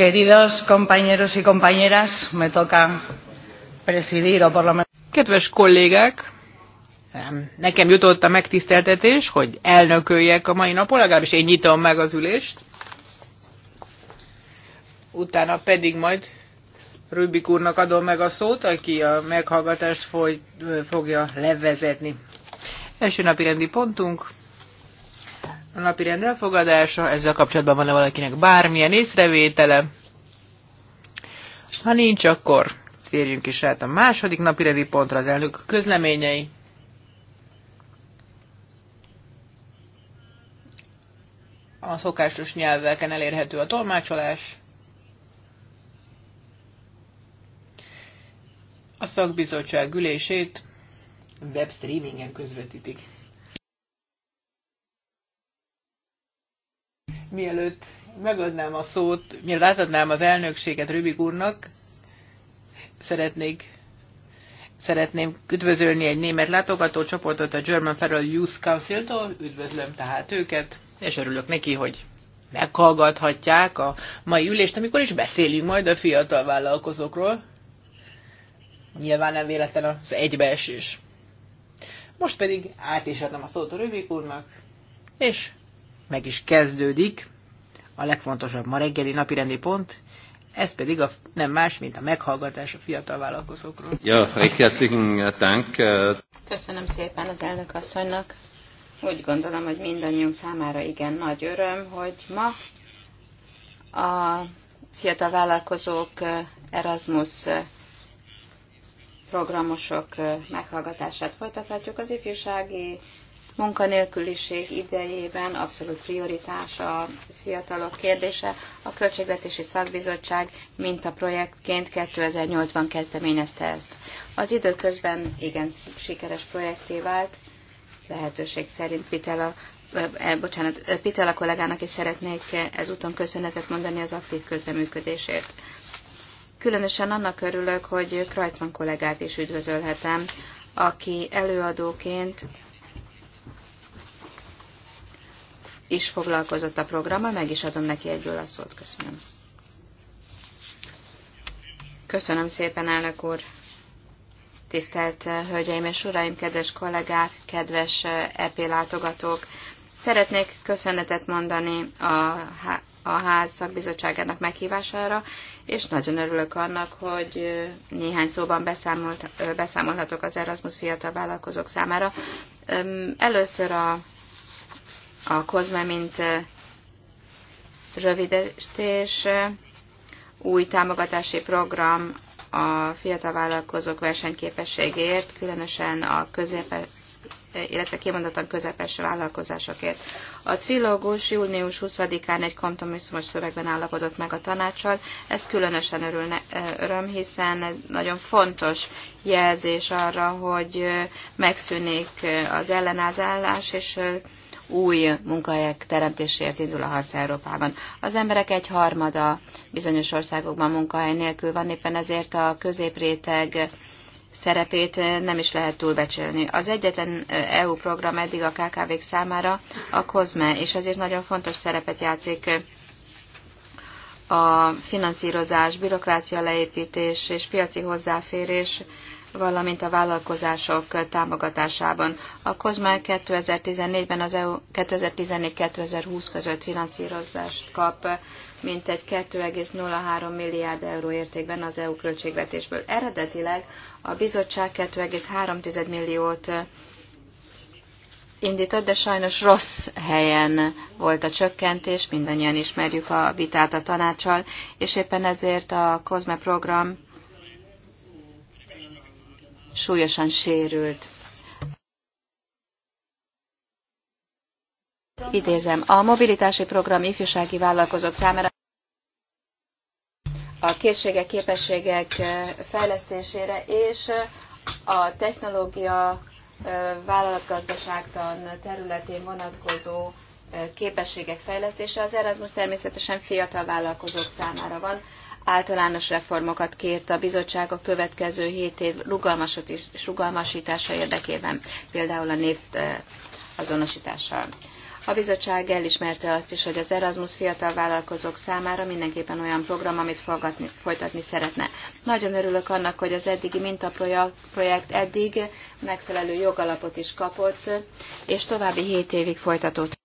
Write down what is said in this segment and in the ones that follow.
Queridos compañeros y compañeras, me toca presidir, o por lo menos... Kedves kollégák, nekem jutott a megtiszteltetés, hogy elnököljek a mai napon, legalábbis én nyitom meg az ülést. Utána pedig majd Rubik úrnak adom meg a szót, aki a meghallgatást foly, fogja levezetni. Első napi rendi pontunk, a napi rend elfogadása. Ezzel kapcsolatban van-e valakinek bármilyen észrevétele? Ha nincs, akkor térjünk is át a második napi rendi pontra az elnök közleményei. A szokásos nyelveken elérhető a tolmácsolás. A szakbizottság ülését webstreamingen közvetítik. Mielőtt megadnám a szót, mielőtt átadnám az elnökséget Rübik úrnak, szeretnék szeretném üdvözölni egy német látogató csoportot a German Federal Youth Council-tól, üdvözlöm tehát őket, és örülök neki, hogy meghallgathatják a mai ülést, amikor is beszélünk majd a fiatal vállalkozókról. Nyilván nem véletlen az egybeesés. Most pedig át is adom a szót a Rubik úrnak, és meg is kezdődik a legfontosabb ma reggeli napirendi pont, ez pedig a, nem más, mint a meghallgatás a fiatal vállalkozókról. Ja, eh. Köszönöm szépen az elnök asszonynak. Úgy gondolom, hogy mindannyiunk számára igen nagy öröm, hogy ma a fiatal vállalkozók eh, Erasmus eh, programosok meghallgatását folytathatjuk az ifjúsági munkanélküliség idejében abszolút prioritás a fiatalok kérdése. A Költségvetési Szakbizottság projektként 2008-ban kezdeményezte ezt. Az időközben igen sikeres projekté vált, lehetőség szerint Pitela bocsánat, Pitela kollégának is szeretnék ezúton köszönetet mondani az aktív közreműködésért. Különösen annak örülök, hogy Krajcman kollégát is üdvözölhetem, aki előadóként is foglalkozott a programmal, meg is adom neki egyből a szót. Köszönöm. Köszönöm szépen, elnök úr. Tisztelt eh, Hölgyeim és Uraim, kedves kollégák, kedves EP eh, e látogatók! Szeretnék köszönetet mondani a, a Ház szakbizottságának meghívására, és nagyon örülök annak, hogy eh, néhány szóban beszámolt, beszámolhatok az Erasmus fiatal vállalkozók számára. Először a a Kozme, mint rövidítés, új támogatási program a fiatal vállalkozók versenyképességéért, különösen a középe, illetve kimondottan közepes vállalkozásokért. A trilógus június 20-án egy kompromisszumos szövegben állapodott meg a tanácssal. Ez különösen örülne, öröm, hiszen nagyon fontos jelzés arra, hogy megszűnik az ellenállás, és új munkahelyek teremtéséért indul a harc Európában. Az emberek egy harmada bizonyos országokban munkahely nélkül van, éppen ezért a középréteg szerepét nem is lehet túlbecsülni. Az egyetlen EU program eddig a KKV-k számára a COSME, és ezért nagyon fontos szerepet játszik a finanszírozás, bürokrácia leépítés és piaci hozzáférés valamint a vállalkozások támogatásában. A COSME 2014-ben az EU 2014-2020 között finanszírozást kap, mint egy 2,03 milliárd euró értékben az EU költségvetésből. Eredetileg a bizottság 2,3 milliót indított, de sajnos rossz helyen volt a csökkentés, mindannyian ismerjük a vitát a tanácsal, és éppen ezért a COSME program súlyosan sérült. Idézem, a mobilitási program ifjúsági vállalkozók számára a készségek, képességek fejlesztésére és a technológia vállalatgazdaságtan területén vonatkozó képességek fejlesztése. Az Erasmus természetesen fiatal vállalkozók számára van, általános reformokat kért a bizottság a következő 7 év rugalmasítása érdekében, például a név azonosítással. A bizottság elismerte azt is, hogy az Erasmus fiatal vállalkozók számára mindenképpen olyan program, amit folytatni szeretne. Nagyon örülök annak, hogy az eddigi mintaprojekt eddig megfelelő jogalapot is kapott, és további 7 évig folytatódott.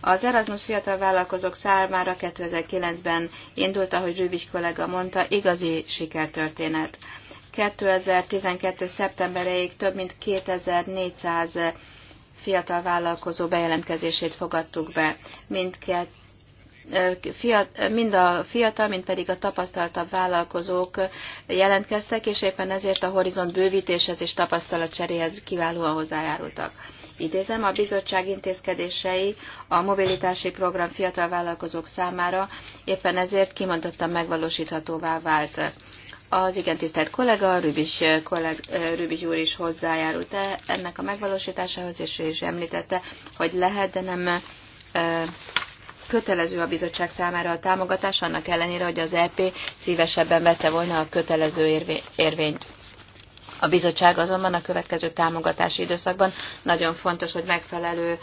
Az Erasmus fiatal vállalkozók számára 2009-ben indult, ahogy Rübis kollega mondta, igazi sikertörténet. 2012. szeptemberéig több mint 2400 fiatal vállalkozó bejelentkezését fogadtuk be. mind a fiatal, mind pedig a tapasztaltabb vállalkozók jelentkeztek, és éppen ezért a horizont bővítéshez és tapasztalatcseréhez kiválóan hozzájárultak idézem, a bizottság intézkedései a mobilitási program fiatal vállalkozók számára éppen ezért kimondottan megvalósíthatóvá vált. Az igen tisztelt kollega, Rübis, kolleg, Rübis úr is hozzájárult e- ennek a megvalósításához, és ő is említette, hogy lehet, de nem e, kötelező a bizottság számára a támogatás, annak ellenére, hogy az EP szívesebben vette volna a kötelező érvényt. A bizottság azonban a következő támogatási időszakban nagyon fontos, hogy megfelelő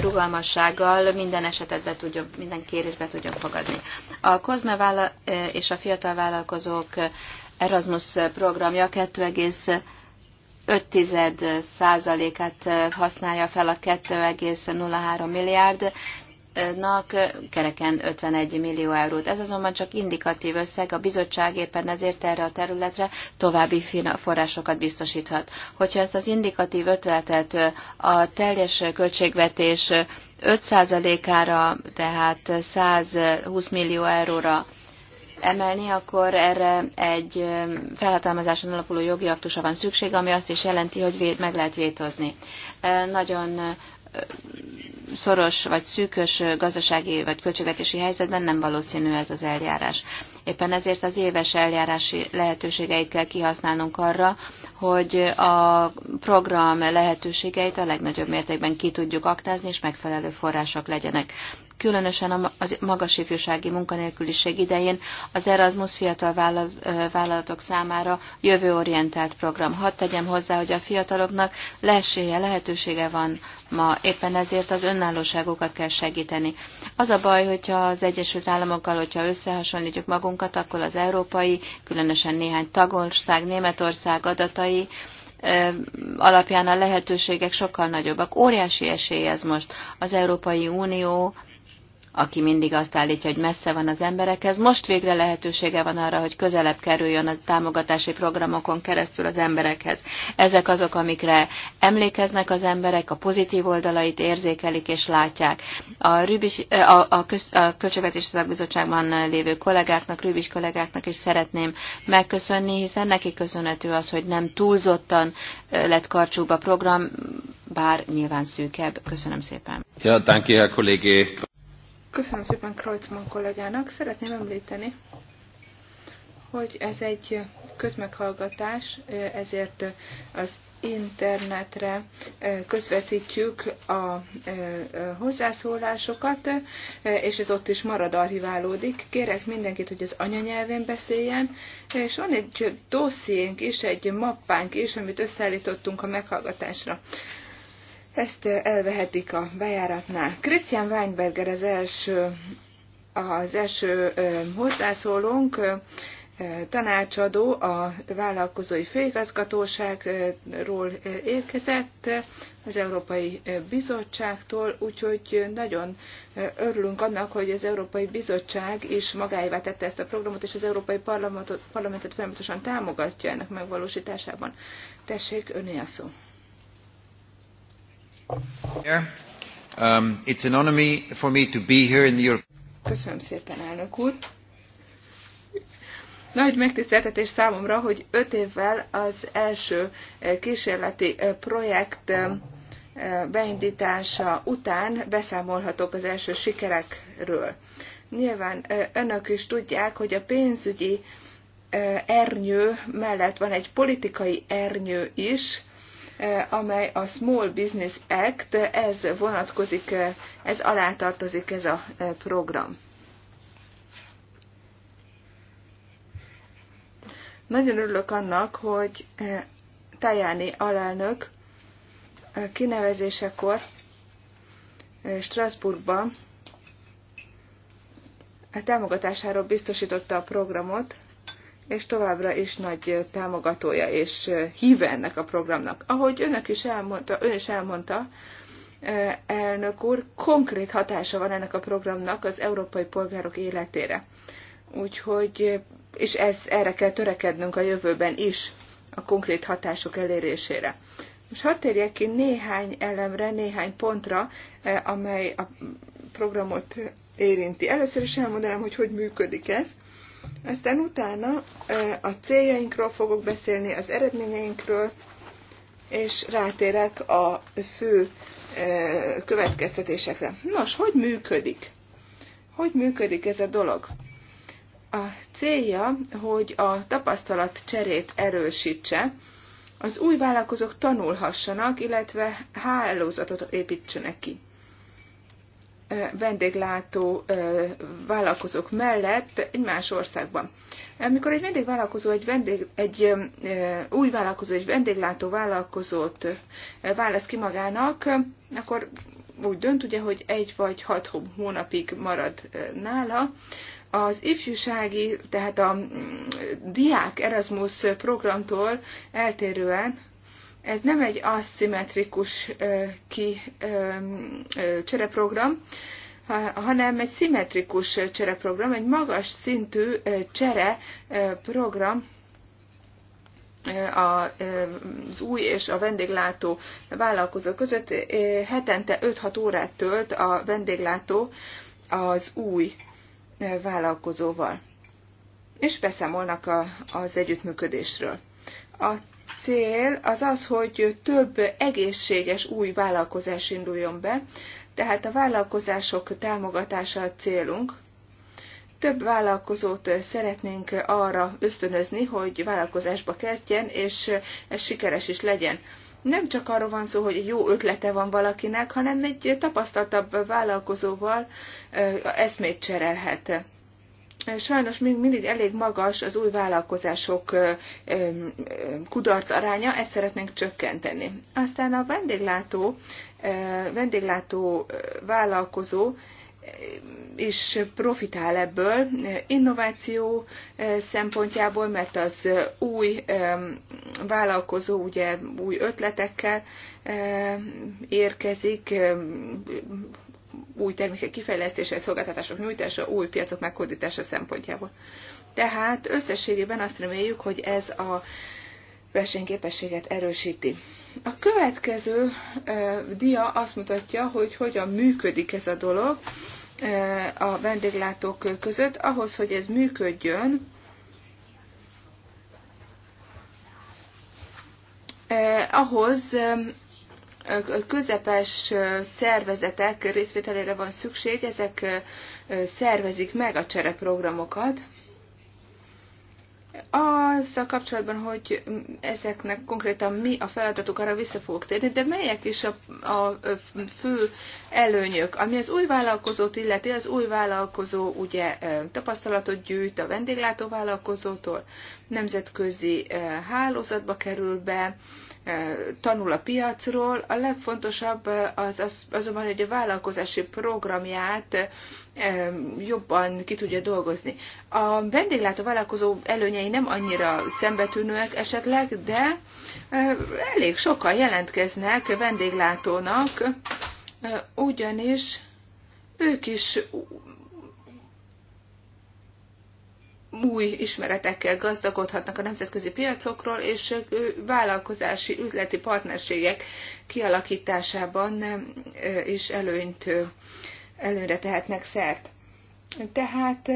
rugalmassággal minden esetet be tudjon, minden kérést be tudjon fogadni. A COSME vála- és a fiatal vállalkozók Erasmus programja 2, 5%-át használja fel a 2,03 milliárd, nak kereken 51 millió eurót. Ez azonban csak indikatív összeg, a bizottság éppen ezért erre a területre további forrásokat biztosíthat. Hogyha ezt az indikatív ötletet a teljes költségvetés 5%-ára, tehát 120 millió euróra emelni, akkor erre egy felhatalmazáson alapuló jogi aktusa van szükség, ami azt is jelenti, hogy meg lehet vétozni. Nagyon szoros vagy szűkös gazdasági vagy költségvetési helyzetben nem valószínű ez az eljárás. Éppen ezért az éves eljárási lehetőségeit kell kihasználnunk arra, hogy a program lehetőségeit a legnagyobb mértékben ki tudjuk aktázni, és megfelelő források legyenek különösen a magas ifjúsági munkanélküliség idején az Erasmus fiatal vállalatok számára jövőorientált program. Hadd tegyem hozzá, hogy a fiataloknak lesélye, lehetősége van ma, éppen ezért az önállóságokat kell segíteni. Az a baj, hogyha az Egyesült Államokkal, hogyha összehasonlítjuk magunkat, akkor az európai, különösen néhány tagország, Németország adatai, alapján a lehetőségek sokkal nagyobbak. Óriási esély ez most. Az Európai Unió aki mindig azt állítja, hogy messze van az emberekhez. Most végre lehetősége van arra, hogy közelebb kerüljön a támogatási programokon keresztül az emberekhez. Ezek azok, amikre emlékeznek az emberek, a pozitív oldalait érzékelik és látják. A, Rübis, a, a, köz, a Költségvetési Szakbizottságban lévő kollégáknak, Rübis kollégáknak is szeretném megköszönni, hiszen neki köszönhető az, hogy nem túlzottan lett karcsúbb a program, bár nyilván szűkebb. Köszönöm szépen. Ja, danke, Herr Kollege. Köszönöm szépen Kreutzmann kollégának. Szeretném említeni, hogy ez egy közmeghallgatás, ezért az internetre eh, közvetítjük a eh, hozzászólásokat, eh, és ez ott is marad archiválódik. Kérek mindenkit, hogy az anyanyelvén beszéljen, és van egy dossziénk is, egy mappánk is, amit összeállítottunk a meghallgatásra. Ezt elvehetik a bejáratnál. Christian Weinberger az első, az első hozzászólónk, tanácsadó a vállalkozói főigazgatóságról érkezett az Európai Bizottságtól, úgyhogy nagyon örülünk annak, hogy az Európai Bizottság is magáévá tette ezt a programot, és az Európai Parlamentet folyamatosan támogatja ennek megvalósításában. Tessék, öné a szó. Köszönöm szépen, elnök úr. Nagy megtiszteltetés számomra, hogy öt évvel az első eh, kísérleti eh, projekt eh, beindítása után beszámolhatok az első sikerekről. Nyilván önök is tudják, hogy a pénzügyi ernyő mellett van egy politikai ernyő is, Eh, amely a Small Business Act, ez vonatkozik, eh, ez alá tartozik ez a eh, program. Nagyon örülök annak, hogy Tajáni alelnök kinevezésekor Strasbourgban a támogatásáról biztosította a programot, és továbbra is nagy támogatója és híve ennek a programnak. Ahogy önök is elmondta, ön is elmondta, e, elnök úr, konkrét hatása van ennek a programnak az európai polgárok életére. Úgyhogy, és ez, erre kell törekednünk a jövőben is, a konkrét hatások elérésére. Most hadd térjek ki néhány elemre, néhány pontra, e, amely a programot érinti. Először is elmondanám, hogy hogy működik ez. Aztán utána a céljainkról fogok beszélni, az eredményeinkről, és rátérek a fő következtetésekre. Nos, hogy működik? Hogy működik ez a dolog? A célja, hogy a tapasztalat cserét erősítse, az új vállalkozók tanulhassanak, illetve hálózatot építsenek ki vendéglátó vállalkozók mellett egy más országban. Amikor egy vendégvállalkozó, egy, vendég, egy új vállalkozó, egy vendéglátó vállalkozót válasz ki magának, akkor úgy dönt ugye, hogy egy vagy hat hónapig marad nála. Az ifjúsági, tehát a mm, diák Erasmus programtól eltérően ez nem egy aszimmetrikus ki csereprogram, hanem egy szimmetrikus csereprogram, egy magas szintű csereprogram az új és a vendéglátó vállalkozó között. Hetente 5-6 órát tölt a vendéglátó az új vállalkozóval, és beszámolnak a, az együttműködésről. A cél az az, hogy több egészséges új vállalkozás induljon be, tehát a vállalkozások támogatása a célunk. Több vállalkozót szeretnénk arra ösztönözni, hogy vállalkozásba kezdjen, és ez sikeres is legyen. Nem csak arról van szó, hogy jó ötlete van valakinek, hanem egy tapasztaltabb vállalkozóval eszmét cserélhet sajnos még mindig elég magas az új vállalkozások kudarc aránya, ezt szeretnénk csökkenteni. Aztán a vendéglátó, vendéglátó vállalkozó és profitál ebből innováció szempontjából, mert az új vállalkozó ugye új ötletekkel érkezik, új termékek kifejlesztése, szolgáltatások nyújtása, új piacok megkódítása szempontjából. Tehát összességében azt reméljük, hogy ez a versenyképességet erősíti. A következő e, dia azt mutatja, hogy hogyan működik ez a dolog e, a vendéglátók között. Ahhoz, hogy ez működjön, ahhoz közepes szervezetek részvételére van szükség, ezek szervezik meg a csereprogramokat. Azzal kapcsolatban, hogy ezeknek konkrétan mi a feladatuk, arra vissza fogok térni, de melyek is a, a fő előnyök, ami az új vállalkozót illeti, az új vállalkozó ugye tapasztalatot gyűjt a vendéglátó vállalkozótól, nemzetközi hálózatba kerül be, tanul a piacról. A legfontosabb az, az azonban, hogy a vállalkozási programját jobban ki tudja dolgozni. A vendéglátó vállalkozó előnyei nem annyira szembetűnőek esetleg, de elég sokan jelentkeznek vendéglátónak, ugyanis ők is új ismeretekkel gazdagodhatnak a nemzetközi piacokról, és vállalkozási üzleti partnerségek kialakításában is előnyt, előnyre tehetnek szert. Tehát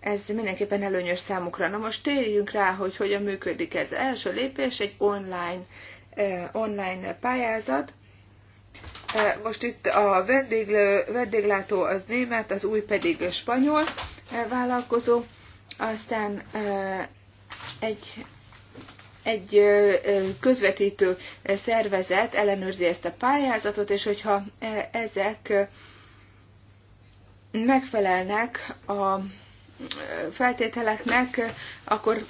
ez mindenképpen előnyös számukra. Na most térjünk rá, hogy hogyan működik ez. Első lépés egy online, online pályázat, most itt a vendéglő, vendéglátó az német, az új pedig spanyol vállalkozó, aztán egy egy közvetítő szervezet ellenőrzi ezt a pályázatot, és hogyha ezek megfelelnek a feltételeknek, akkor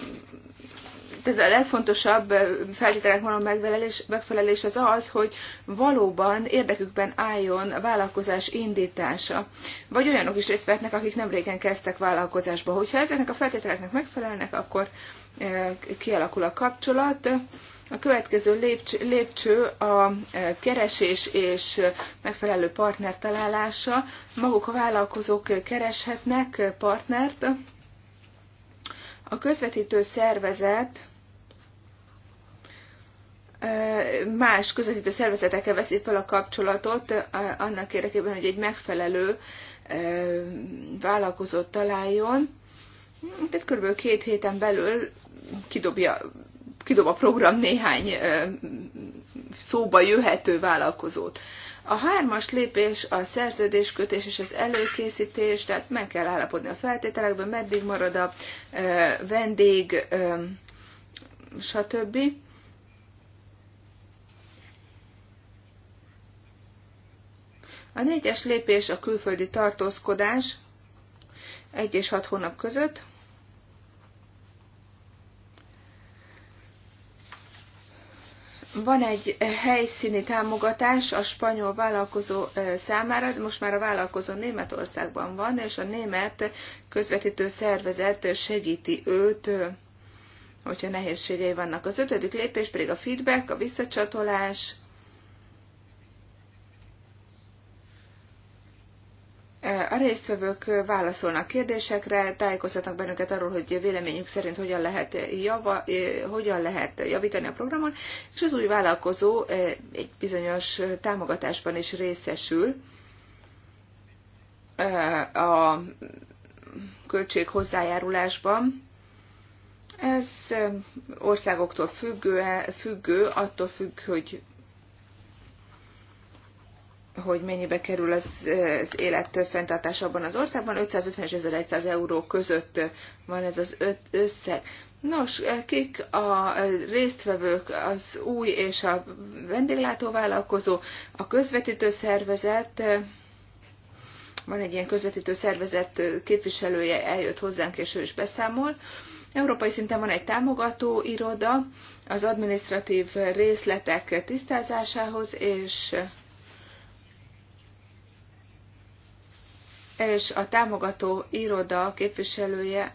ez a legfontosabb feltételek való megfelelés, megfelelés az az, hogy valóban érdekükben álljon a vállalkozás indítása. Vagy olyanok is részt vehetnek, akik nem régen kezdtek vállalkozásba. Hogyha ezeknek a feltételeknek megfelelnek, akkor kialakul a kapcsolat. A következő lépcső, lépcső a keresés és megfelelő partner találása. Maguk a vállalkozók kereshetnek partnert. A közvetítő szervezet más közvetítő szervezetekkel veszi fel a kapcsolatot eh, annak érdekében, hogy egy megfelelő eh, vállalkozót találjon. Tehát kb. két héten belül kidobja, kidob a program néhány eh, szóba jöhető vállalkozót. A hármas lépés a szerződéskötés és az előkészítés, tehát meg kell állapodni a feltételekben, meddig marad a vendég, stb. A négyes lépés a külföldi tartózkodás egy és hat hónap között. Van egy helyszíni támogatás a spanyol vállalkozó számára, most már a vállalkozó Németországban van, és a német közvetítő szervezet segíti őt, hogyha nehézségei vannak. Az ötödik lépés pedig a feedback, a visszacsatolás, A résztvevők válaszolnak kérdésekre, tájékoztatnak bennünket arról, hogy véleményük szerint hogyan lehet, java, eh, hogyan lehet javítani a programon, és az új vállalkozó eh, egy bizonyos támogatásban is részesül eh, a költség hozzájárulásban. Ez országoktól függő, függő attól függ, hogy hogy mennyibe kerül az, eh, az élet fenntartása abban az országban, 550 és 1100 euró között van ez az öt összeg. Nos, eh, kik a eh, résztvevők, az új és a vendéglátóvállalkozó, a közvetítő szervezet, van egy ilyen közvetítő szervezet képviselője, eljött hozzánk, és ő is beszámol. Európai szinten van egy támogató iroda az administratív részletek tisztázásához, és és a támogató iroda képviselője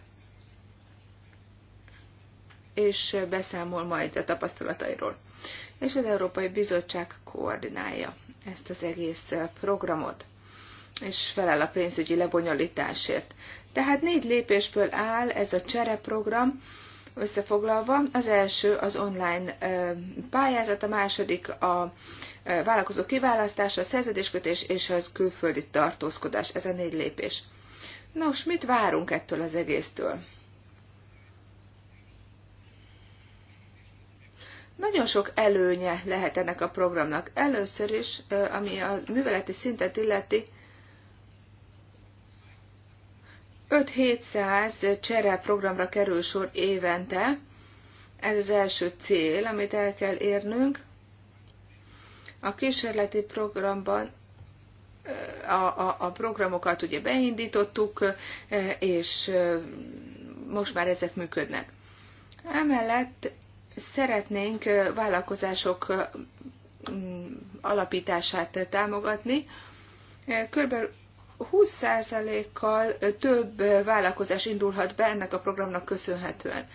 és beszámol majd a tapasztalatairól. És az Európai Bizottság koordinálja ezt az egész programot, és felel a pénzügyi lebonyolításért. Tehát négy lépésből áll ez a csereprogram, összefoglalva. Az első az online pályázat, a második a vállalkozó kiválasztása, a szerződéskötés és az külföldi tartózkodás. Ez a négy lépés. Nos, mit várunk ettől az egésztől? Nagyon sok előnye lehet ennek a programnak. Először is, ami a műveleti szintet illeti, 5-700 csere programra kerül sor évente. Ez az első cél, amit el kell érnünk. A kísérleti programban a, a, a programokat ugye beindítottuk, és most már ezek működnek. Emellett szeretnénk vállalkozások alapítását támogatni. Körülbelül 20%-kal több vállalkozás indulhat be ennek a programnak köszönhetően.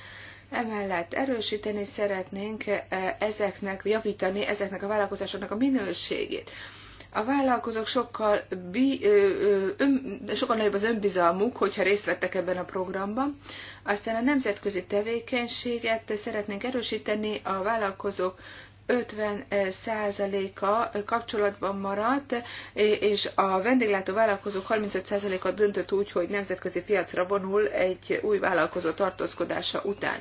Emellett erősíteni szeretnénk eh, ezeknek, javítani ezeknek a vállalkozásoknak a minőségét. A vállalkozók sokkal, bi, ö, ö, sokkal nagyobb az önbizalmuk, hogyha részt vettek ebben a programban. Aztán a nemzetközi tevékenységet szeretnénk erősíteni a vállalkozók 50%-a kapcsolatban maradt, és a vendéglátó vállalkozók 35%-a döntött úgy, hogy nemzetközi piacra vonul egy új vállalkozó tartózkodása után.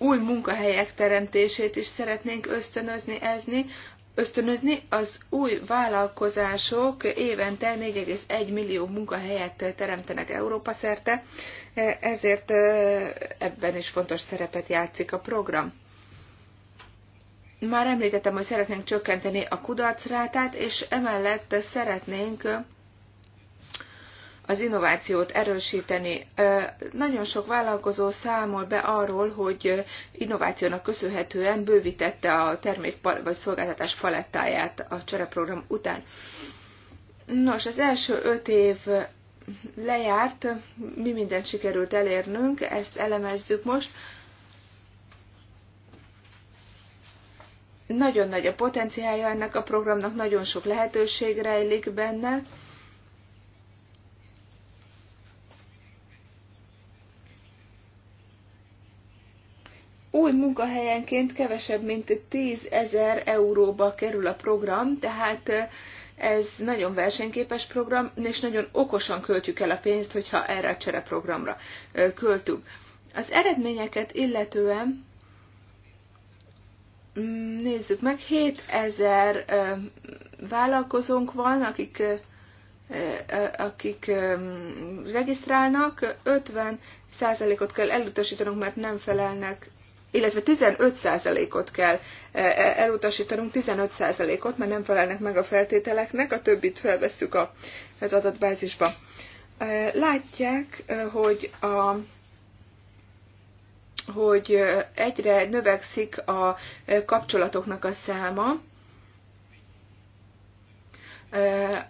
Új munkahelyek teremtését is szeretnénk ösztönözni ezni, ösztönözni. Az új vállalkozások évente 4,1 millió munkahelyet teremtenek Európa szerte, ezért ebben is fontos szerepet játszik a program. Már említettem, hogy szeretnénk csökkenteni a kudarcrátát, és emellett szeretnénk az innovációt erősíteni. Nagyon sok vállalkozó számol be arról, hogy innovációnak köszönhetően bővítette a termék vagy szolgáltatás palettáját a csereprogram után. Nos, az első öt év lejárt, mi mindent sikerült elérnünk, ezt elemezzük most. Nagyon nagy a potenciálja ennek a programnak, nagyon sok lehetőség rejlik benne új munkahelyenként kevesebb, mint 10 ezer euróba kerül a program, tehát ez nagyon versenyképes program, és nagyon okosan költjük el a pénzt, hogyha erre a csereprogramra költünk. Az eredményeket illetően mm, nézzük meg, 7000 vállalkozónk van, akik akik regisztrálnak, 50%-ot kell elutasítanunk, mert nem felelnek illetve 15%-ot kell e, e, elutasítanunk, 15%-ot, mert nem felelnek meg a feltételeknek, a többit felvesszük a, az adatbázisba. E, látják, hogy a hogy egyre növekszik a kapcsolatoknak a száma,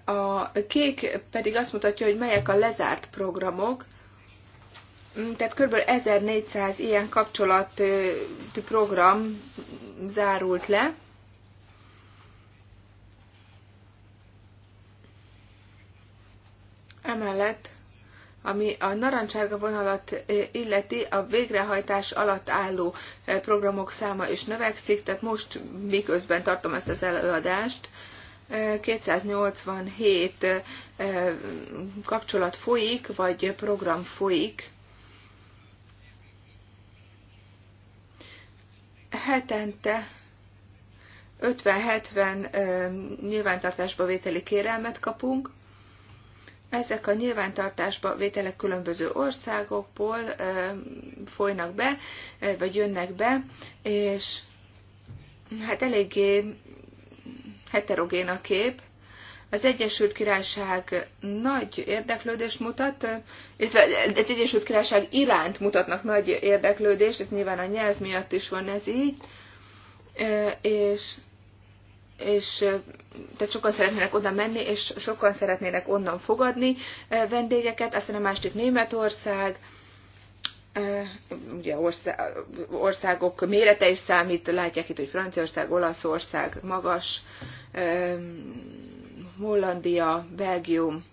a kék pedig azt mutatja, hogy melyek a lezárt programok, tehát kb. 1400 ilyen kapcsolati program zárult le. Emellett, ami a narancsárga vonalat illeti, a végrehajtás alatt álló programok száma is növekszik, tehát most miközben tartom ezt az előadást, 287 kapcsolat folyik, vagy program folyik, hetente 50-70 nyilvántartásba vételi kérelmet kapunk. Ezek a nyilvántartásba vételek különböző országokból folynak be, vagy jönnek be, és hát eléggé heterogén a kép. Az Egyesült Királyság nagy érdeklődést mutat, illetve az Egyesült Királyság iránt mutatnak nagy érdeklődést, ez nyilván a nyelv miatt is van ez így, és, és tehát sokan szeretnének oda menni, és sokan szeretnének onnan fogadni vendégeket, aztán a másik Németország, ugye ország, országok mérete is számít, látják itt, hogy Franciaország, Olaszország magas Hollandia, Belgium.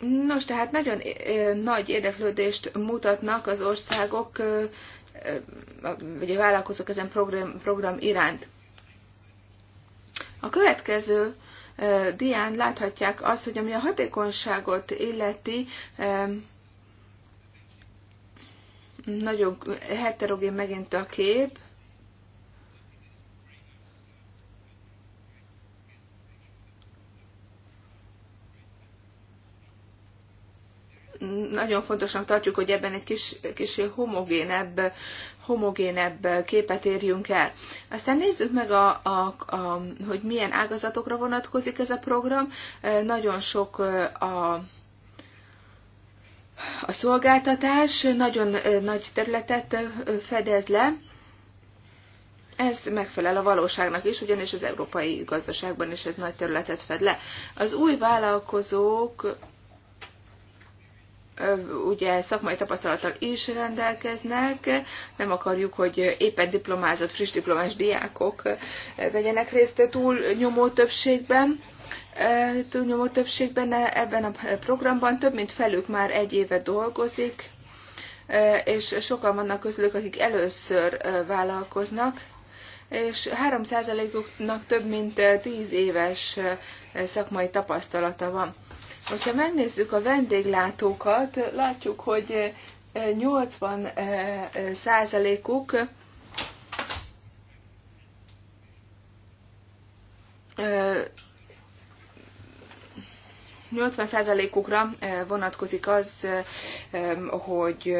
Nos, tehát nagyon eh, nagy érdeklődést mutatnak az országok, eh, eh, vagy a vállalkozók ezen program, program iránt. A következő dián láthatják azt, hogy ami a hatékonyságot illeti, nagyon heterogén megint a kép, nagyon fontosnak tartjuk, hogy ebben egy kis, kis homogénebb, homogénebb képet érjünk el. Aztán nézzük meg, a, a, a, hogy milyen ágazatokra vonatkozik ez a program. E, nagyon sok e, a a szolgáltatás nagyon e, nagy területet fedez le, ez megfelel a valóságnak is, ugyanis az európai gazdaságban is ez nagy területet fed le. Az új vállalkozók ugye szakmai tapasztalattal is rendelkeznek, nem akarjuk, hogy éppen diplomázott, friss diplomás diákok vegyenek részt túl nyomó többségben túlnyomó többségben ebben a programban, több mint felük már egy éve dolgozik, és sokan vannak közülük, akik először vállalkoznak, és 3%-uknak több mint 10 éves szakmai tapasztalata van. Hogyha megnézzük a vendéglátókat, látjuk, hogy 80 eh, eh, eh, százalékuk 80%-ukra vonatkozik az, hogy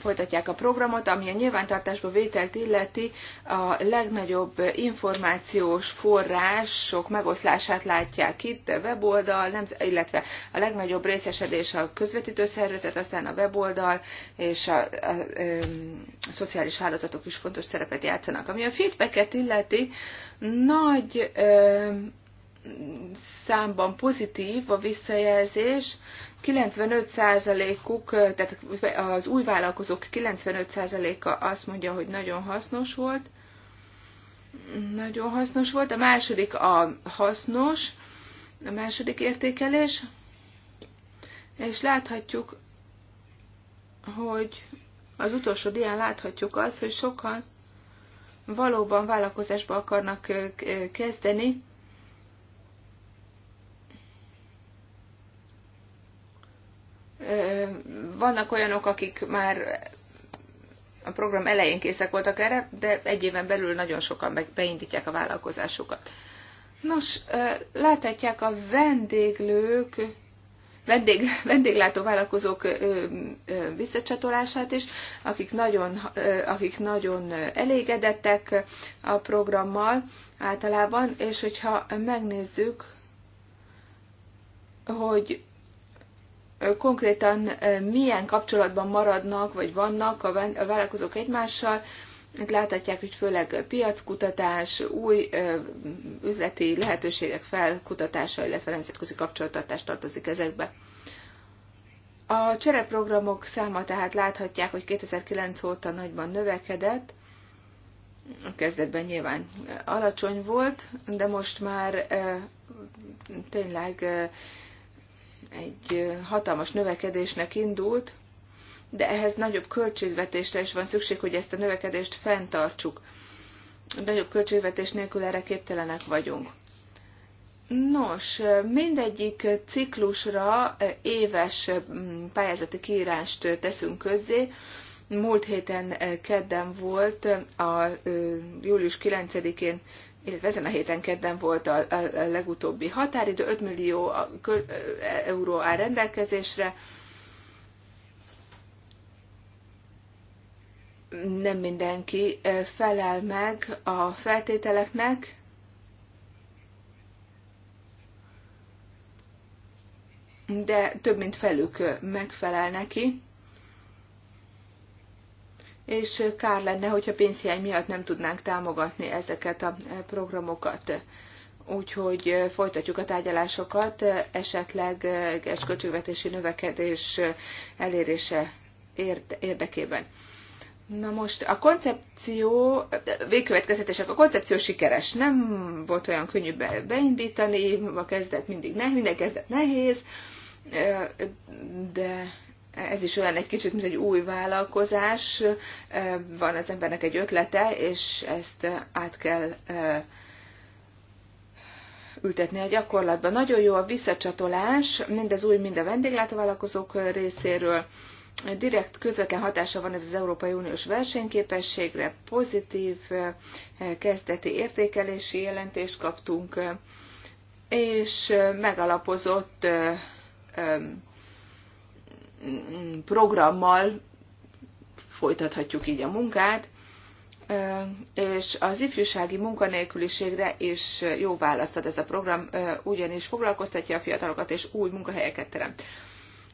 folytatják a programot, ami a nyilvántartásba vételt illeti, a legnagyobb információs források megoszlását látják itt, a weboldal, illetve a legnagyobb részesedés a közvetítő szervezet, aztán a weboldal és a, a, a, a szociális hálózatok is fontos szerepet játszanak. Ami a feedbacket illeti, nagy ö, számban pozitív a visszajelzés, 95%-uk, tehát az új vállalkozók 95%-a azt mondja, hogy nagyon hasznos volt. Nagyon hasznos volt. A második a hasznos, a második értékelés. És láthatjuk, hogy az utolsó dián láthatjuk azt, hogy sokan valóban vállalkozásba akarnak eh, kezdeni, Vannak olyanok, akik már a program elején készek voltak erre, de egy éven belül nagyon sokan beindítják a vállalkozásukat. Nos, láthatják a vendéglők, vendég, vendéglátó vállalkozók visszacsatolását is, akik nagyon, akik nagyon elégedettek a programmal általában, és hogyha megnézzük, hogy konkrétan milyen kapcsolatban maradnak, vagy vannak a vállalkozók egymással. Itt láthatják, hogy főleg piackutatás, új üzleti lehetőségek felkutatása, illetve nemzetközi kapcsolatartás tartozik ezekbe. A csereprogramok száma tehát láthatják, hogy 2009 óta nagyban növekedett, a kezdetben nyilván alacsony volt, de most már tényleg egy hatalmas növekedésnek indult, de ehhez nagyobb költségvetésre is van szükség, hogy ezt a növekedést fenntartsuk. Nagyobb költségvetés nélkül erre képtelenek vagyunk. Nos, mindegyik ciklusra éves pályázati kiírást teszünk közzé. Múlt héten kedden volt, a július 9-én illetve ezen a héten kedden volt a, legutóbbi határidő, 5 millió euró áll rendelkezésre. Nem mindenki felel meg a feltételeknek, de több mint felük megfelel neki és kár lenne, hogyha pénzhiány miatt nem tudnánk támogatni ezeket a programokat. Úgyhogy folytatjuk a tárgyalásokat, esetleg egy költségvetési növekedés elérése érdekében. Na most a koncepció, végkövetkezetesek, a koncepció sikeres. Nem volt olyan könnyű beindítani, a kezdet mindig nehéz, minden kezdet nehéz, de ez is olyan egy kicsit, mint egy új vállalkozás, van az embernek egy ötlete, és ezt át kell ültetni a gyakorlatban. Nagyon jó a visszacsatolás, mind az új, mind a vendéglátóvállalkozók részéről. Direkt közvetlen hatása van ez az Európai Uniós versenyképességre, pozitív kezdeti értékelési jelentést kaptunk, és megalapozott programmal folytathatjuk így a munkát, és az ifjúsági munkanélküliségre is jó választ ad ez a program, ugyanis foglalkoztatja a fiatalokat és új munkahelyeket teremt.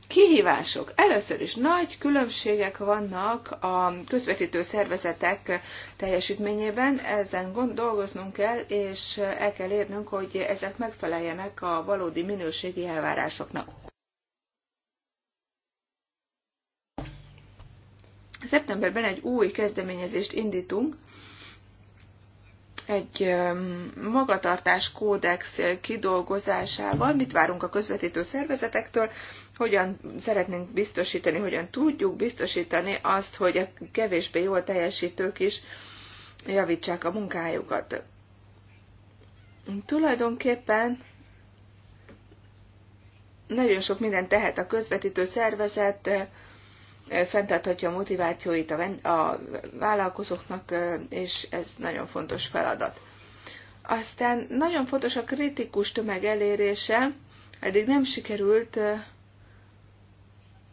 Kihívások. Először is nagy különbségek vannak a közvetítő szervezetek teljesítményében, ezen gond dolgoznunk kell, és el kell érnünk, hogy ezek megfeleljenek a valódi minőségi elvárásoknak. Szeptemberben egy új kezdeményezést indítunk, egy magatartás kódex kidolgozásával, mit várunk a közvetítő szervezetektől, hogyan szeretnénk biztosítani, hogyan tudjuk biztosítani azt, hogy a kevésbé jól teljesítők is javítsák a munkájukat. Tulajdonképpen nagyon sok mindent tehet a közvetítő szervezet, fenntarthatja a motivációit a, a vállalkozóknak, és ez nagyon fontos feladat. Aztán nagyon fontos a kritikus tömeg elérése, eddig nem sikerült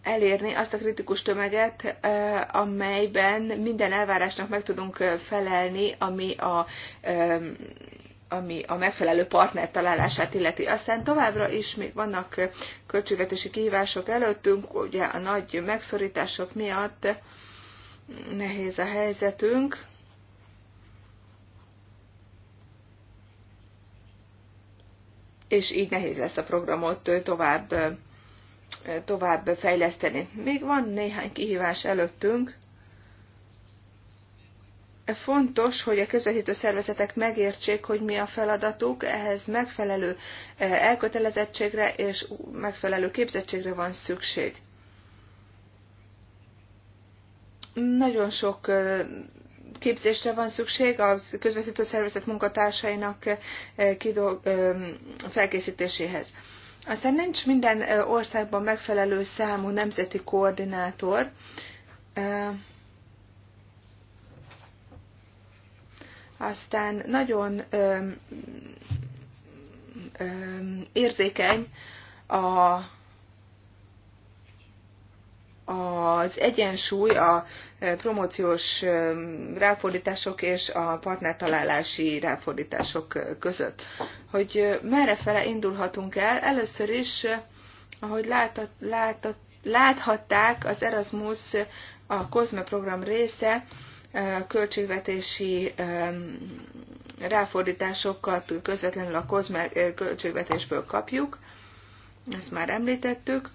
elérni azt a kritikus tömeget, amelyben minden elvárásnak meg tudunk felelni, ami a ami a megfelelő partner találását illeti. Aztán továbbra is még vannak költségvetési kihívások előttünk, ugye a nagy megszorítások miatt nehéz a helyzetünk. És így nehéz lesz a programot tovább, tovább fejleszteni. Még van néhány kihívás előttünk fontos, hogy a közvetítő szervezetek megértsék, hogy mi a feladatuk, ehhez megfelelő eh, elkötelezettségre és megfelelő képzettségre van szükség. Nagyon sok eh, képzésre van szükség a közvetítő szervezet munkatársainak eh, felkészítéséhez. Aztán nincs minden országban megfelelő számú nemzeti koordinátor, aztán nagyon öm, öm, érzékeny a, az egyensúly a promóciós ráfordítások és a partnertalálási ráfordítások között. Hogy merre fele indulhatunk el? Először is, ahogy látott, látott, láthatták, az Erasmus a COSME program része, költségvetési ráfordításokat közvetlenül a kozme költségvetésből kapjuk, ezt már említettük.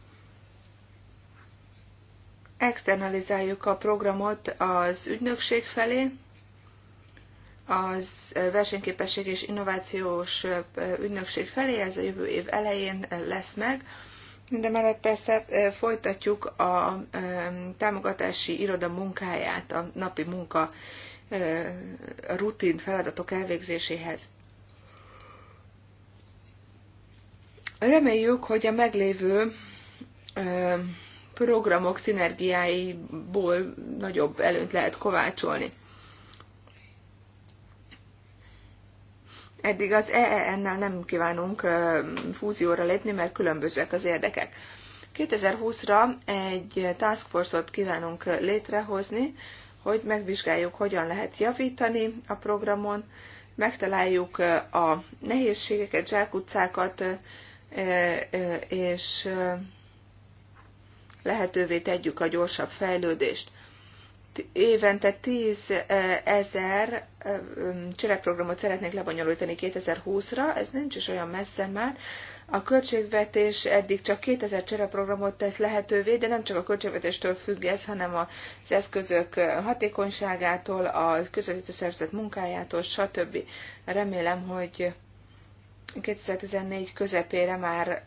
Externalizáljuk a programot az ügynökség felé, az versenyképesség és innovációs ügynökség felé, ez a jövő év elején lesz meg Mindemellett persze folytatjuk a támogatási iroda munkáját, a napi munka a rutin feladatok elvégzéséhez. Reméljük, hogy a meglévő programok szinergiáiból nagyobb előnyt lehet kovácsolni. Eddig az EEN-nel nem kívánunk fúzióra lépni, mert különbözőek az érdekek. 2020-ra egy task force-ot kívánunk létrehozni, hogy megvizsgáljuk, hogyan lehet javítani a programon, megtaláljuk a nehézségeket, zsákutcákat, és lehetővé tegyük a gyorsabb fejlődést évente 10 ezer cselekprogramot szeretnék lebonyolítani 2020-ra, ez nincs is olyan messze már. A költségvetés eddig csak 2000 csereprogramot tesz lehetővé, de nem csak a költségvetéstől függ ez, hanem az eszközök hatékonyságától, a közvetítő szervezet munkájától, stb. Remélem, hogy 2014 közepére már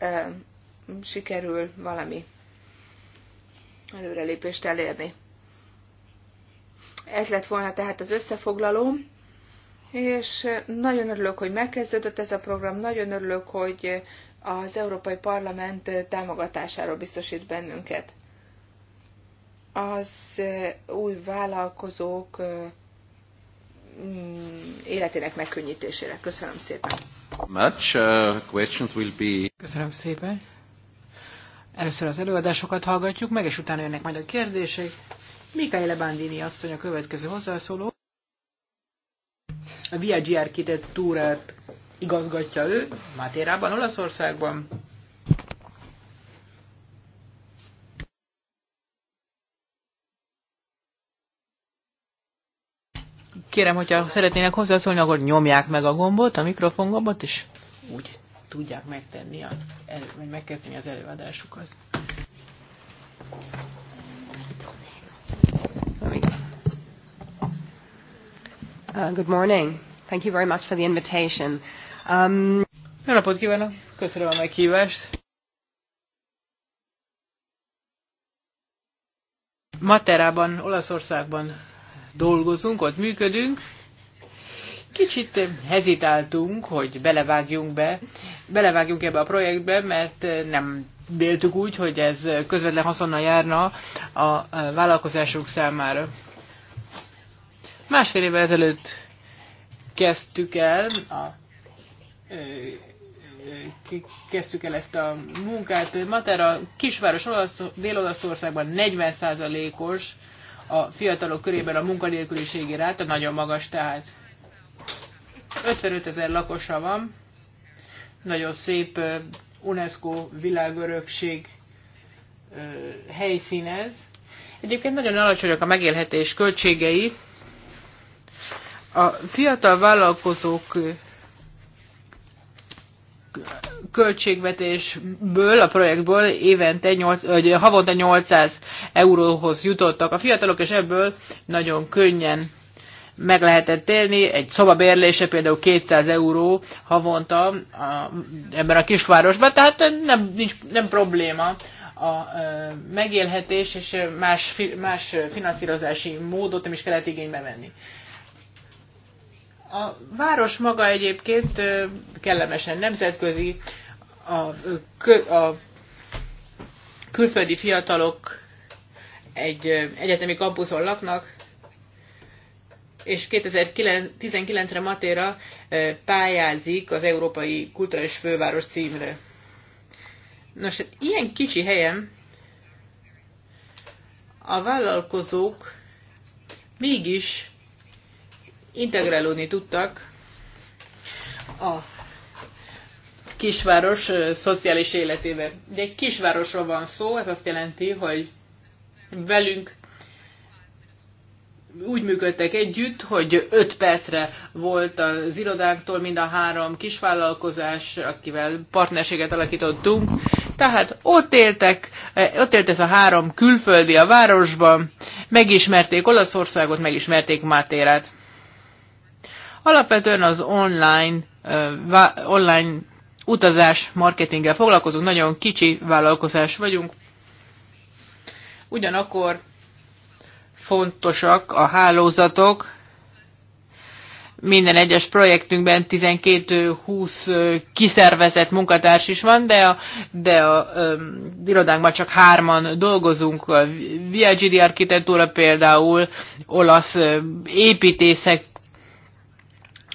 sikerül valami előrelépést elérni. Ez lett volna tehát az összefoglaló, és nagyon örülök, hogy megkezdődött ez a program, nagyon örülök, hogy az Európai Parlament támogatásáról biztosít bennünket. Az eh, új vállalkozók eh, mm, életének megkönnyítésére. Köszönöm szépen. Much, uh, questions will be... Köszönöm szépen. Először az előadásokat hallgatjuk meg, és utána jönnek majd a kérdések. Mikaele Bandini asszony a következő hozzászóló. A Via G Architektúrát igazgatja ő, Mátérában, Olaszországban. Kérem, hogyha szeretnének hozzászólni, akkor nyomják meg a gombot, a mikrofon gombot, és úgy tudják megtenni, a, vagy megkezdeni az előadásukat. Uh, good morning. Thank you very much for the invitation. Um... Jó napot kívánok! Köszönöm a meghívást! Materában, Olaszországban dolgozunk, ott működünk. Kicsit hezitáltunk, hogy belevágjunk be, belevágjunk ebbe a projektbe, mert nem véltük úgy, hogy ez közvetlen haszonnal járna a vállalkozások számára. Másfél évvel ezelőtt kezdtük el a kezdtük el ezt a munkát. Matera kisváros Dél-Olaszországban 40%-os a fiatalok körében a munkanélküliségi ráta, nagyon magas tehát. 55 ezer lakosa van, nagyon szép UNESCO világörökség helyszínez. Egyébként nagyon alacsonyak a megélhetés költségei, a fiatal vállalkozók költségvetésből, a projektből évente 8, vagy havonta 800 euróhoz jutottak a fiatalok, és ebből nagyon könnyen meg lehetett élni. Egy szoba bérlése például 200 euró havonta a, ebben a kisvárosban, tehát nem, nincs, nem probléma a megélhetés és más, más finanszírozási módot nem is kellett igénybe venni. A város maga egyébként kellemesen nemzetközi, a, a külföldi fiatalok egy egyetemi kampuszon laknak, és 2019-re Matéra pályázik az Európai Kulturális Főváros címre. Nos, hát ilyen kicsi helyen a vállalkozók mégis integrálódni tudtak a kisváros szociális életébe. De egy kisvárosról van szó, ez azt jelenti, hogy velünk úgy működtek együtt, hogy 5 percre volt az irodáktól mind a három kisvállalkozás, akivel partnerséget alakítottunk. Tehát ott éltek, ott élt ez a három külföldi a városban, megismerték Olaszországot, megismerték Mátérát. Alapvetően az online, online utazás marketinggel foglalkozunk, nagyon kicsi vállalkozás vagyunk. Ugyanakkor fontosak a hálózatok, minden egyes projektünkben 12-20 kiszervezett munkatárs is van, de a, de a um, irodánkban csak hárman dolgozunk. A VIGD architektúra például olasz építészek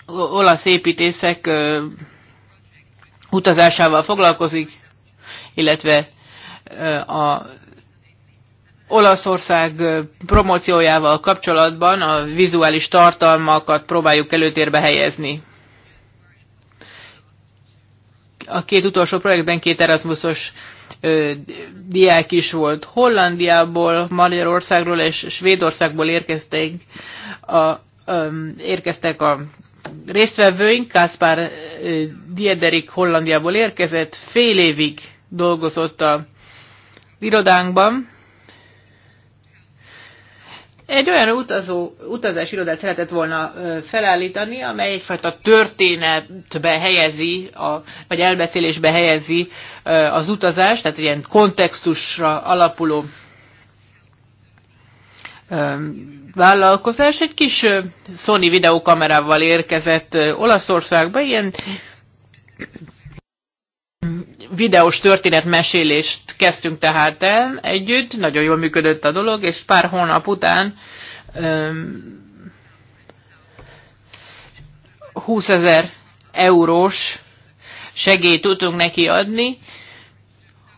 olasz építészek utazásával foglalkozik, illetve a Olaszország promóciójával kapcsolatban a vizuális tartalmakat próbáljuk előtérbe helyezni. A két utolsó projektben két Erasmusos diák is volt. Hollandiából, Magyarországról és Svédországból érkeztek a, érkeztek a résztvevőink, Kászpár Diederik Hollandiából érkezett, fél évig dolgozott a irodánkban. Egy olyan utazó, utazás irodát szeretett volna felállítani, amely egyfajta történetbe helyezi, a, vagy elbeszélésbe helyezi az utazást, tehát ilyen kontextusra alapuló vállalkozás egy kis Sony videókamerával érkezett Olaszországba, ilyen videós történetmesélést kezdtünk tehát el együtt, nagyon jól működött a dolog, és pár hónap után 20 ezer eurós segélyt tudtunk neki adni,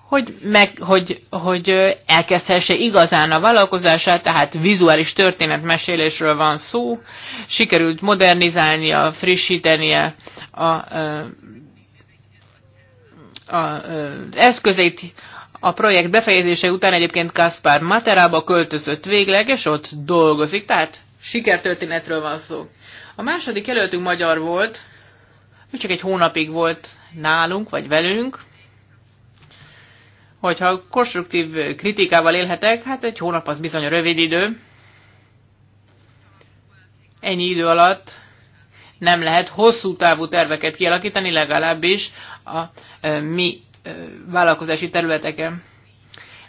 hogy, meg, hogy, hogy elkezdhesse igazán a vállalkozását, tehát vizuális történetmesélésről van szó, sikerült modernizálnia, frissítenie a, a, a, az eszközeit. A projekt befejezése után egyébként Kaspar Materába költözött végleg, és ott dolgozik, tehát sikertörténetről van szó. A második előttünk magyar volt, csak egy hónapig volt nálunk, vagy velünk, Hogyha konstruktív kritikával élhetek, hát egy hónap az bizony a rövid idő. Ennyi idő alatt nem lehet hosszú távú terveket kialakítani, legalábbis a e, mi e, vállalkozási területeken.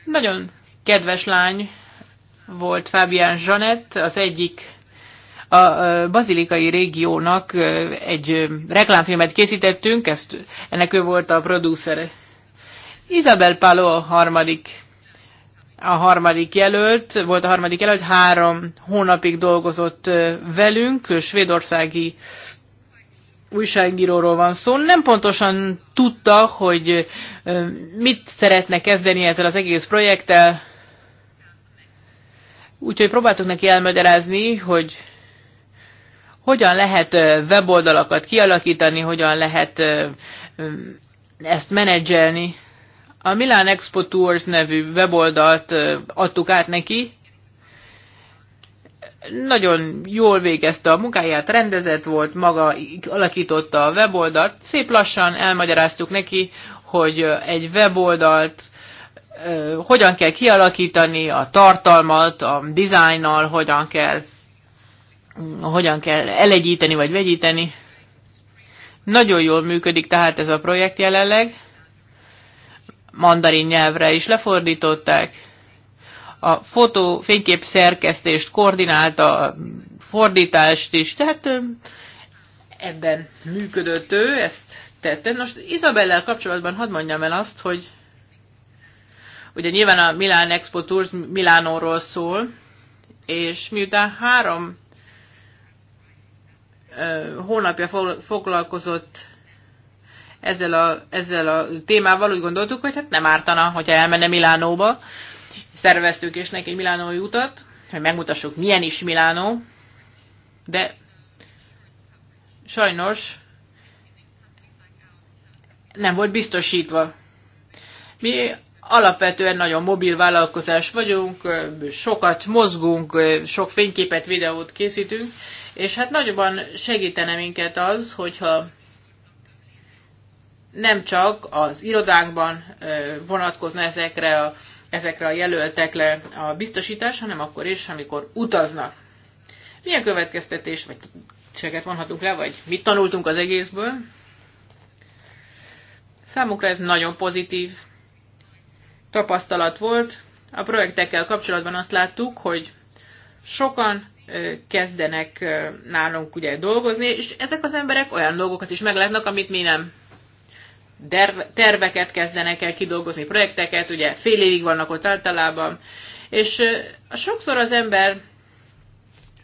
Nagyon kedves lány volt Fábián Zsanett, az egyik a e, bazilikai régiónak egy reklámfilmet készítettünk, ezt, ennek ő volt a producere. Isabel Palo a harmadik, a harmadik jelölt, volt a harmadik jelölt, három hónapig dolgozott velünk, svédországi újságíróról van szó, nem pontosan tudta, hogy mit szeretne kezdeni ezzel az egész projekttel, úgyhogy próbáltuk neki elmagyarázni, hogy hogyan lehet weboldalakat kialakítani, hogyan lehet ezt menedzselni. A Milan Expo Tours nevű weboldalt adtuk át neki. Nagyon jól végezte a munkáját, rendezett volt, maga alakította a weboldalt. Szép lassan elmagyaráztuk neki, hogy egy weboldalt hogyan kell kialakítani, a tartalmat, a dizájnnal, hogyan kell, hogyan kell elegyíteni vagy vegyíteni. Nagyon jól működik tehát ez a projekt jelenleg mandarin nyelvre is lefordították. A fotó fénykép szerkesztést koordinálta, a fordítást is, tehát ebben működött ő, ezt tette. Most Izabellel kapcsolatban hadd mondjam el azt, hogy ugye nyilván a Milán Expo Tours Milánóról szól, és miután három hónapja foglalkozott ezzel a, ezzel a témával úgy gondoltuk, hogy hát nem ártana, hogyha elmenne Milánóba. Szerveztük is neki egy milánói utat, hogy megmutassuk, milyen is Milánó, de sajnos nem volt biztosítva. Mi alapvetően nagyon mobil vállalkozás vagyunk, sokat mozgunk, sok fényképet, videót készítünk, és hát nagyobban segítene minket az, hogyha nem csak az irodákban vonatkozna ezekre a, ezekre a jelöltekre a biztosítás, hanem akkor is, amikor utaznak. Milyen következtetés, vagy segítséget vonhatunk le, vagy mit tanultunk az egészből? Számukra ez nagyon pozitív tapasztalat volt. A projektekkel kapcsolatban azt láttuk, hogy sokan kezdenek nálunk ugye dolgozni, és ezek az emberek olyan dolgokat is meglátnak, amit mi nem terveket kezdenek el kidolgozni, projekteket, ugye fél évig vannak ott általában, és sokszor az ember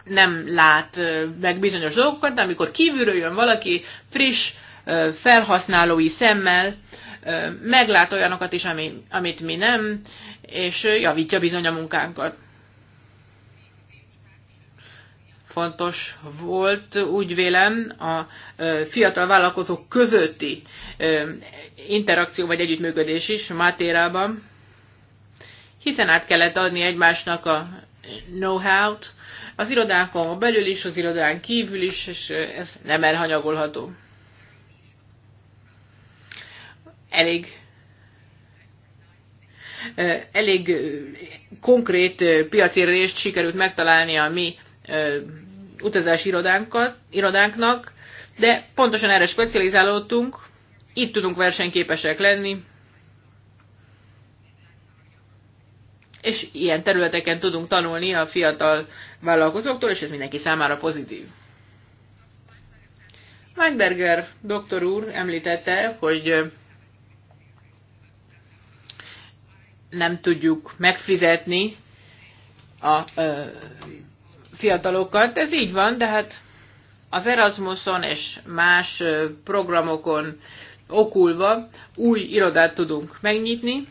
nem lát meg bizonyos dolgokat, de amikor kívülről jön valaki friss felhasználói szemmel, meglát olyanokat is, amit mi nem, és javítja bizony a munkánkat fontos volt, úgy vélem, a fiatal vállalkozók közötti interakció vagy együttműködés is Mátérában, hiszen át kellett adni egymásnak a know-how-t, az irodánkon belül is, az irodán kívül is, és ez nem elhanyagolható. Elég elég konkrét piacérést sikerült megtalálni a mi utazási irodánknak, de pontosan erre specializálódtunk, itt tudunk versenyképesek lenni, és ilyen területeken tudunk tanulni a fiatal vállalkozóktól, és ez mindenki számára pozitív. Weinberger doktor úr említette, hogy nem tudjuk megfizetni a fiatalokat. Ez így van, de hát az Erasmuson és más programokon okulva új irodát tudunk megnyitni,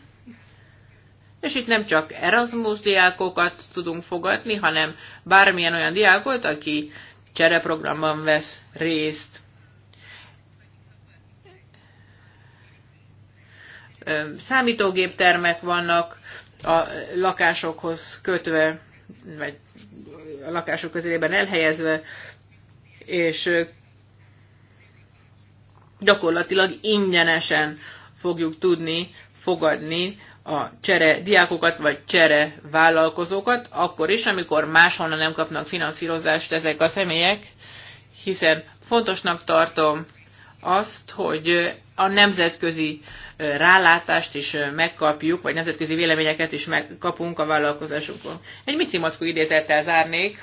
és itt nem csak Erasmus diákokat tudunk fogadni, hanem bármilyen olyan diákot, aki csereprogramban vesz részt. Számítógéptermek vannak a lakásokhoz kötve, vagy a lakások közelében elhelyezve, és gyakorlatilag ingyenesen fogjuk tudni fogadni a csere diákokat vagy csere vállalkozókat, akkor is, amikor máshonnan nem kapnak finanszírozást ezek a személyek, hiszen fontosnak tartom azt, hogy a nemzetközi rálátást is megkapjuk, vagy nemzetközi véleményeket is megkapunk a vállalkozásunkon. Egy Mici Mackó idézettel zárnék.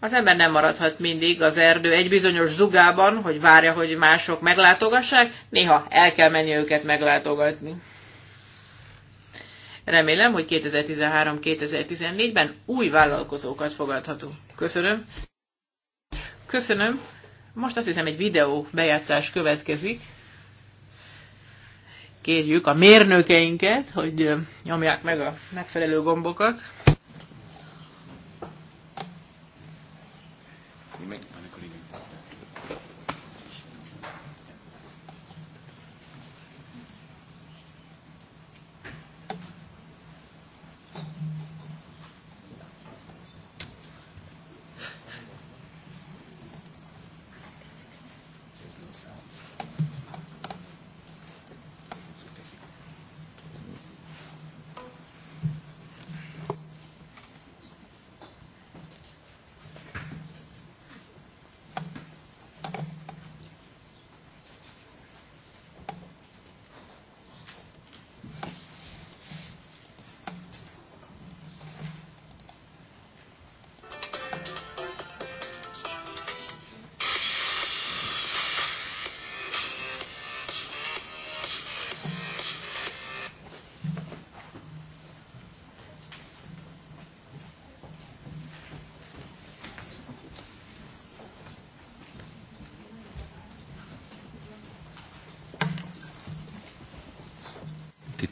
Az ember nem maradhat mindig az erdő egy bizonyos zugában, hogy várja, hogy mások meglátogassák, néha el kell menni őket meglátogatni. Remélem, hogy 2013-2014-ben új vállalkozókat fogadhatunk. Köszönöm. Köszönöm. Most azt hiszem egy videó bejátszás következik. Kérjük a mérnökeinket, hogy nyomják meg a megfelelő gombokat.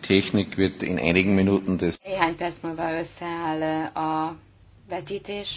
Technik wird in einigen Minuten das. des... Néhány perc múlva összeáll a vetítés.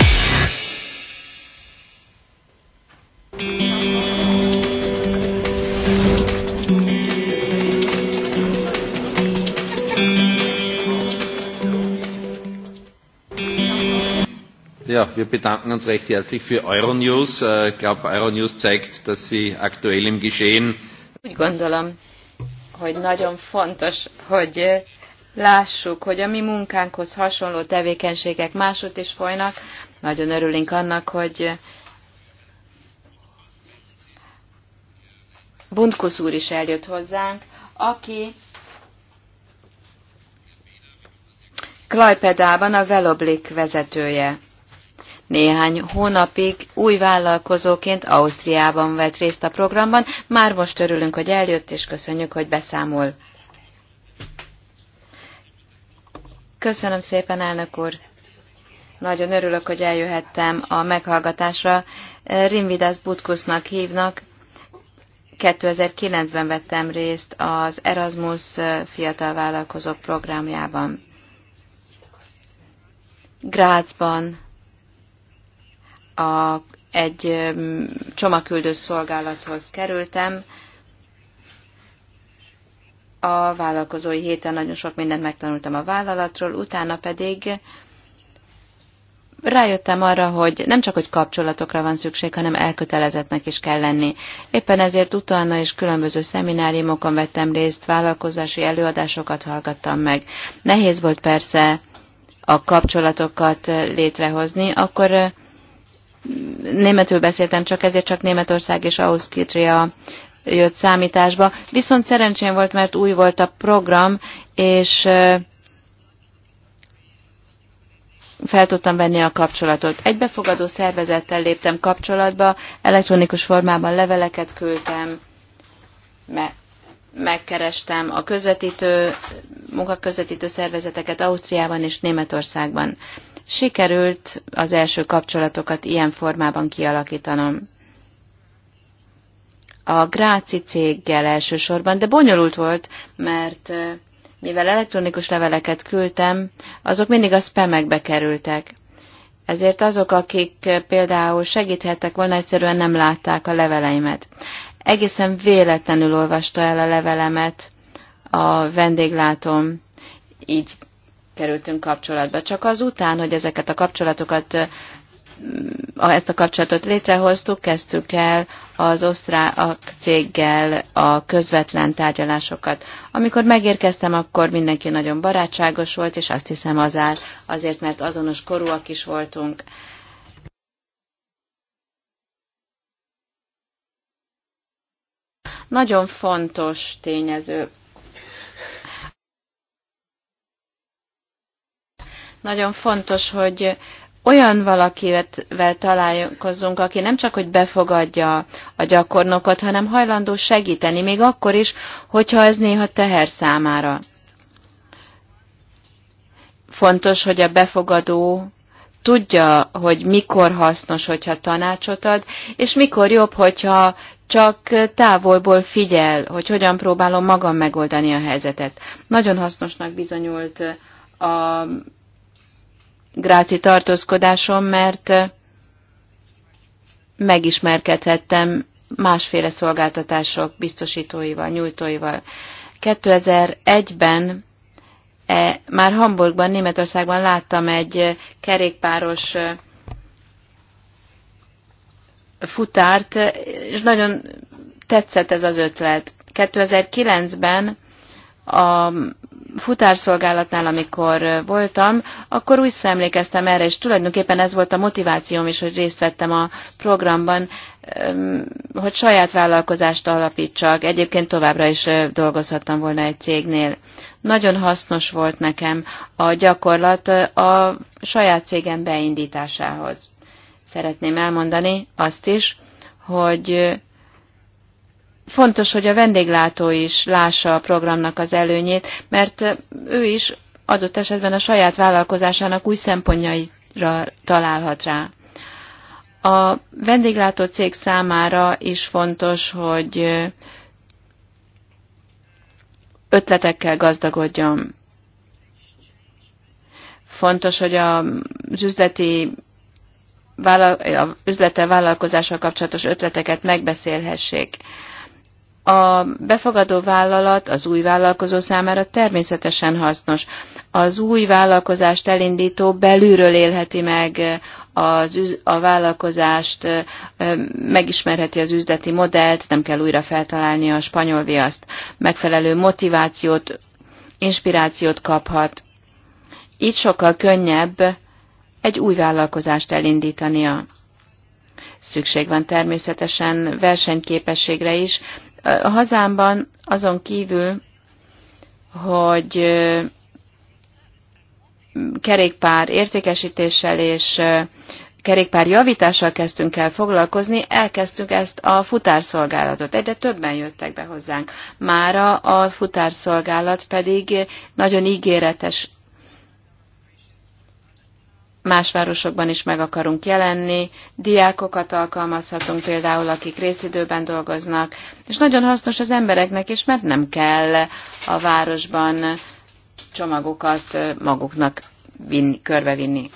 Ja, wir bedanken uns recht herzlich für Euronews. Äh, ich glaube, Euronews zeigt, dass Sie aktuell im Geschehen. Úgy gondolom, hogy nagyon fontos, hogy lássuk, hogy a mi munkánkhoz hasonló tevékenységek máshogy is folynak. Nagyon örülünk annak, hogy Buntkusz úr is eljött hozzánk, aki Klajpedában a Veloblik vezetője. Néhány hónapig új vállalkozóként Ausztriában vett részt a programban. Már most örülünk, hogy eljött, és köszönjük, hogy beszámol. Köszönöm szépen, elnök úr. Nagyon örülök, hogy eljöhettem a meghallgatásra. Rimvidas Butkusnak hívnak. 2009-ben vettem részt az Erasmus fiatal vállalkozók programjában. Grácsban a, egy csomagküldő szolgálathoz kerültem. A vállalkozói héten nagyon sok mindent megtanultam a vállalatról, utána pedig rájöttem arra, hogy nem csak, hogy kapcsolatokra van szükség, hanem elkötelezettnek is kell lenni. Éppen ezért utána is különböző szemináriumokon vettem részt, vállalkozási előadásokat hallgattam meg. Nehéz volt persze a kapcsolatokat létrehozni, akkor németül beszéltem, csak ezért csak Németország és Ausztria jött számításba. Viszont szerencsém volt, mert új volt a program, és fel tudtam venni a kapcsolatot. Egy befogadó szervezettel léptem kapcsolatba, elektronikus formában leveleket küldtem, mert megkerestem a közvetítő, munkaközvetítő szervezeteket Ausztriában és Németországban. Sikerült az első kapcsolatokat ilyen formában kialakítanom. A Gráci céggel elsősorban, de bonyolult volt, mert eh, mivel elektronikus leveleket küldtem, azok mindig a spamekbe kerültek. Ezért azok, akik eh, például segíthettek volna, egyszerűen nem látták a leveleimet egészen véletlenül olvasta el a levelemet a vendéglátom így kerültünk kapcsolatba. Csak azután, hogy ezeket a kapcsolatokat mm, ezt a kapcsolatot létrehoztuk, kezdtük el az osztrák céggel a közvetlen tárgyalásokat. Amikor megérkeztem, akkor mindenki nagyon barátságos volt, és azt hiszem az áll, azért, mert azonos korúak is voltunk. nagyon fontos tényező. Nagyon fontos, hogy olyan valakivel találkozunk, aki nem csak, hogy befogadja a gyakornokot, hanem hajlandó segíteni, még akkor is, hogyha ez néha teher számára. Fontos, hogy a befogadó tudja, hogy mikor hasznos, hogyha tanácsot ad, és mikor jobb, hogyha csak távolból figyel, hogy hogyan próbálom magam megoldani a helyzetet. Nagyon hasznosnak bizonyult a gráci tartózkodásom, mert megismerkedhettem másféle szolgáltatások biztosítóival, nyújtóival. 2001-ben e, már Hamburgban, Németországban láttam egy kerékpáros futárt, és nagyon tetszett ez az ötlet. 2009-ben a futárszolgálatnál, amikor voltam, akkor úgy emlékeztem erre, és tulajdonképpen ez volt a motivációm is, hogy részt vettem a programban, hogy saját vállalkozást alapítsak. Egyébként továbbra is dolgozhattam volna egy cégnél. Nagyon hasznos volt nekem a gyakorlat a saját cégem beindításához. Szeretném elmondani azt is, hogy fontos, hogy a vendéglátó is lássa a programnak az előnyét, mert ő is adott esetben a saját vállalkozásának új szempontjaira találhat rá. A vendéglátó cég számára is fontos, hogy ötletekkel gazdagodjon. Fontos, hogy az üzleti a üzlete vállalkozással kapcsolatos ötleteket megbeszélhessék. A befogadó vállalat az új vállalkozó számára természetesen hasznos. Az új vállalkozást elindító belülről élheti meg az, a vállalkozást, megismerheti az üzleti modellt, nem kell újra feltalálni a spanyol viaszt. Megfelelő motivációt, inspirációt kaphat. Így sokkal könnyebb egy új vállalkozást elindítania. Szükség van természetesen versenyképességre is. A hazámban azon kívül, hogy kerékpár értékesítéssel és kerékpár javítással kezdtünk el foglalkozni, elkezdtünk ezt a futárszolgálatot. Egyre többen jöttek be hozzánk. Mára a futárszolgálat pedig nagyon ígéretes más városokban is meg akarunk jelenni, diákokat alkalmazhatunk például, akik részidőben dolgoznak, és nagyon hasznos az embereknek is, mert nem kell a városban csomagokat maguknak vinni, körbevinni.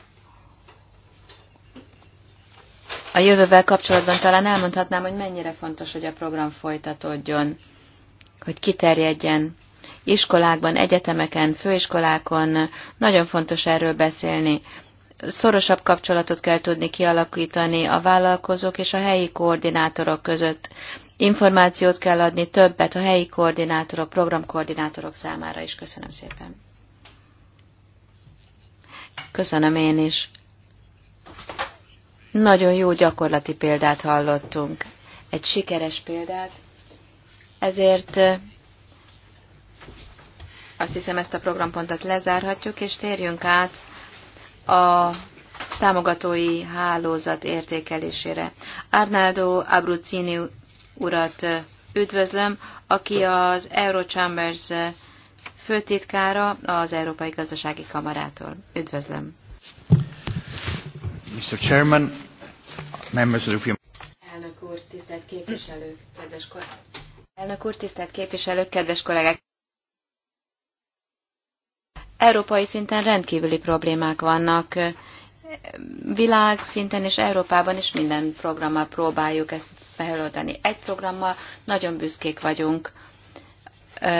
A jövővel kapcsolatban talán elmondhatnám, hogy mennyire fontos, hogy a program folytatódjon, hogy kiterjedjen. Iskolákban, egyetemeken, főiskolákon nagyon fontos erről beszélni szorosabb kapcsolatot kell tudni kialakítani a vállalkozók és a helyi koordinátorok között. Információt kell adni többet a helyi koordinátorok, programkoordinátorok számára is. Köszönöm szépen. Köszönöm én is. Nagyon jó gyakorlati példát hallottunk. Egy sikeres példát. Ezért eh, azt hiszem ezt a programpontot lezárhatjuk, és térjünk át a támogatói hálózat értékelésére. Arnaldo Abruzzini urat üdvözlöm, aki az Eurochambers főtitkára az Európai Gazdasági Kamarától. Üdvözlöm. Mr. Chairman, members of the... Elnök úr, tisztelt képviselők, kedves kollégák! Elnök úr, tisztelt képviselők, kedves kollégák! európai szinten rendkívüli problémák vannak, világ szinten és Európában is minden programmal próbáljuk ezt megoldani. Egy programmal nagyon büszkék vagyunk,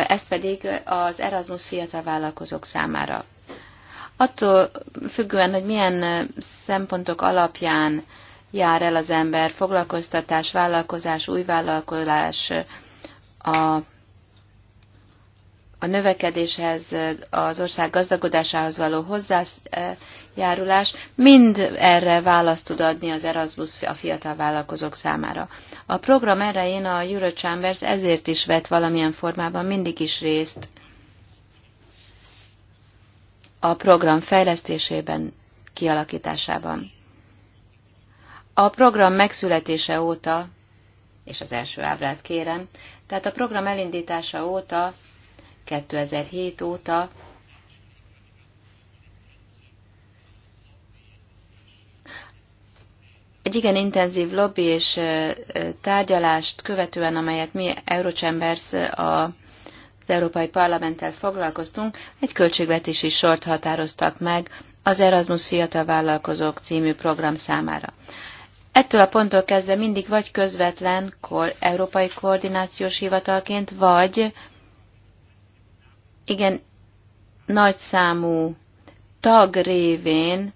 ez pedig az Erasmus fiatal vállalkozók számára. Attól függően, hogy milyen szempontok alapján jár el az ember, foglalkoztatás, vállalkozás, új vállalkozás, a a növekedéshez, az ország gazdagodásához való hozzájárulás mind erre választ tud adni az Erasmus a fiatal vállalkozók számára. A program erején a Chambers ezért is vett valamilyen formában mindig is részt a program fejlesztésében, kialakításában. A program megszületése óta, és az első ábrát kérem, tehát a program elindítása óta 2007 óta egy igen intenzív lobby és tárgyalást követően, amelyet mi Eurochambers a az Európai Parlamenttel foglalkoztunk, egy költségvetési sort határoztak meg az Erasmus Fiatal Vállalkozók című program számára. Ettől a ponttól kezdve mindig vagy közvetlen kor, európai koordinációs hivatalként, vagy igen nagy számú tag révén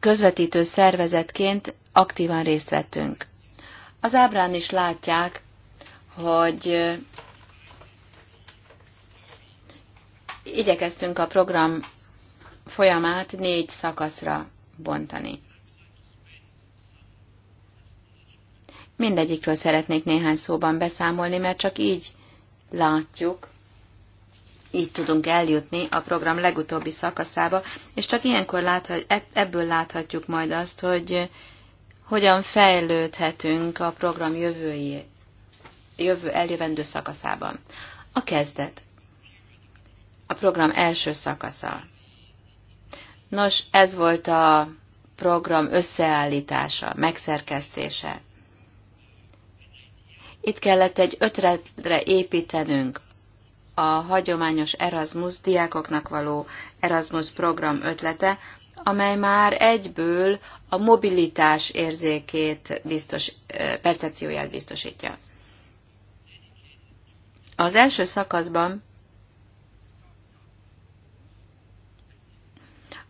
közvetítő szervezetként aktívan részt vettünk. Az ábrán is látják, hogy igyekeztünk a program folyamát négy szakaszra bontani. Mindegyikről szeretnék néhány szóban beszámolni, mert csak így látjuk, így tudunk eljutni a program legutóbbi szakaszába, és csak ilyenkor láthat, e- ebből láthatjuk majd azt, hogy hogyan fejlődhetünk a program jövői, jövő eljövendő szakaszában. A kezdet. A program első szakasza. Nos, ez volt a program összeállítása, megszerkesztése. Itt kellett egy ötletre építenünk a hagyományos Erasmus diákoknak való Erasmus program ötlete, amely már egyből a mobilitás érzékét biztos, percepcióját biztosítja. Az első szakaszban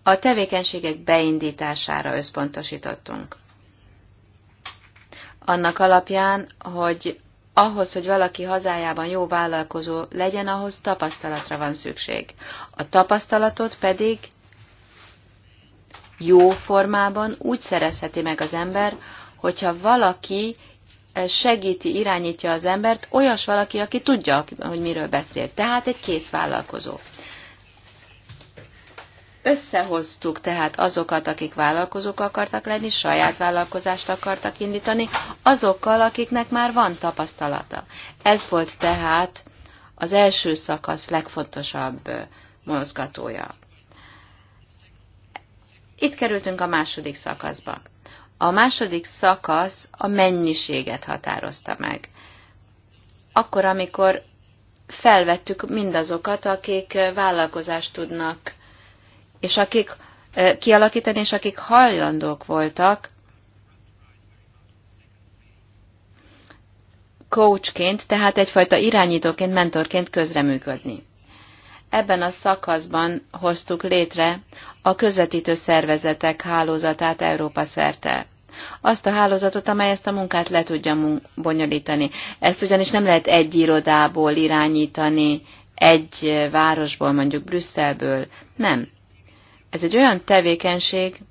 a tevékenységek beindítására összpontosítottunk. Annak alapján, hogy ahhoz, hogy valaki hazájában jó vállalkozó legyen, ahhoz tapasztalatra van szükség. A tapasztalatot pedig jó formában úgy szerezheti meg az ember, hogyha valaki eh, segíti, irányítja az embert, olyas valaki, aki tudja, hogy miről beszél. Tehát egy kész vállalkozó. Összehoztuk tehát azokat, akik vállalkozók akartak lenni, saját vállalkozást akartak indítani, azokkal, akiknek már van tapasztalata. Ez volt tehát az első szakasz legfontosabb mozgatója. Itt kerültünk a második szakaszba. A második szakasz a mennyiséget határozta meg. Akkor, amikor felvettük mindazokat, akik vállalkozást tudnak és akik eh, kialakítani, és akik hajlandók voltak coachként, tehát egyfajta irányítóként, mentorként közreműködni. Ebben a szakaszban hoztuk létre a közvetítő szervezetek hálózatát Európa szerte. Azt a hálózatot, amely ezt a munkát le tudja bonyolítani. Ezt ugyanis nem lehet egy irodából irányítani, egy eh, városból, mondjuk Brüsszelből. Nem. Ez egy olyan tevékenység,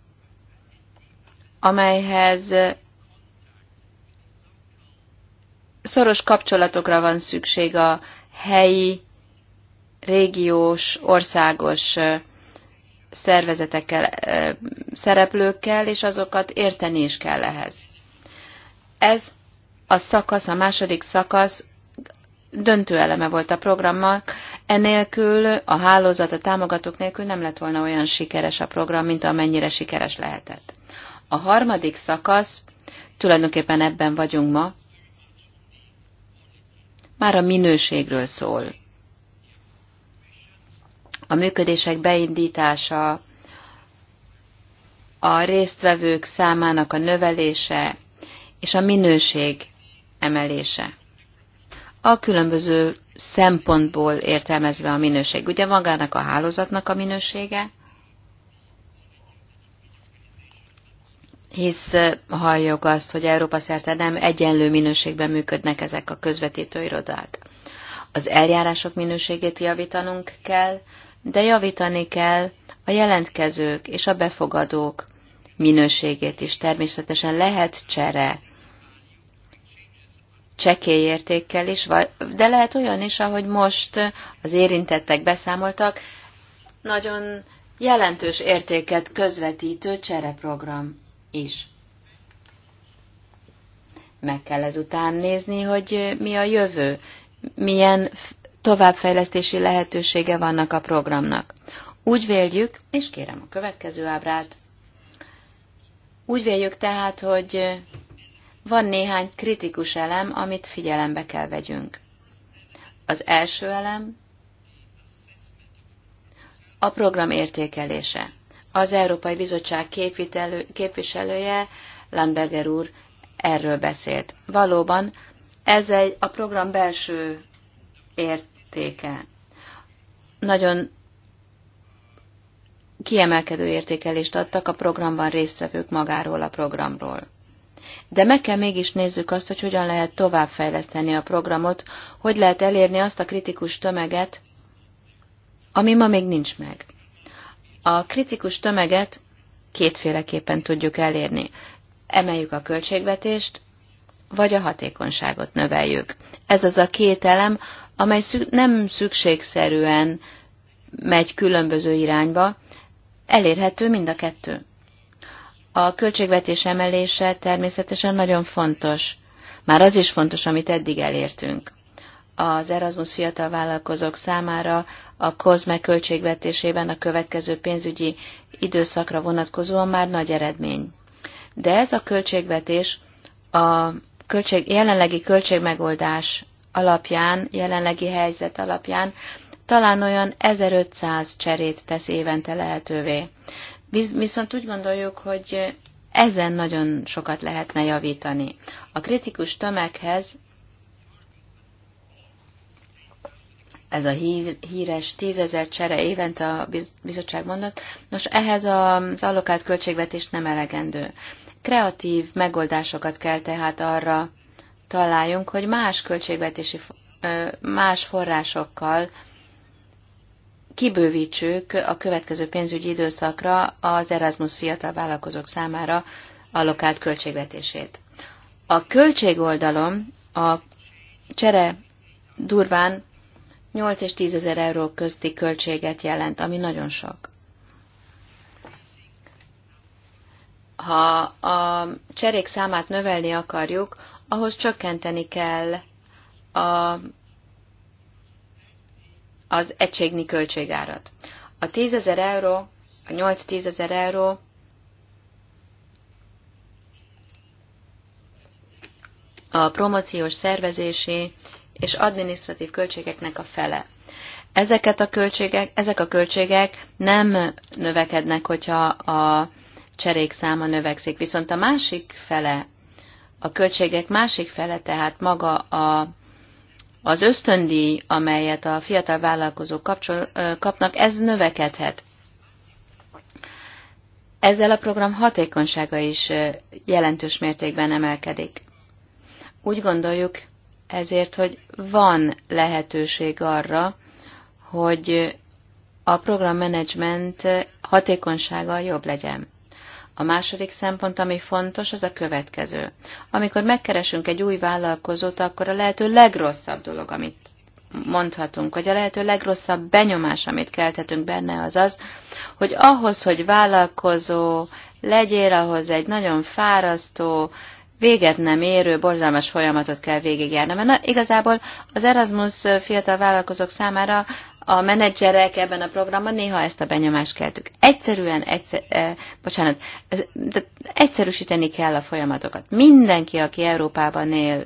amelyhez szoros kapcsolatokra van szükség a helyi, régiós, országos szervezetekkel, szereplőkkel, és azokat érteni is kell ehhez. Ez a szakasz, a második szakasz döntő eleme volt a programnak, Enélkül a hálózat a támogatók nélkül nem lett volna olyan sikeres a program, mint amennyire sikeres lehetett. A harmadik szakasz, tulajdonképpen ebben vagyunk ma, már a minőségről szól. A működések beindítása, a résztvevők számának a növelése és a minőség emelése a különböző szempontból értelmezve a minőség. Ugye magának a hálózatnak a minősége, hisz halljuk azt, hogy Európa szerte nem egyenlő minőségben működnek ezek a közvetítőirodák. Az eljárások minőségét javítanunk kell, de javítani kell a jelentkezők és a befogadók minőségét is. Természetesen lehet csere csekély értékkel is, de lehet olyan is, ahogy most az érintettek beszámoltak, nagyon jelentős értéket közvetítő csereprogram is. Meg kell ezután nézni, hogy mi a jövő, milyen továbbfejlesztési lehetősége vannak a programnak. Úgy véljük, és kérem a következő ábrát, úgy véljük tehát, hogy van néhány kritikus elem, amit figyelembe kell vegyünk. Az első elem a program értékelése. Az Európai Bizottság képviselője, Landberger úr, erről beszélt. Valóban ez egy a program belső értéke. Nagyon kiemelkedő értékelést adtak a programban résztvevők magáról a programról. De meg kell mégis nézzük azt, hogy hogyan lehet továbbfejleszteni a programot, hogy lehet elérni azt a kritikus tömeget, ami ma még nincs meg. A kritikus tömeget kétféleképpen tudjuk elérni. Emeljük a költségvetést, vagy a hatékonyságot növeljük. Ez az a két elem, amely szü nem szükségszerűen megy különböző irányba, elérhető mind a kettő. A költségvetés emelése természetesen nagyon fontos. Már az is fontos, amit eddig elértünk. Az Erasmus fiatal vállalkozók számára a COSME költségvetésében a következő pénzügyi időszakra vonatkozóan már nagy eredmény. De ez a költségvetés a költség, jelenlegi költségmegoldás alapján, jelenlegi helyzet alapján talán olyan 1500 cserét tesz évente lehetővé. Viszont úgy gondoljuk, hogy ezen nagyon sokat lehetne javítani. A kritikus tömeghez ez a híres tízezer csere évente a bizottság mondott, nos ehhez az allokált költségvetés nem elegendő. Kreatív megoldásokat kell tehát arra találjunk, hogy más költségvetési, más forrásokkal kibővítsük a következő pénzügyi időszakra az Erasmus fiatal vállalkozók számára allokált költségvetését. A költség oldalon a csere durván 8 és 10 ezer euró közti költséget jelent, ami nagyon sok. Ha a cserék számát növelni akarjuk, ahhoz csökkenteni kell a az egységnyi költségárat. A 10 ezer euró, a 8-10 ezer euró a promóciós szervezési és adminisztratív költségeknek a fele. Ezeket a költségek, ezek a költségek nem növekednek, hogyha a cserék száma növekszik. Viszont a másik fele, a költségek másik fele, tehát maga a az ösztöndíj, amelyet a fiatal vállalkozók kapcsol, kapnak, ez növekedhet. Ezzel a program hatékonysága is jelentős mértékben emelkedik. Úgy gondoljuk ezért, hogy van lehetőség arra, hogy a programmenedzsment hatékonysága jobb legyen. A második szempont, ami fontos, az a következő. Amikor megkeresünk egy új vállalkozót, akkor a lehető legrosszabb dolog, amit mondhatunk, hogy a lehető legrosszabb benyomás, amit kelthetünk benne, az az, hogy ahhoz, hogy vállalkozó legyél, ahhoz egy nagyon fárasztó, véget nem érő, borzalmas folyamatot kell végigjárni. Mert na, igazából az Erasmus fiatal vállalkozók számára a menedzserek ebben a programban néha ezt a benyomást keltük. Egyszerűen, egyszer, eh, bocsánat, de egyszerűsíteni kell a folyamatokat. Mindenki, aki Európában él,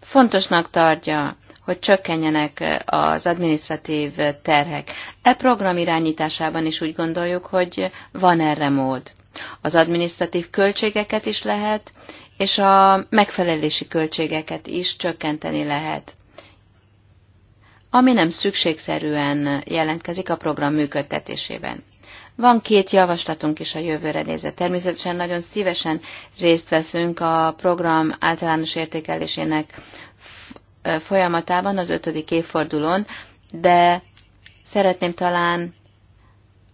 fontosnak tartja, hogy csökkenjenek eh, az administratív terhek. E program irányításában is úgy gondoljuk, hogy van erre mód. Az administratív költségeket is lehet, és a megfelelési költségeket is csökkenteni lehet ami nem szükségszerűen jelentkezik a program működtetésében. Van két javaslatunk is a jövőre nézve. Természetesen nagyon szívesen részt veszünk a program általános értékelésének folyamatában az ötödik évfordulón, de szeretném talán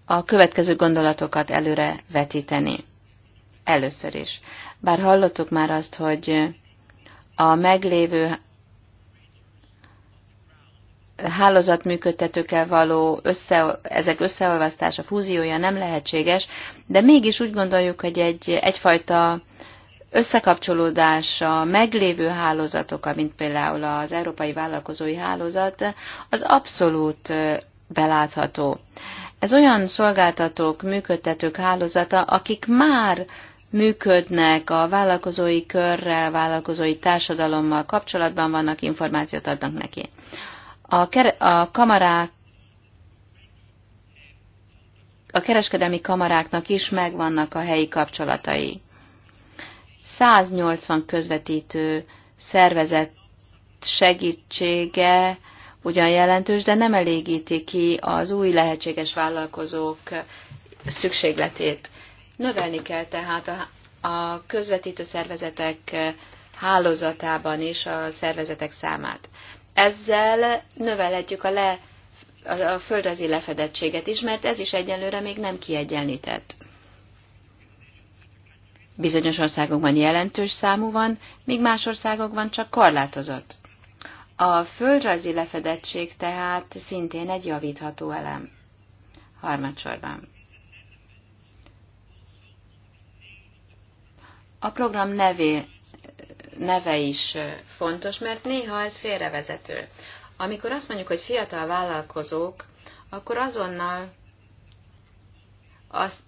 a következő gondolatokat előre vetíteni. Először is. Bár hallottuk már azt, hogy a meglévő hálózatműködtetőkkel való össze, ezek összeolvasztása, fúziója nem lehetséges, de mégis úgy gondoljuk, hogy egy, egyfajta összekapcsolódása meglévő hálózatok, mint például az Európai Vállalkozói Hálózat, az abszolút belátható. Ez olyan szolgáltatók, működtetők hálózata, akik már működnek a vállalkozói körrel, vállalkozói társadalommal kapcsolatban vannak, információt adnak neki. A, ker- a kamarák a kereskedelmi kamaráknak is megvannak a helyi kapcsolatai. 180 közvetítő szervezet segítsége ugyan jelentős, de nem elégíti ki az új lehetséges vállalkozók szükségletét. Növelni kell tehát a, a közvetítő szervezetek hálózatában is a szervezetek számát. Ezzel növelhetjük a, le, a földrajzi lefedettséget is, mert ez is egyelőre még nem kiegyenlített. Bizonyos országokban jelentős számú van, míg más országokban csak korlátozott. A földrajzi lefedettség tehát szintén egy javítható elem. Harmadsorban. A program nevé neve is fontos, mert néha ez félrevezető. Amikor azt mondjuk, hogy fiatal vállalkozók, akkor azonnal azt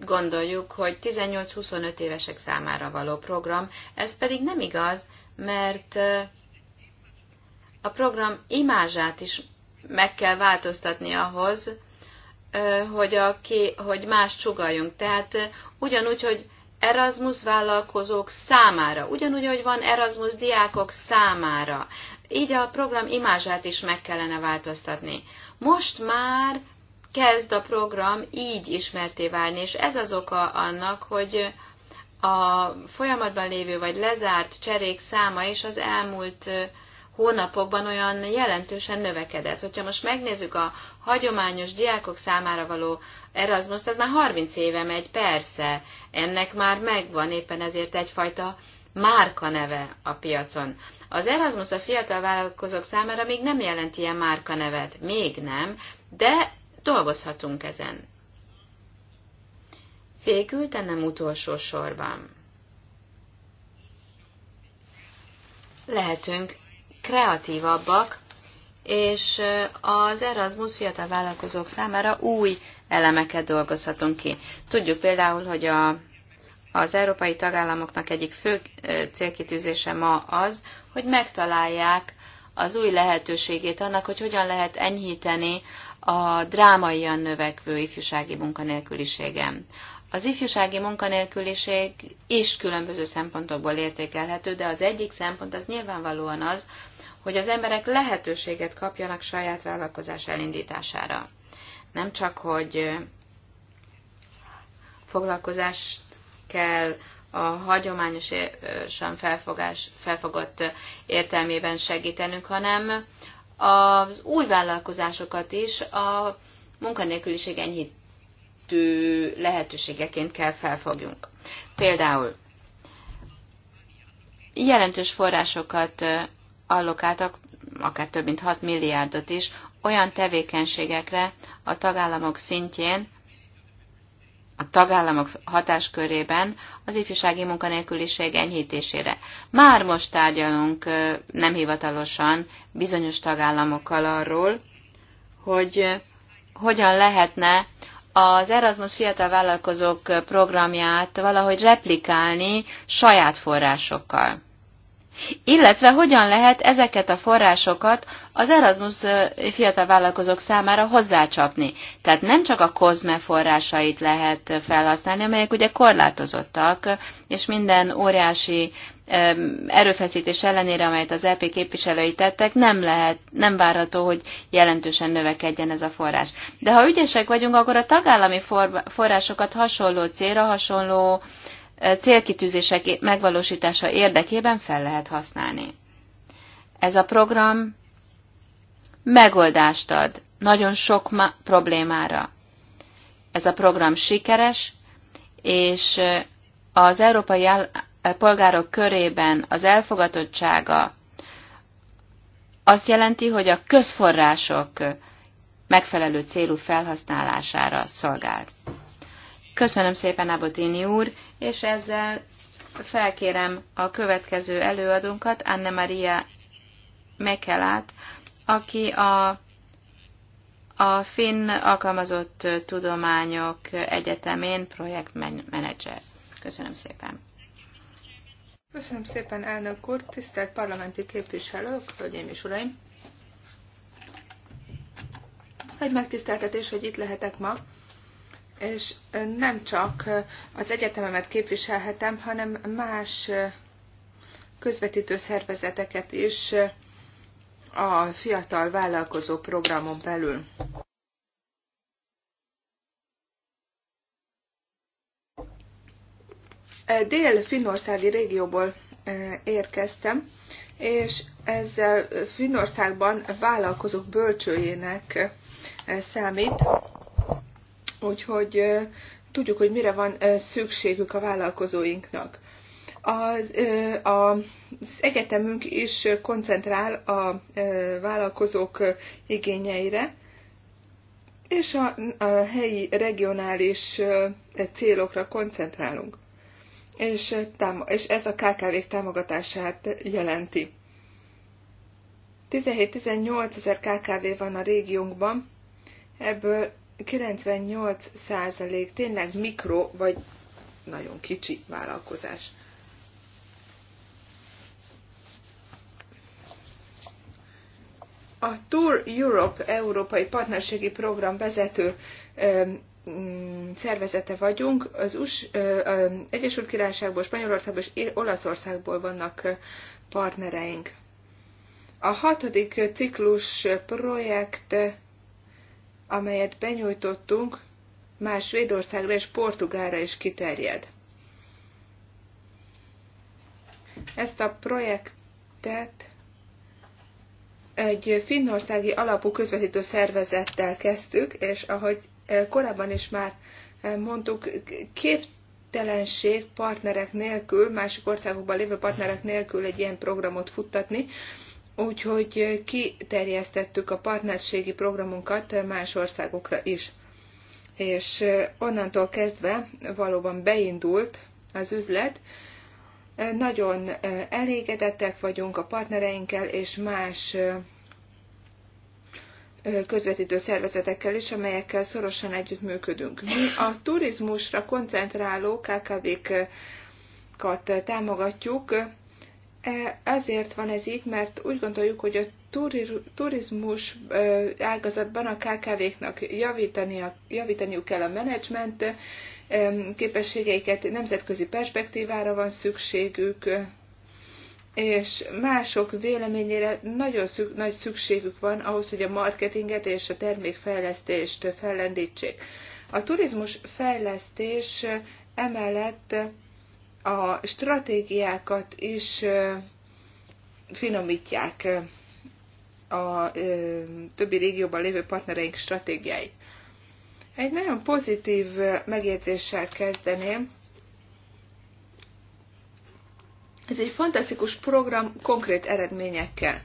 gondoljuk, hogy 18-25 évesek számára való program, ez pedig nem igaz, mert a program imázsát is meg kell változtatni ahhoz, hogy, a ké, hogy más csugaljunk. Tehát ugyanúgy, hogy Erasmus vállalkozók számára, ugyanúgy, hogy van Erasmus diákok számára. Így a program imázsát is meg kellene változtatni. Most már kezd a program így ismerté válni, és ez az oka annak, hogy a folyamatban lévő vagy lezárt cserék száma is az elmúlt hónapokban olyan jelentősen növekedett. Hogyha most megnézzük a hagyományos diákok számára való Erasmus, az már 30 éve megy, persze, ennek már megvan, éppen ezért egyfajta márka neve a piacon. Az Erasmus a fiatal vállalkozók számára még nem jelent ilyen márka nevet, még nem, de dolgozhatunk ezen. Végül, de nem utolsó sorban. Lehetünk kreatívabbak és az Erasmus fiatal vállalkozók számára új elemeket dolgozhatunk ki. Tudjuk például, hogy a, az európai tagállamoknak egyik fő célkitűzése ma az, hogy megtalálják az új lehetőségét annak, hogy hogyan lehet enyhíteni a drámaian növekvő ifjúsági munkanélküliségem. Az ifjúsági munkanélküliség is különböző szempontokból értékelhető, de az egyik szempont az nyilvánvalóan az, hogy az emberek lehetőséget kapjanak saját vállalkozás elindítására. Nem csak, hogy foglalkozást kell a hagyományosan felfogás, felfogott értelmében segítenünk, hanem az új vállalkozásokat is a munkanélküliség enyhítő lehetőségeként kell felfogjunk. Például jelentős forrásokat allokáltak akár több mint 6 milliárdot is olyan tevékenységekre a tagállamok szintjén, a tagállamok hatáskörében az ifjúsági munkanélküliség enyhítésére. Már most tárgyalunk nem hivatalosan bizonyos tagállamokkal arról, hogy hogyan lehetne az Erasmus Fiatal Vállalkozók programját valahogy replikálni saját forrásokkal illetve hogyan lehet ezeket a forrásokat az Erasmus fiatal vállalkozók számára hozzácsapni. Tehát nem csak a COSME forrásait lehet felhasználni, amelyek ugye korlátozottak, és minden óriási erőfeszítés ellenére, amelyet az EP képviselői tettek, nem lehet, nem várható, hogy jelentősen növekedjen ez a forrás. De ha ügyesek vagyunk, akkor a tagállami forrásokat hasonló célra, hasonló célkitűzések megvalósítása érdekében fel lehet használni. Ez a program megoldást ad nagyon sok problémára. Ez a program sikeres, és az európai polgárok körében az elfogadottsága azt jelenti, hogy a közforrások megfelelő célú felhasználására szolgál. Köszönöm szépen, Abotini úr, és ezzel felkérem a következő előadónkat, Anne Maria Mekelát, aki a, a Finn Alkalmazott Tudományok Egyetemén projektmenedzser. Köszönöm szépen. Köszönöm szépen, elnök úr, tisztelt parlamenti képviselők, hölgyeim és uraim! Nagy megtiszteltetés, hogy itt lehetek ma és nem csak az egyetememet képviselhetem, hanem más közvetítő szervezeteket is a fiatal vállalkozó programon belül. Dél-Finnországi régióból eh, érkeztem, és ez Finnországban vállalkozók bölcsőjének eh, számít. Úgyhogy tudjuk, hogy mire van szükségük a vállalkozóinknak. Az, az egyetemünk is koncentrál a vállalkozók igényeire, és a, a helyi regionális célokra koncentrálunk. És, és ez a KKV-k támogatását jelenti. 17-18 ezer KKV van a régiónkban, ebből 98 százalék tényleg mikro vagy nagyon kicsi vállalkozás. A Tour Europe Európai Partnerségi Program vezető mm, szervezete vagyunk. Az US, Egyesült Királyságból, Spanyolországból és Olaszországból vannak partnereink. A hatodik ciklus projekt amelyet benyújtottunk, már Svédországra és Portugálra is kiterjed. Ezt a projektet egy finnországi alapú közvetítő szervezettel kezdtük, és ahogy e, korábban is már e, mondtuk, képtelenség partnerek nélkül, másik országokban lévő partnerek nélkül egy ilyen programot futtatni, úgyhogy kiterjesztettük a partnerségi programunkat más országokra is. És onnantól kezdve valóban beindult az üzlet, nagyon elégedettek vagyunk a partnereinkkel és más közvetítő szervezetekkel is, amelyekkel szorosan együttműködünk. Mi a turizmusra koncentráló KKV-kat támogatjuk, Azért e, van ez így, mert úgy gondoljuk, hogy a turizmus e, ágazatban a KKV-knak javítaniuk kell a menedzsment e, képességeiket, nemzetközi perspektívára van szükségük, és mások véleményére nagyon szük, nagy szükségük van ahhoz, hogy a marketinget és a termékfejlesztést fellendítsék. A turizmus fejlesztés emellett a stratégiákat is finomítják a többi régióban lévő partnereink stratégiáit. Egy nagyon pozitív megjegyzéssel kezdeném. Ez egy fantasztikus program konkrét eredményekkel.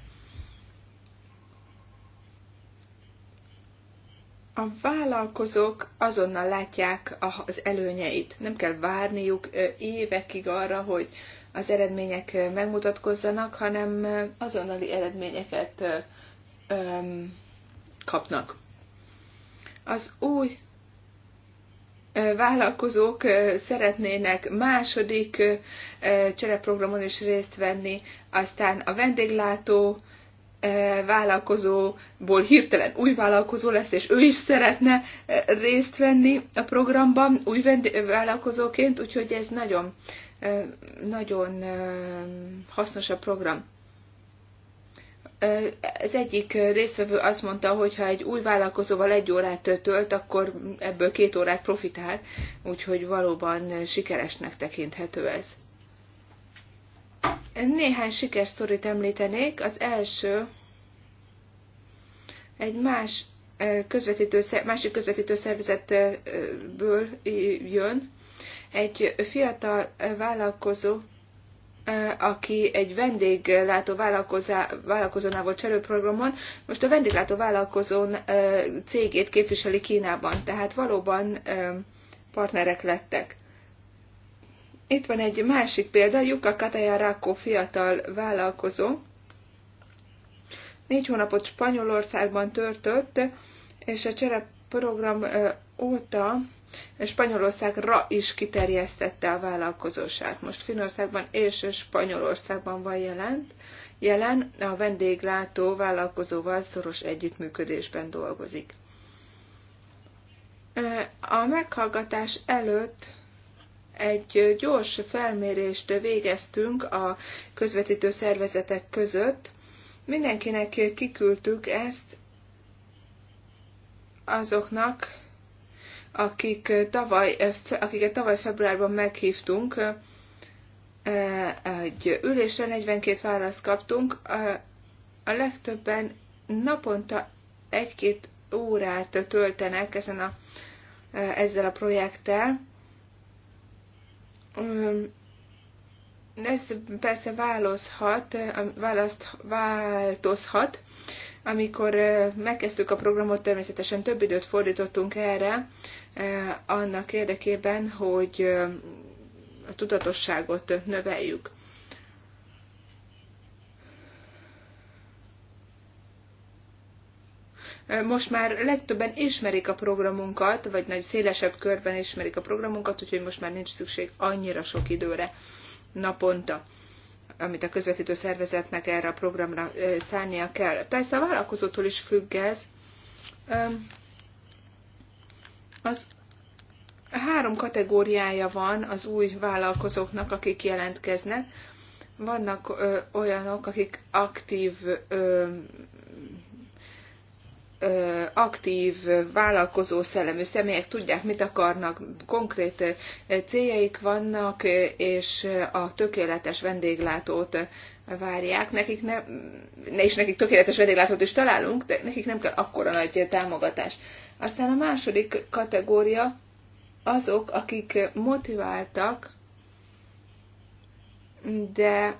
a vállalkozók azonnal látják az előnyeit. Nem kell várniuk évekig arra, hogy az eredmények megmutatkozzanak, hanem azonnali eredményeket kapnak. Az új vállalkozók szeretnének második csereprogramon is részt venni, aztán a vendéglátó vállalkozóból hirtelen új vállalkozó lesz, és ő is szeretne részt venni a programban új vállalkozóként, úgyhogy ez nagyon, nagyon hasznos a program. Az egyik résztvevő azt mondta, hogy ha egy új vállalkozóval egy órát tölt, akkor ebből két órát profitál, úgyhogy valóban sikeresnek tekinthető ez. Néhány sikersztorit említenék. Az első egy más közvetítő, másik közvetítő szervezetből jön. Egy fiatal vállalkozó, aki egy vendéglátó vállalkozónál volt cserőprogramon, most a vendéglátó vállalkozón cégét képviseli Kínában, tehát valóban partnerek lettek. Itt van egy másik példa, Juka Kataya Rákó fiatal vállalkozó. Négy hónapot Spanyolországban törtött, és a csere program óta Spanyolországra is kiterjesztette a vállalkozósát. Most Finországban és Spanyolországban van jelent. Jelen a vendéglátó vállalkozóval szoros együttműködésben dolgozik. A meghallgatás előtt egy gyors felmérést végeztünk a közvetítő szervezetek között. Mindenkinek kiküldtük ezt azoknak, akik tavaly, akiket tavaly februárban meghívtunk egy ülésre, 42 választ kaptunk. A legtöbben naponta egy-két órát töltenek ezen a, ezzel a projekttel ez persze választhat, választ, változhat. Amikor megkezdtük a programot, természetesen több időt fordítottunk erre, annak érdekében, hogy a tudatosságot növeljük. Most már legtöbben ismerik a programunkat, vagy nagy szélesebb körben ismerik a programunkat, úgyhogy most már nincs szükség annyira sok időre naponta amit a közvetítő szervezetnek erre a programra szállnia kell. Persze a vállalkozótól is függ ez. Az három kategóriája van az új vállalkozóknak, akik jelentkeznek. Vannak olyanok, akik aktív aktív, vállalkozó szellemű személyek tudják, mit akarnak, konkrét céljaik vannak, és a tökéletes vendéglátót várják. Nekik nem, ne is nekik tökéletes vendéglátót is találunk, de nekik nem kell akkora nagy támogatás. Aztán a második kategória azok, akik motiváltak, de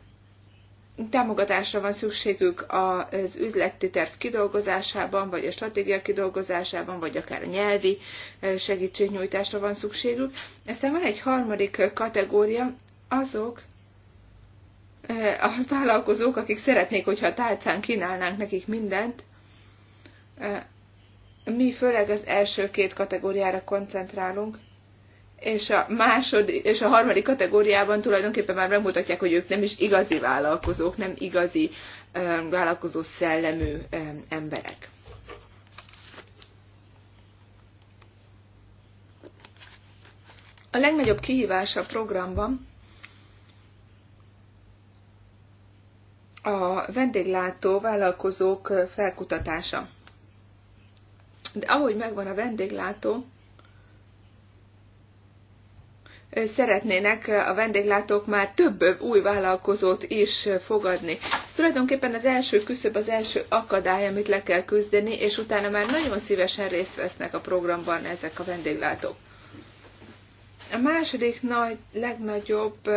támogatásra van szükségük az üzleti terv kidolgozásában, vagy a stratégia kidolgozásában, vagy akár a nyelvi segítségnyújtásra van szükségük. Aztán van egy harmadik kategória, azok a vállalkozók, akik szeretnék, hogyha a tárcán kínálnánk nekik mindent, mi főleg az első két kategóriára koncentrálunk, és a második és a harmadik kategóriában tulajdonképpen már megmutatják, hogy ők nem is igazi vállalkozók, nem igazi vállalkozó szellemű emberek. A legnagyobb kihívás a programban a vendéglátó vállalkozók felkutatása. De ahogy megvan a vendéglátó, szeretnének a vendéglátók már több új vállalkozót is fogadni. Ez tulajdonképpen az első küszöb, az első akadály, amit le kell küzdeni, és utána már nagyon szívesen részt vesznek a programban ezek a vendéglátók. A második nagy, legnagyobb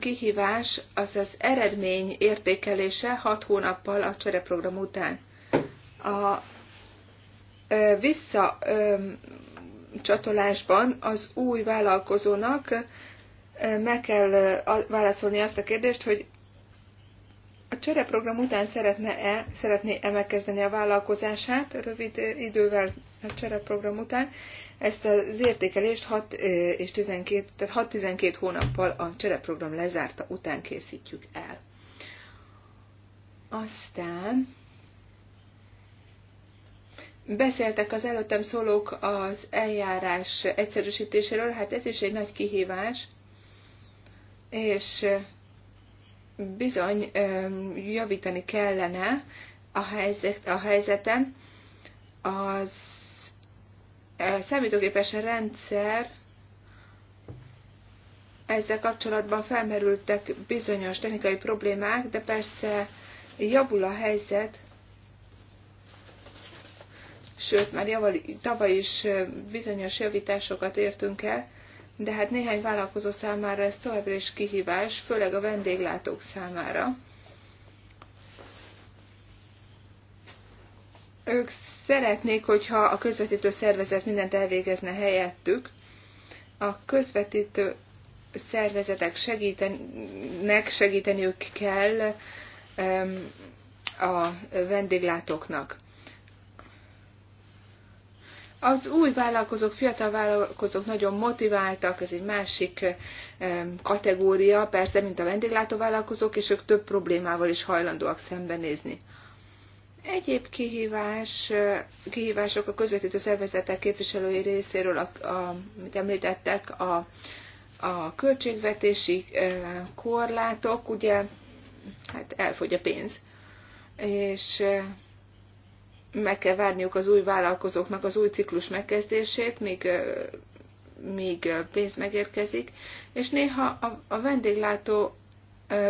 kihívás az az eredmény értékelése hat hónappal a csereprogram után. A vissza csatolásban az új vállalkozónak meg kell válaszolni azt a kérdést, hogy a csereprogram után szeretne-e, szeretné-e megkezdeni a vállalkozását rövid idővel a csereprogram után, ezt az értékelést 6 és 12, tehát 6-12 hónappal a csereprogram lezárta után készítjük el. Aztán Beszéltek az előttem szólók az eljárás egyszerűsítéséről, hát ez is egy nagy kihívás, és bizony javítani kellene a, helyzet, a helyzeten. Az számítógépes rendszer ezzel kapcsolatban felmerültek bizonyos technikai problémák, de persze javul a helyzet, sőt, már javali, tavaly is bizonyos javításokat értünk el, de hát néhány vállalkozó számára ez továbbra is kihívás, főleg a vendéglátók számára. Ők szeretnék, hogyha a közvetítő szervezet mindent elvégezne helyettük. A közvetítő szervezetek segítenek, segíteniük kell a vendéglátóknak. Az új vállalkozók, fiatal vállalkozók nagyon motiváltak, ez egy másik kategória, persze, mint a vállalkozók, és ők több problémával is hajlandóak szembenézni. Egyéb kihívás, kihívások a közvetítő szervezetek képviselői részéről, a, a, amit említettek, a, a költségvetési korlátok, ugye, hát elfogy a pénz. És meg kell várniuk az új vállalkozóknak az új ciklus megkezdését, míg, míg pénz megérkezik, és néha a, a vendéglátó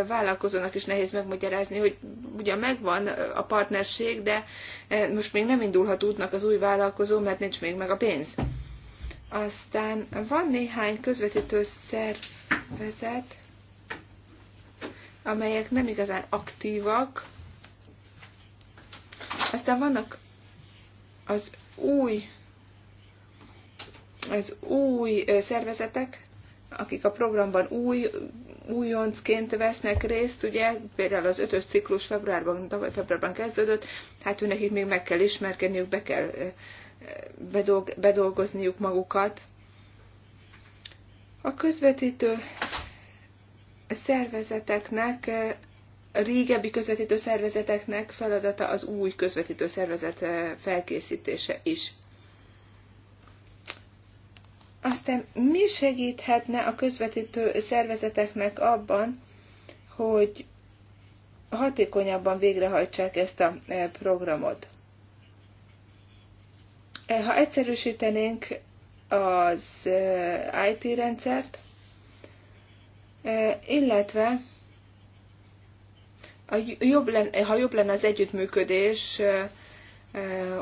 vállalkozónak is nehéz megmagyarázni, hogy ugye megvan a partnerség, de most még nem indulhat útnak az új vállalkozó, mert nincs még meg a pénz. Aztán van néhány közvetítő szervezet, amelyek nem igazán aktívak, aztán vannak az új, az új szervezetek, akik a programban új, újoncként vesznek részt, ugye, például az ötös ciklus februárban, tavaly februárban kezdődött, hát ő nekik még meg kell ismerkedniük, be kell bedolg, bedolgozniuk magukat. A közvetítő szervezeteknek régebbi közvetítő szervezeteknek feladata az új közvetítő szervezet eh, felkészítése is. Aztán mi segíthetne a közvetítő szervezeteknek abban, hogy hatékonyabban végrehajtsák ezt a eh, programot? Eh, ha egyszerűsítenénk az IT rendszert, illetve jobb ha jobb lenne az együttműködés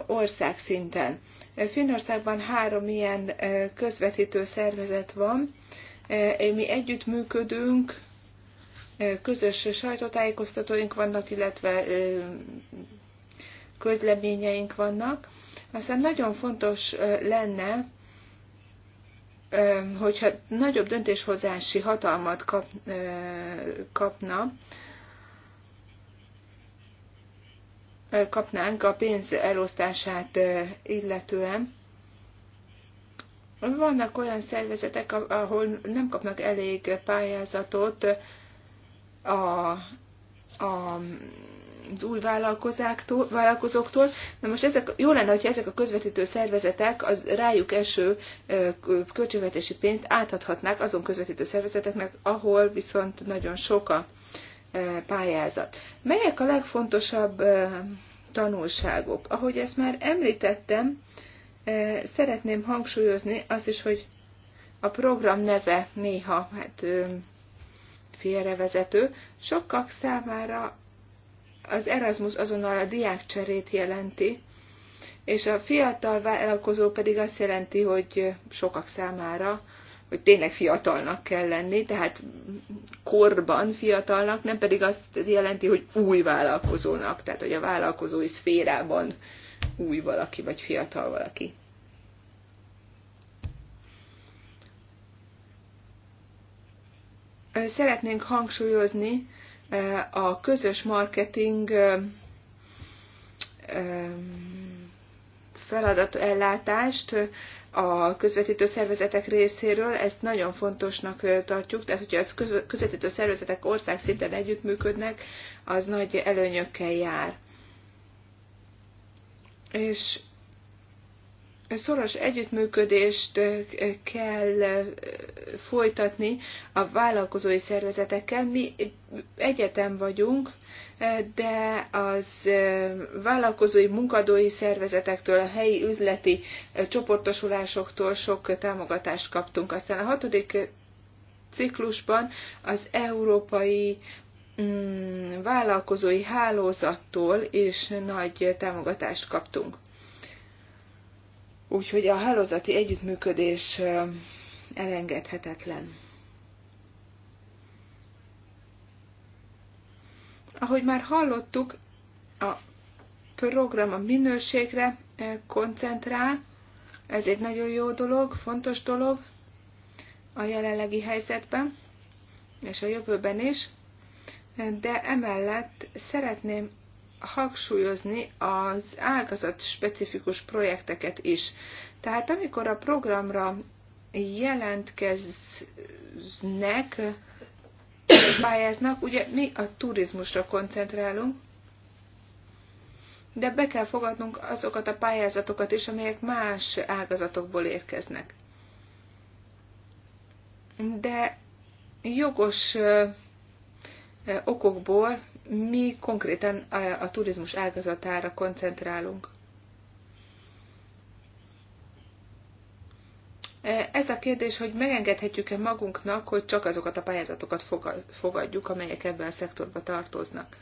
országszinten. Finnországban három ilyen közvetítő szervezet van. Mi együttműködünk, közös sajtótájékoztatóink vannak, illetve közleményeink vannak. Aztán nagyon fontos lenne, hogyha nagyobb döntéshozási hatalmat kap, kapna kapnánk a pénz elosztását illetően. Vannak olyan szervezetek, ahol nem kapnak elég pályázatot a, a, az új vállalkozóktól. Na most ezek, jó lenne, hogyha ezek a közvetítő szervezetek az rájuk eső költségvetési pénzt átadhatnák azon közvetítő szervezeteknek, ahol viszont nagyon sok a pályázat. Melyek a legfontosabb tanulságok? Ahogy ezt már említettem, szeretném hangsúlyozni azt is, hogy a program neve néha hát, félrevezető. Sokak számára az Erasmus azonnal a diákcserét jelenti, és a fiatal vállalkozó pedig azt jelenti, hogy sokak számára hogy tényleg fiatalnak kell lenni, tehát korban fiatalnak, nem pedig azt jelenti, hogy új vállalkozónak, tehát hogy a vállalkozói szférában új valaki, vagy fiatal valaki. Szeretnénk hangsúlyozni eh, a közös marketing eh, eh, feladatellátást, ellátást, a közvetítő szervezetek részéről, ezt nagyon fontosnak tartjuk, tehát hogyha ez közvetítő szervezetek országszinten együttműködnek, az nagy előnyökkel jár. És szoros együttműködést kell folytatni a vállalkozói szervezetekkel. Mi egyetem vagyunk, de az vállalkozói munkadói szervezetektől, a helyi üzleti csoportosulásoktól sok támogatást kaptunk. Aztán a hatodik ciklusban az európai mm, vállalkozói hálózattól is nagy támogatást kaptunk. Úgyhogy a hálózati együttműködés elengedhetetlen. Ahogy már hallottuk, a program a minőségre koncentrál, ez egy nagyon jó dolog, fontos dolog a jelenlegi helyzetben, és a jövőben is, de emellett szeretném hangsúlyozni az ágazat specifikus projekteket is. Tehát amikor a programra jelentkeznek, pályáznak, ugye mi a turizmusra koncentrálunk, de be kell fogadnunk azokat a pályázatokat is, amelyek más ágazatokból érkeznek. De jogos okokból mi konkrétan a turizmus ágazatára koncentrálunk. Ez a kérdés, hogy megengedhetjük-e magunknak, hogy csak azokat a pályázatokat fogadjuk, amelyek ebben a szektorba tartoznak.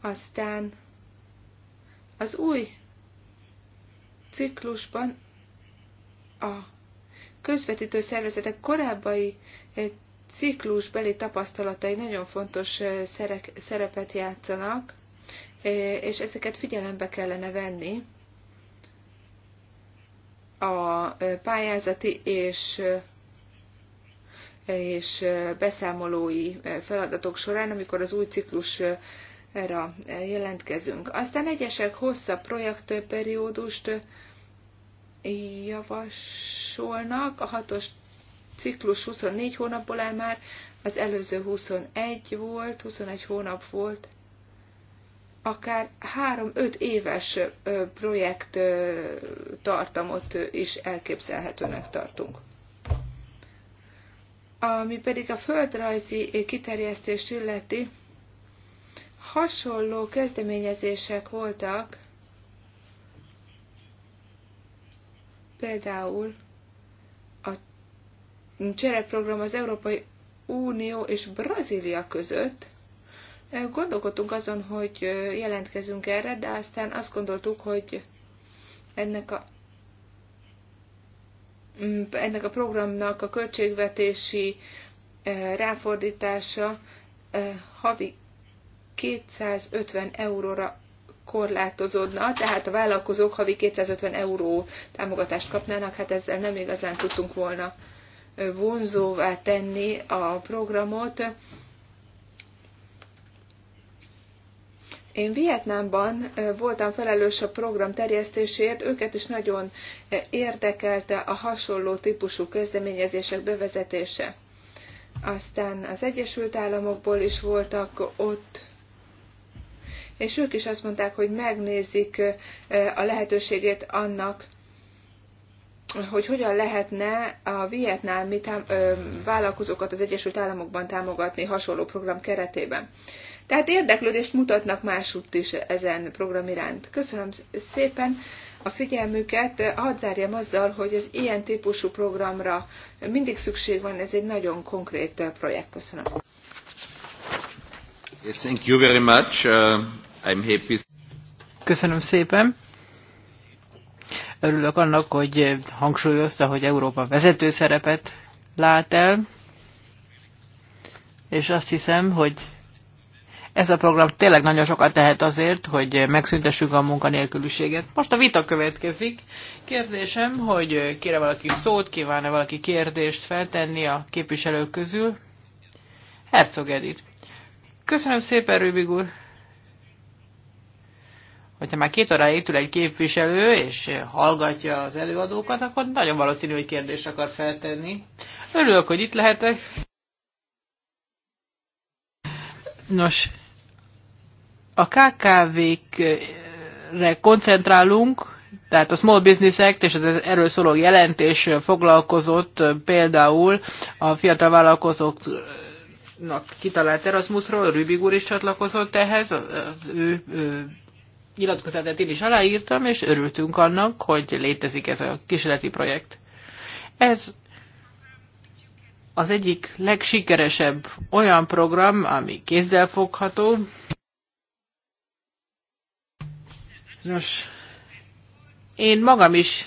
Aztán az új ciklusban a közvetítő szervezetek korábbi ciklusbeli tapasztalatai nagyon fontos eh, szerepet játszanak, eh, és ezeket figyelembe kellene venni a eh, pályázati és és beszámolói feladatok során, amikor az új ciklusra jelentkezünk. Aztán egyesek hosszabb projektperiódust javasolnak, a hatos ciklus 24 hónapból áll már, az előző 21 volt, 21 hónap volt, akár 3-5 éves projekt tartamot is elképzelhetőnek tartunk. Ami pedig a földrajzi kiterjesztést illeti, hasonló kezdeményezések voltak, például cserekprogram az Európai Unió és Brazília között. Gondolkodtunk azon, hogy jelentkezünk erre, de aztán azt gondoltuk, hogy ennek a mm, ennek a programnak a költségvetési ráfordítása havi 250 euróra korlátozódna, tehát a vállalkozók havi 250 euró támogatást kapnának, hát ezzel nem igazán tudtunk volna vonzóvá tenni a programot. Én Vietnámban voltam felelős a program terjesztésért, őket is nagyon érdekelte a hasonló típusú kezdeményezések bevezetése. Aztán az Egyesült Államokból is voltak ott és ők is azt mondták, hogy megnézik a lehetőségét annak, hogy hogyan lehetne a vietnámi tám- ö, vállalkozókat az Egyesült Államokban támogatni hasonló program keretében. Tehát érdeklődést mutatnak másútt is ezen program iránt. Köszönöm szépen a figyelmüket. Hadd zárjam azzal, hogy az ilyen típusú programra mindig szükség van, ez egy nagyon konkrét projekt. Köszönöm. Yes, thank you very much. Uh, I'm happy. Köszönöm szépen. Örülök annak, hogy hangsúlyozta, hogy Európa vezető szerepet lát el, és azt hiszem, hogy ez a program tényleg nagyon sokat tehet azért, hogy megszüntessük a munkanélküliséget. Most a vita következik. Kérdésem, hogy kére valaki szót, kívánna valaki kérdést feltenni a képviselők közül? Herzog Edith. Köszönöm szépen, Rübig úr! hogyha már két órája itt ül egy képviselő, és hallgatja az előadókat, akkor nagyon valószínű, hogy kérdést akar feltenni. Örülök, hogy itt lehetek. Nos, a KKV-kre koncentrálunk, tehát a Small Business Act és az erről szóló jelentés foglalkozott például a fiatal vállalkozóknak kitalált Erasmusról, Rübig úr is csatlakozott ehhez, az ő, ő nyilatkozatát én is aláírtam, és örültünk annak, hogy létezik ez a kísérleti projekt. Ez az egyik legsikeresebb olyan program, ami kézzelfogható. Nos, én magam is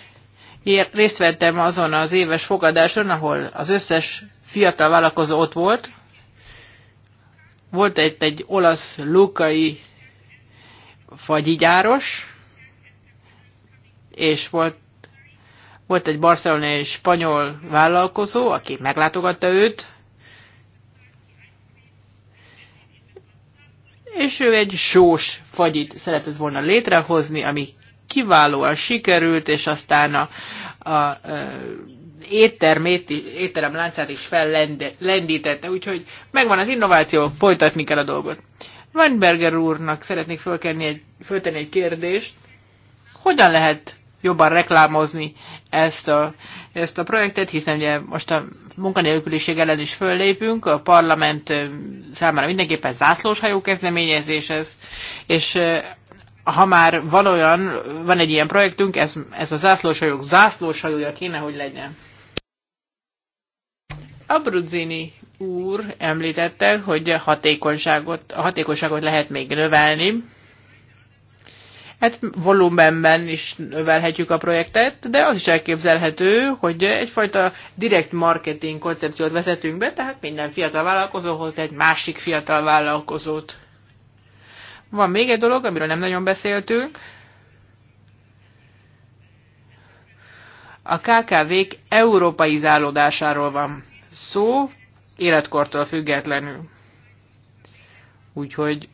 részt vettem azon az éves fogadáson, ahol az összes fiatal vállalkozó ott volt. Volt egy, egy olasz lukai fagyigyáros, és volt, volt egy barcelonai spanyol vállalkozó, aki meglátogatta őt, és ő egy sós fagyit szeretett volna létrehozni, ami kiválóan sikerült, és aztán a, a, a étterem láncát is fellendítette, úgyhogy megvan az innováció, folytatni kell a dolgot. Weinberger úrnak szeretnék fölkenni egy, föltenni egy kérdést. Hogyan lehet jobban reklámozni ezt a, ezt a projektet, hiszen ugye most a munkanélküliség ellen is föllépünk, a parlament számára mindenképpen hajó kezdeményezés ez, és ha már van olyan, van egy ilyen projektünk, ez, ez a zászlós hajója kéne, hogy legyen. Abruzzini úr említette, hogy hatékonyságot, a hatékonyságot lehet még növelni. Hát volumenben is növelhetjük a projektet, de az is elképzelhető, hogy egyfajta direkt marketing koncepciót vezetünk be, tehát minden fiatal vállalkozóhoz egy másik fiatal vállalkozót. Van még egy dolog, amiről nem nagyon beszéltünk. A KKV-k európai zálódásáról van szó, életkortól függetlenül. Úgyhogy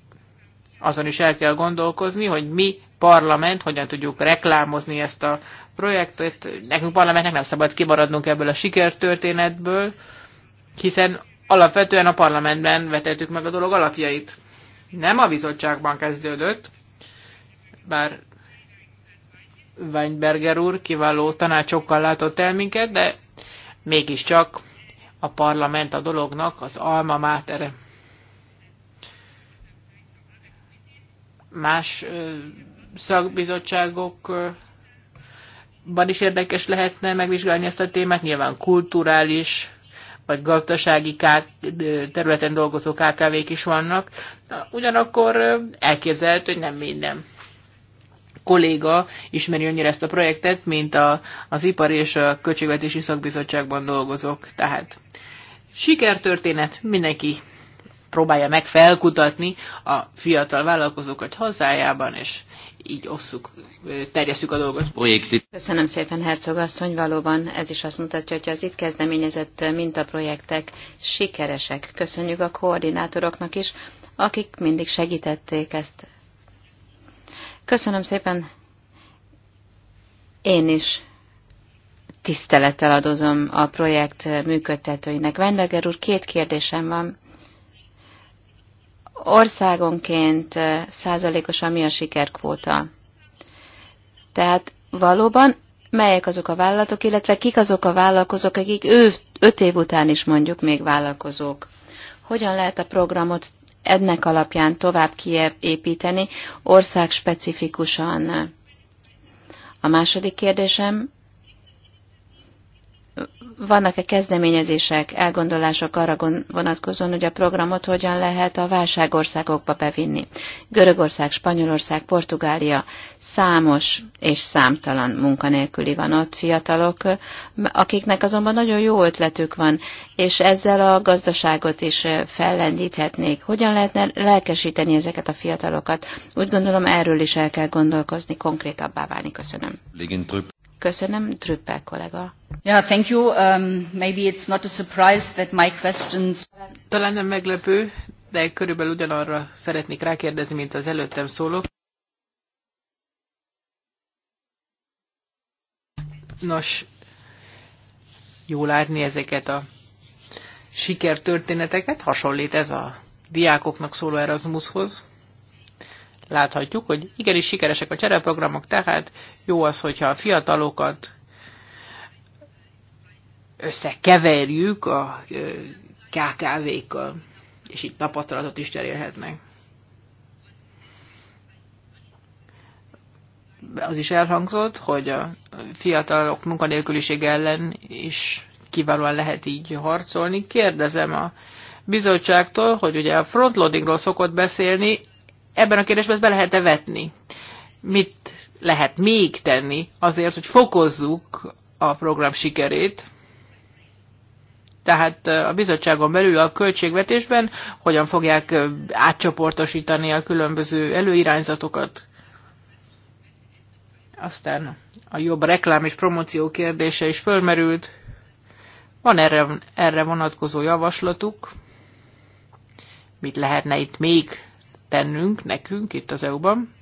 azon is el kell gondolkozni, hogy mi parlament, hogyan tudjuk reklámozni ezt a projektet. Nekünk parlamentnek nem szabad kimaradnunk ebből a sikertörténetből, hiszen alapvetően a parlamentben vetettük meg a dolog alapjait. Nem a bizottságban kezdődött, bár Weinberger úr kiváló tanácsokkal látott el minket, de mégiscsak a parlament a dolognak az alma mátere. Más szakbizottságokban is érdekes lehetne megvizsgálni ezt a témát, nyilván kulturális, vagy gazdasági területen dolgozó KKV-k is vannak. Ugyanakkor elképzelhető, hogy nem minden kolléga ismeri annyira ezt a projektet, mint a, az ipar és a költségvetési szakbizottságban dolgozók. Tehát sikertörténet, mindenki próbálja meg felkutatni a fiatal vállalkozókat hazájában, és így osszuk, terjesszük a dolgot. Köszönöm szépen, Herzog asszony, valóban ez is azt mutatja, hogy az itt kezdeményezett mintaprojektek sikeresek. Köszönjük a koordinátoroknak is, akik mindig segítették ezt. Köszönöm szépen, én is tisztelettel adozom a projekt működtetőinek. Weinberger úr, két kérdésem van. Országonként a mi a sikerkvóta? Tehát valóban melyek azok a vállalatok, illetve kik azok a vállalkozók, akik ő, öt év után is mondjuk még vállalkozók? Hogyan lehet a programot ennek alapján tovább kiépíteni országspecifikusan? A második kérdésem, vannak-e kezdeményezések, elgondolások arra vonatkozóan, hogy a programot hogyan lehet a válságországokba bevinni. Görögország, Spanyolország, Portugália számos és számtalan munkanélküli van ott, fiatalok, akiknek azonban nagyon jó ötletük van, és ezzel a gazdaságot is fellendíthetnék. Hogyan lehetne lelkesíteni ezeket a fiatalokat? Úgy gondolom erről is el kell gondolkozni, konkrétabbá válni. Köszönöm. Köszönöm, Trüppel kollega. Yeah, thank you. Um, maybe it's not a surprise that my questions... Talán nem meglepő, de körülbelül ugyanarra szeretnék rákérdezni, mint az előttem szóló. Nos, jó látni ezeket a sikertörténeteket, hasonlít ez a diákoknak szóló Erasmushoz láthatjuk, hogy igenis sikeresek a csereprogramok, tehát jó az, hogyha a fiatalokat összekeverjük a KKV-kkal, és itt tapasztalatot is cserélhetnek. Az is elhangzott, hogy a fiatalok munkanélküliség ellen is kiválóan lehet így harcolni. Kérdezem a bizottságtól, hogy ugye a frontloadingról szokott beszélni, ebben a kérdésben be lehet-e vetni? Mit lehet még tenni azért, hogy fokozzuk a program sikerét? Tehát a bizottságon belül a költségvetésben hogyan fogják átcsoportosítani a különböző előirányzatokat? Aztán a jobb reklám és promóció kérdése is fölmerült. Van erre, erre vonatkozó javaslatuk, mit lehetne itt még tennünk nekünk itt az EU-ban.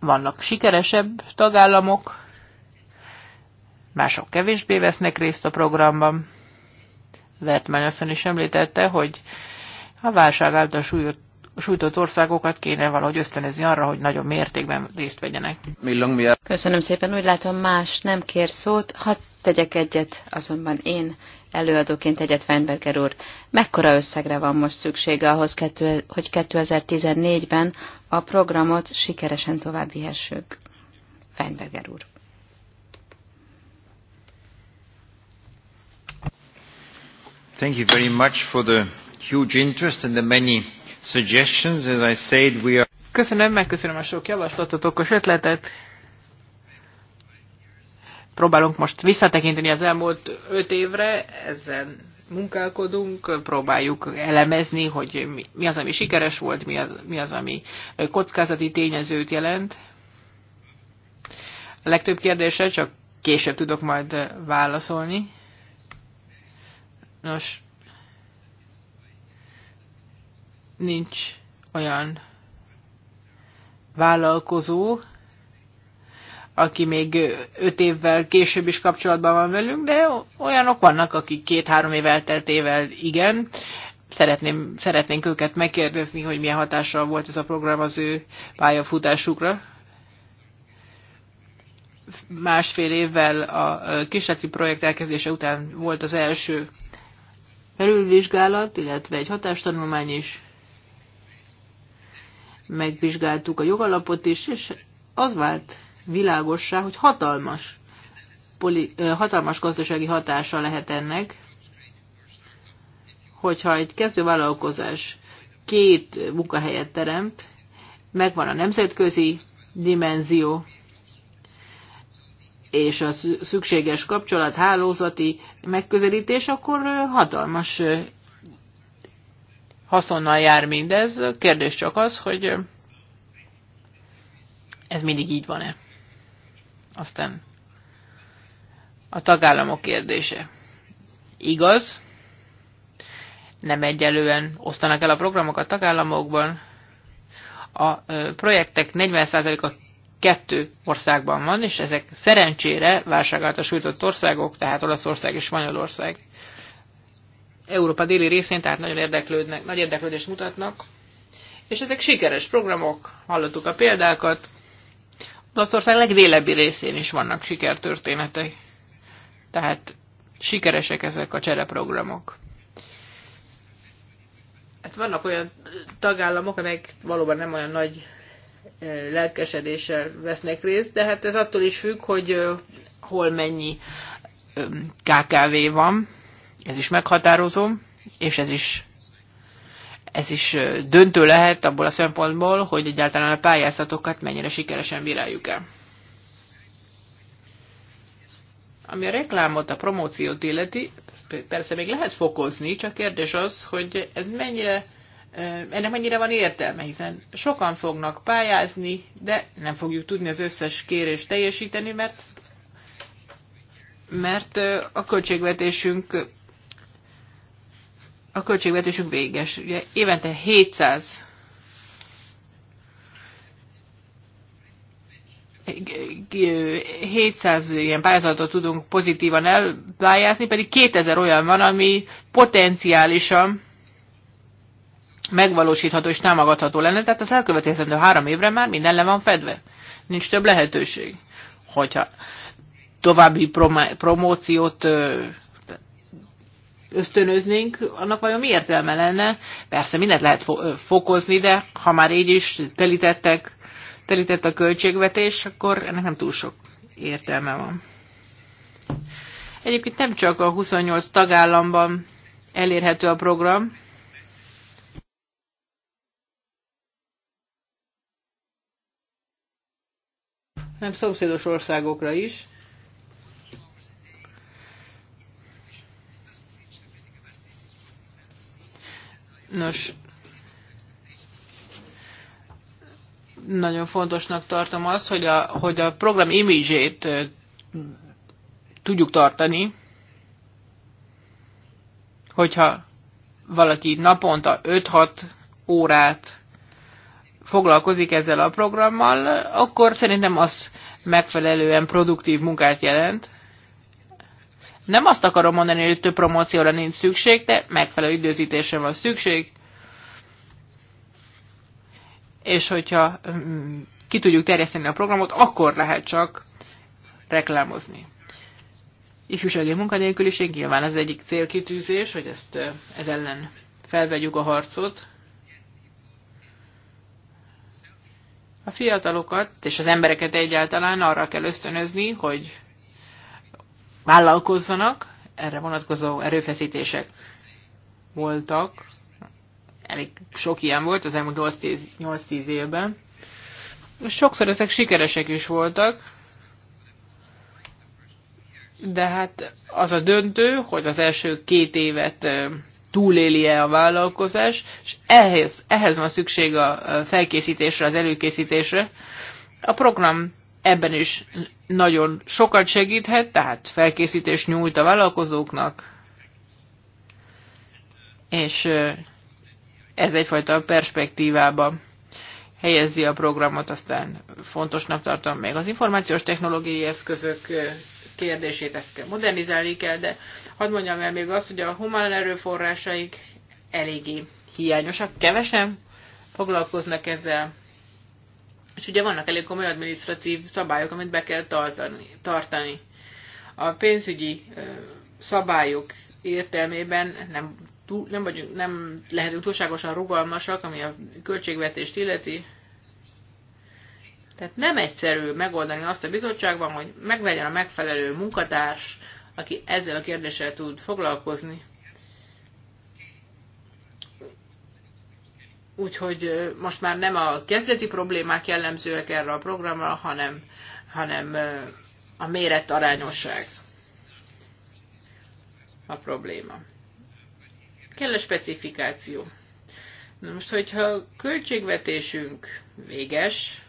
Vannak sikeresebb tagállamok, mások kevésbé vesznek részt a programban. Vertmány aztán is említette, hogy a válság által súlyot, sújtott országokat kéne valahogy ösztönözni arra, hogy nagyobb mértékben részt vegyenek. Köszönöm szépen, úgy látom más nem kér szót. Hadd Tegyek egyet, azonban én előadóként egyet Weinberger úr. Mekkora összegre van most szüksége ahhoz, hogy 2014-ben a programot sikeresen tovább vihessük? Weinberger úr. Thank you very much for the huge interest and the many suggestions. As I said, we are... Köszönöm, megköszönöm a sok javaslatot, okos ötletet próbálunk most visszatekinteni az elmúlt öt évre, ezen munkálkodunk, próbáljuk elemezni, hogy mi az, ami sikeres volt, mi az, mi az ami kockázati tényezőt jelent. A legtöbb kérdésre csak később tudok majd válaszolni. Nos, nincs olyan vállalkozó, aki még öt évvel később is kapcsolatban van velünk, de olyanok vannak, akik két-három év elteltével igen. Szeretném, szeretnénk őket megkérdezni, hogy milyen hatással volt ez a program az ő pályafutásukra. Másfél évvel a kísérleti projekt elkezdése után volt az első felülvizsgálat, illetve egy hatástanulmány is. Megvizsgáltuk a jogalapot is, és az vált világossá, hogy hatalmas, poli, hatalmas gazdasági hatása lehet ennek, hogyha egy kezdővállalkozás két munkahelyet teremt, megvan a nemzetközi dimenzió, és a szükséges kapcsolat, hálózati megközelítés, akkor hatalmas haszonnal jár mindez. Kérdés csak az, hogy ez mindig így van-e. Aztán a tagállamok kérdése. Igaz, nem egyelően osztanak el a programokat tagállamokban. A projektek 40%-a kettő országban van, és ezek szerencsére válság által sújtott országok, tehát Olaszország és Spanyolország. Európa déli részén, tehát nagyon érdeklődnek, nagy érdeklődést mutatnak, és ezek sikeres programok, hallottuk a példákat, Olaszország legdélebbi részén is vannak sikertörténetek. Tehát sikeresek ezek a csereprogramok. Hát vannak olyan tagállamok, amelyek valóban nem olyan nagy lelkesedéssel vesznek részt, de hát ez attól is függ, hogy hol mennyi KKV van. Ez is meghatározó, és ez is ez is döntő lehet abból a szempontból, hogy egyáltalán a pályázatokat mennyire sikeresen bíráljuk el. Ami a reklámot, a promóciót illeti, persze még lehet fokozni, csak kérdés az, hogy ez mennyire, ennek mennyire van értelme, hiszen sokan fognak pályázni, de nem fogjuk tudni az összes kérést teljesíteni, mert, mert a költségvetésünk a költségvetésünk véges. Ugye évente 700 700 ilyen pályázatot tudunk pozitívan elpályázni, pedig 2000 olyan van, ami potenciálisan megvalósítható és támogatható lenne, tehát az elkövetkezendő három évre már minden le van fedve. Nincs több lehetőség. Hogyha további promóciót ösztönöznénk, annak vajon mi értelme lenne? Persze mindent lehet fo fokozni, de ha már így is telítettek, telített a költségvetés, akkor ennek nem túl sok értelme van. Egyébként nem csak a 28 tagállamban elérhető a program, nem szomszédos országokra is. Nos, nagyon fontosnak tartom azt, hogy a, hogy a program imidzsét tudjuk tartani, hogyha valaki naponta 5-6 órát foglalkozik ezzel a programmal, akkor szerintem az megfelelően produktív munkát jelent. Nem azt akarom mondani, hogy több promócióra nincs szükség, de megfelelő időzítésre van szükség. És hogyha mm, ki tudjuk terjeszteni a programot, akkor lehet csak reklámozni. Ifjúsági munkanélküliség nyilván ez egyik célkitűzés, hogy ezt eh, ez ellen felvegyük a harcot. A fiatalokat és az embereket egyáltalán arra kell ösztönözni, hogy vállalkozzanak, erre vonatkozó erőfeszítések voltak, elég sok ilyen volt az elmúlt 8-10 évben. Sokszor ezek sikeresek is voltak, de hát az a döntő, hogy az első két évet túlélje a vállalkozás, és ehhez, ehhez van szükség a felkészítésre, az előkészítésre. A program ebben is nagyon sokat segíthet, tehát felkészítés nyújt a vállalkozóknak, és ez egyfajta perspektívába helyezi a programot, aztán fontosnak tartom még az információs technológiai eszközök kérdését, ezt kell modernizálni kell, de hadd mondjam el még azt, hogy a humán erőforrásaik eléggé hiányosak, kevesen foglalkoznak ezzel, és ugye vannak elég komoly administratív szabályok, amit be kell tartani. tartani. A pénzügyi szabályok értelmében nem, túl, nem, vagyunk, nem lehetünk túlságosan rugalmasak, ami a költségvetést illeti. Tehát nem egyszerű megoldani azt a bizottságban, hogy megvegyen a megfelelő munkatárs, aki ezzel a kérdéssel tud foglalkozni. Úgyhogy most már nem a kezdeti problémák jellemzőek erre a programra, hanem, hanem a méret arányosság a probléma. Kell a specifikáció. Na most, hogyha a költségvetésünk véges,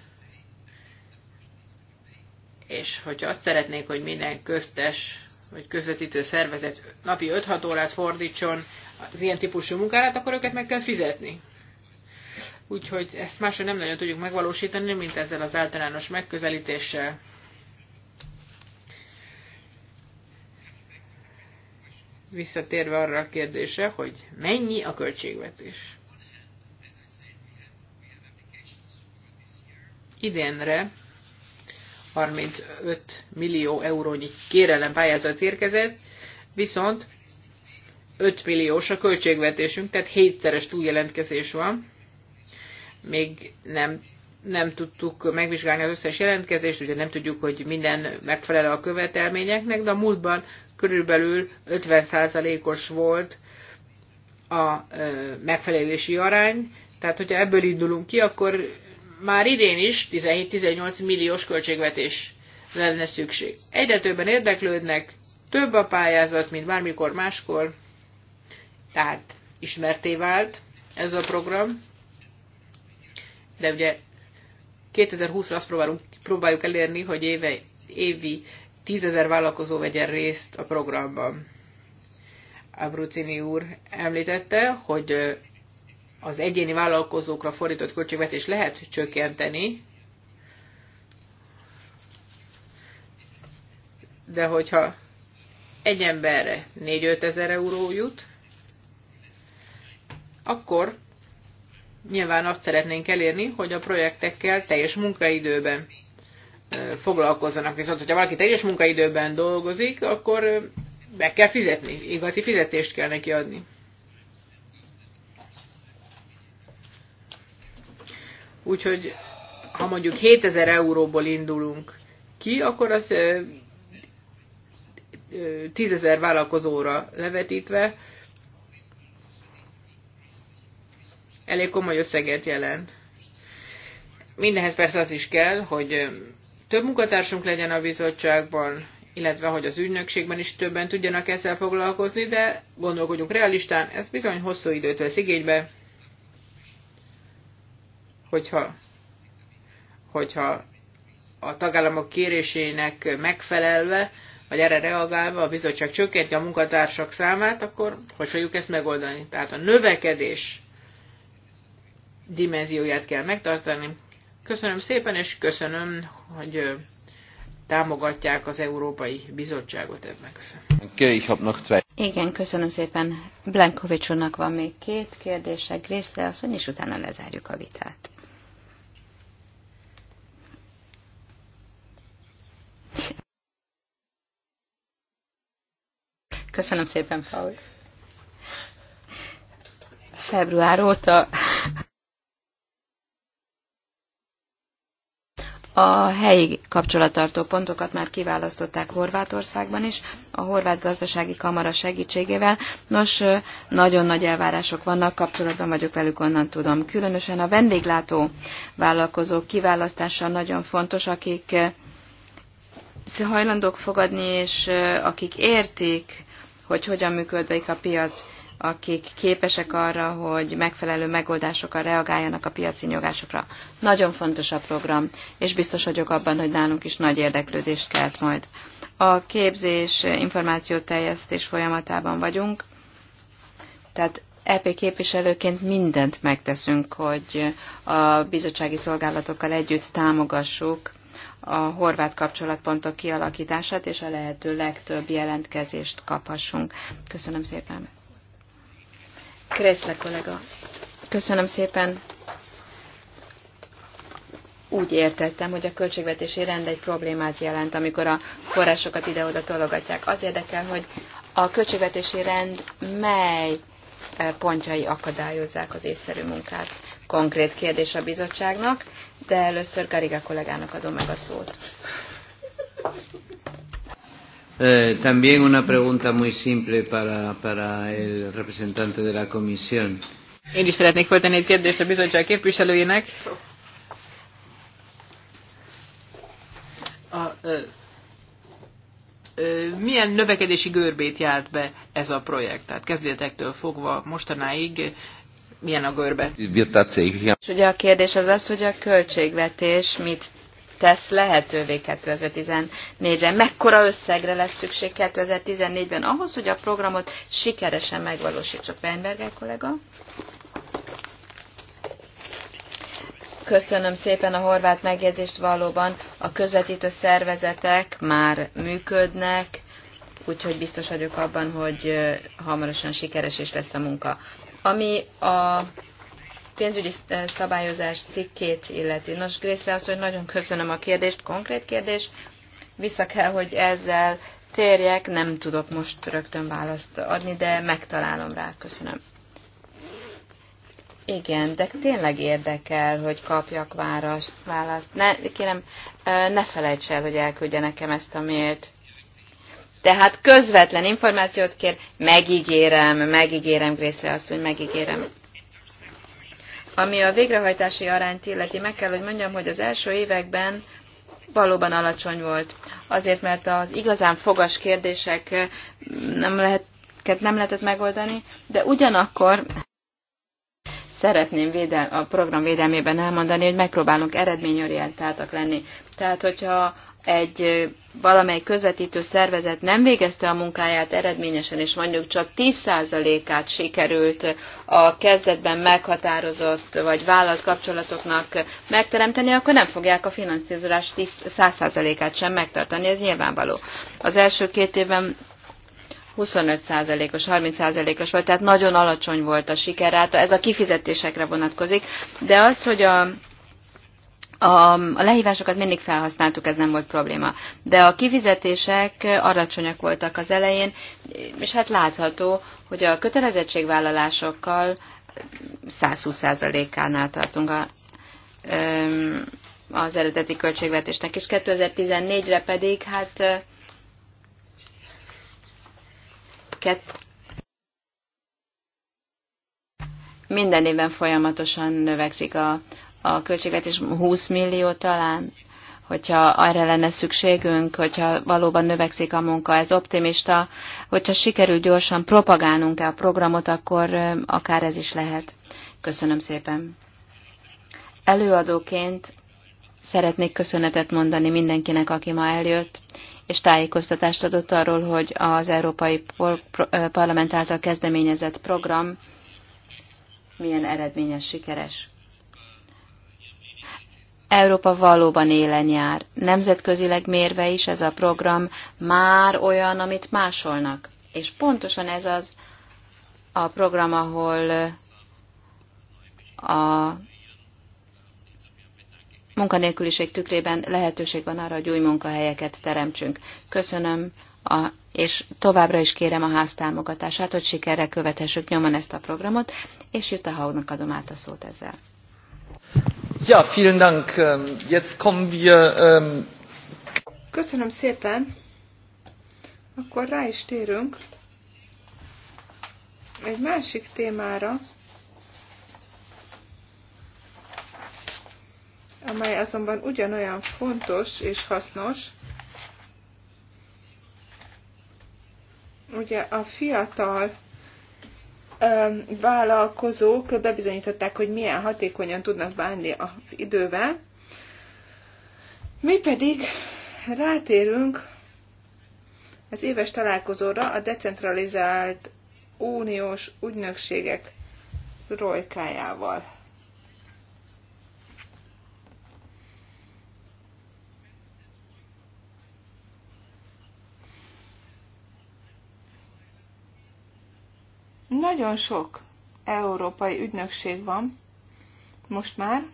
és hogyha azt szeretnék, hogy minden köztes vagy közvetítő szervezet napi 5-6 órát fordítson az ilyen típusú munkára, hát akkor őket meg kell fizetni úgyhogy ezt máshogy nem nagyon tudjuk megvalósítani, mint ezzel az általános megközelítéssel. Visszatérve arra a kérdésre, hogy mennyi a költségvetés. Idénre 35 millió eurónyi kérelem pályázat érkezett, viszont 5 milliós a költségvetésünk, tehát 7-szeres túljelentkezés van még nem, nem tudtuk megvizsgálni az összes jelentkezést, ugye nem tudjuk, hogy minden megfelel a követelményeknek, de a múltban körülbelül 50%-os volt a megfelelési arány, tehát hogyha ebből indulunk ki, akkor már idén is 17-18 milliós költségvetés lenne szükség. Egyre többen érdeklődnek, több a pályázat, mint bármikor máskor, tehát ismerté vált ez a program de ugye 2020-ra azt próbálunk, próbáljuk elérni, hogy éve, évi tízezer vállalkozó vegyen részt a programban. Abrucini úr említette, hogy az egyéni vállalkozókra fordított költségvetés lehet csökkenteni, de hogyha egy emberre 4-5 ezer euró jut, akkor Nyilván azt szeretnénk elérni, hogy a projektekkel teljes munkaidőben foglalkozzanak. Viszont, hogyha valaki teljes munkaidőben dolgozik, akkor be kell fizetni, igazi fizetést kell neki adni. Úgyhogy, ha mondjuk 7000 euróból indulunk ki, akkor az 10.000 vállalkozóra levetítve elég komoly összeget jelent. Mindenhez persze az is kell, hogy több munkatársunk legyen a bizottságban, illetve hogy az ügynökségben is többen tudjanak ezzel foglalkozni, de gondolkodjunk realistán, ez bizony hosszú időt vesz igénybe, hogyha, hogyha a tagállamok kérésének megfelelve, vagy erre reagálva a bizottság csökkenti a munkatársak számát, akkor hogy fogjuk ezt megoldani? Tehát a növekedés dimenzióját kell megtartani. Köszönöm szépen, és köszönöm, hogy támogatják az Európai Bizottságot ebben. Köszönöm. Igen, köszönöm szépen. Blankovics úrnak van még két kérdése, Grészle asszony, és utána lezárjuk a vitát. Köszönöm szépen, Paul. Február óta A helyi kapcsolattartó pontokat már kiválasztották Horvátországban is, a Horvát Gazdasági Kamara segítségével. Nos, nagyon nagy elvárások vannak, kapcsolatban vagyok velük, onnan tudom. Különösen a vendéglátó vállalkozók kiválasztása nagyon fontos, akik hajlandók fogadni, és akik értik, hogy hogyan működik a piac akik képesek arra, hogy megfelelő megoldásokkal reagáljanak a piaci nyugásokra. Nagyon fontos a program, és biztos vagyok abban, hogy nálunk is nagy érdeklődést kelt majd. A képzés, információ teljesztés folyamatában vagyunk, tehát EP képviselőként mindent megteszünk, hogy a bizottsági szolgálatokkal együtt támogassuk a horvát kapcsolatpontok kialakítását, és a lehető legtöbb jelentkezést kaphassunk. Köszönöm szépen! Kreszle kollega. Köszönöm szépen. Úgy értettem, hogy a költségvetési rend egy problémát jelent, amikor a forrásokat ide-oda tologatják. Az érdekel, hogy a költségvetési rend mely eh, pontjai akadályozzák az észszerű munkát. Konkrét kérdés a bizottságnak, de először Gariga kollégának adom meg a szót. Eh, también una pregunta muy simple para, para el representante de la comisión. Én is szeretnék föltenni egy kérdést a bizottság képviselőjének. A, ö, ö, milyen növekedési görbét járt be ez a projekt? Tehát kezdetektől fogva mostanáig milyen a görbe? És ugye a kérdés az az, hogy a költségvetés mit tesz lehetővé 2014 ben Mekkora összegre lesz szükség 2014-ben ahhoz, hogy a programot sikeresen megvalósítsuk. Weinberger kollega? Köszönöm szépen a horvát megjegyzést valóban. A közvetítő szervezetek már működnek, úgyhogy biztos vagyok abban, hogy hamarosan sikeres is lesz a munka. Ami a pénzügyi eh, szabályozás cikkét illeti. Nos, Grészle azt, hogy nagyon köszönöm a kérdést, konkrét kérdést. Vissza kell, hogy ezzel térjek, nem tudok most rögtön választ adni, de megtalálom rá, köszönöm. Igen, de tényleg érdekel, hogy kapjak választ. Ne, kérem, eh, ne felejts el, hogy elküldje nekem ezt a mailt. Tehát közvetlen információt kér, megígérem, megígérem, Grészle azt, hogy megígérem. Ami a végrehajtási arányt illeti, meg kell, hogy mondjam, hogy az első években valóban alacsony volt. Azért, mert az igazán fogas kérdések eh, nem, lehet, nem lehetett megoldani, de ugyanakkor szeretném védel, a program védelmében elmondani, hogy megpróbálunk eredményorientáltak lenni. Tehát, hogyha egy valamely közvetítő szervezet nem végezte a munkáját eredményesen, és mondjuk csak 10%-át sikerült a kezdetben meghatározott vagy vállalt kapcsolatoknak megteremteni, akkor nem fogják a finanszírozás 100%-át sem megtartani, ez nyilvánvaló. Az első két évben 25%-os, 30%-os volt, tehát nagyon alacsony volt a sikerát, Ez a kifizetésekre vonatkozik, de az, hogy a a, a lehívásokat mindig felhasználtuk, ez nem volt probléma. De a kifizetések alacsonyak voltak az elején, és hát látható, hogy a kötelezettségvállalásokkal 120%-ánál tartunk a, az eredeti költségvetésnek, és 2014-re pedig hát kett minden évben folyamatosan növekszik a, a költségvetés 20 millió talán, hogyha arra lenne szükségünk, hogyha valóban növekszik a munka, ez optimista, hogyha sikerül gyorsan propagálnunk el a programot, akkor akár ez is lehet. Köszönöm szépen. Előadóként szeretnék köszönetet mondani mindenkinek, aki ma eljött, és tájékoztatást adott arról, hogy az Európai Parlament által kezdeményezett program milyen eredményes, sikeres. Európa valóban élen jár. Nemzetközileg mérve is ez a program már olyan, amit másolnak. És pontosan ez az a program, ahol a munkanélküliség tükrében lehetőség van arra, hogy új munkahelyeket teremtsünk. Köszönöm, a, és továbbra is kérem a ház támogatását, hogy sikerre követhessük nyomon ezt a programot, és Jutta Haugnak adom át a szót ezzel. Ja, vielen Dank. Ähm, jetzt kommen wir... Ähm, Köszönöm szépen. Akkor rá is térünk egy másik témára, amely azonban ugyanolyan fontos és hasznos. Ugye a fiatal vállalkozók bebizonyították, hogy milyen hatékonyan tudnak bánni az idővel. Mi pedig rátérünk az éves találkozóra a decentralizált uniós ügynökségek rojkájával. Nagyon sok európai ügynökség van most már,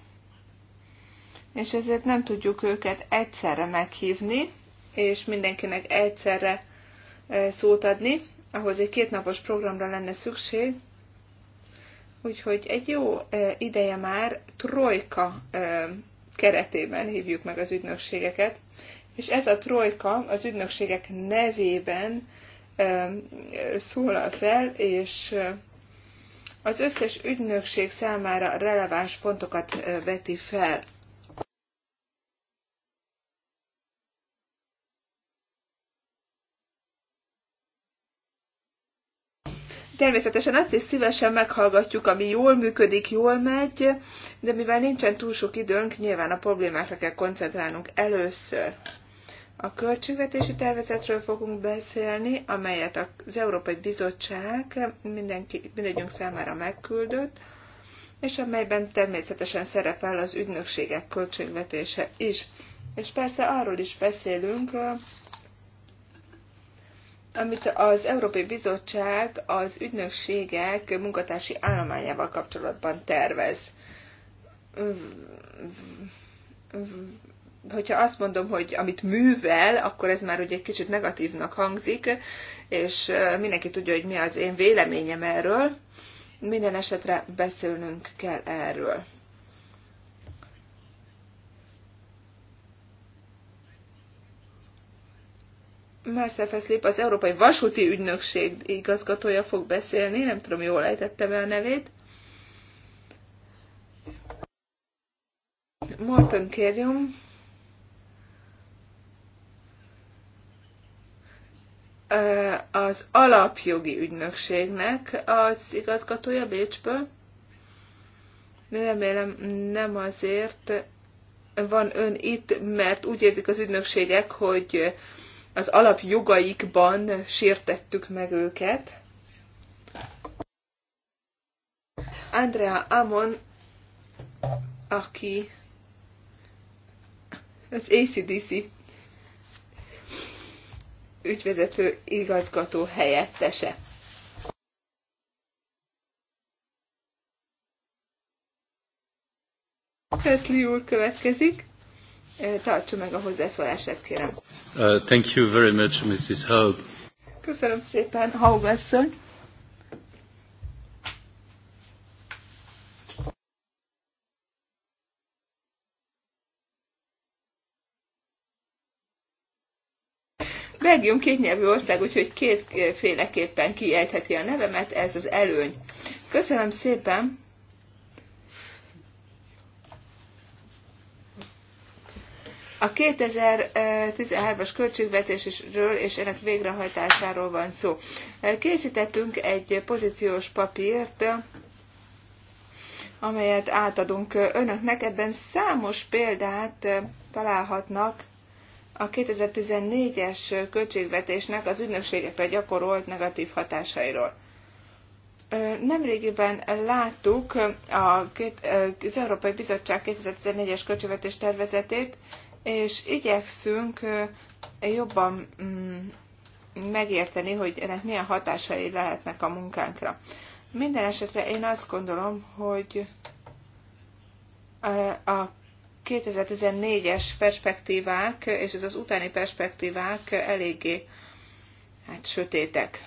és ezért nem tudjuk őket egyszerre meghívni, és mindenkinek egyszerre e, szót adni. Ahhoz egy kétnapos programra lenne szükség, Úgyhogy egy jó e, ideje már trojka e, keretében hívjuk meg az ügynökségeket, és ez a trojka az ügynökségek nevében szólal fel, és az összes ügynökség számára releváns pontokat veti fel. Természetesen azt is szívesen meghallgatjuk, ami jól működik, jól megy, de mivel nincsen túl sok időnk, nyilván a problémákra kell koncentrálnunk először. A költségvetési tervezetről fogunk beszélni, amelyet az Európai Bizottság mindenki, mindegyünk számára megküldött, és amelyben természetesen szerepel az ügynökségek költségvetése is. És persze arról is beszélünk, amit az Európai Bizottság az ügynökségek munkatársi állományával kapcsolatban tervez hogyha azt mondom, hogy amit művel, akkor ez már ugye egy kicsit negatívnak hangzik, és mindenki tudja, hogy mi az én véleményem erről. Minden esetre beszélnünk kell erről. Marcel Feszlip, az Európai Vasúti Ügynökség igazgatója fog beszélni, nem tudom, jól ejtettem el a nevét. Morton Kérium, az alapjogi ügynökségnek az igazgatója Bécsből. Remélem nem azért van ön itt, mert úgy érzik az ügynökségek, hogy az alapjogaikban sértettük meg őket. Andrea Amon, aki az ACDC ügyvezető igazgató helyettese. Köszli úr következik. Eh, tartsa meg a hozzászólását, kérem. Uh, thank you very much, Mrs. Haug. Köszönöm szépen, Haug asszony. Belgium nyelvű ország, úgyhogy kétféleképpen kiejtheti a nevemet, ez az előny. Köszönöm szépen! A 2013-as költségvetésről és ennek végrehajtásáról van szó. Készítettünk egy pozíciós papírt, amelyet átadunk önöknek. Ebben számos példát találhatnak a 2014-es költségvetésnek az ügynökségekre gyakorolt negatív hatásairól. Nemrégiben láttuk az Európai Bizottság 2014-es költségvetés tervezetét, és igyekszünk jobban mm, megérteni, hogy ennek milyen hatásai lehetnek a munkánkra. Minden esetre én azt gondolom, hogy a 2014-es perspektívák és ez az utáni perspektívák eléggé hát, sötétek.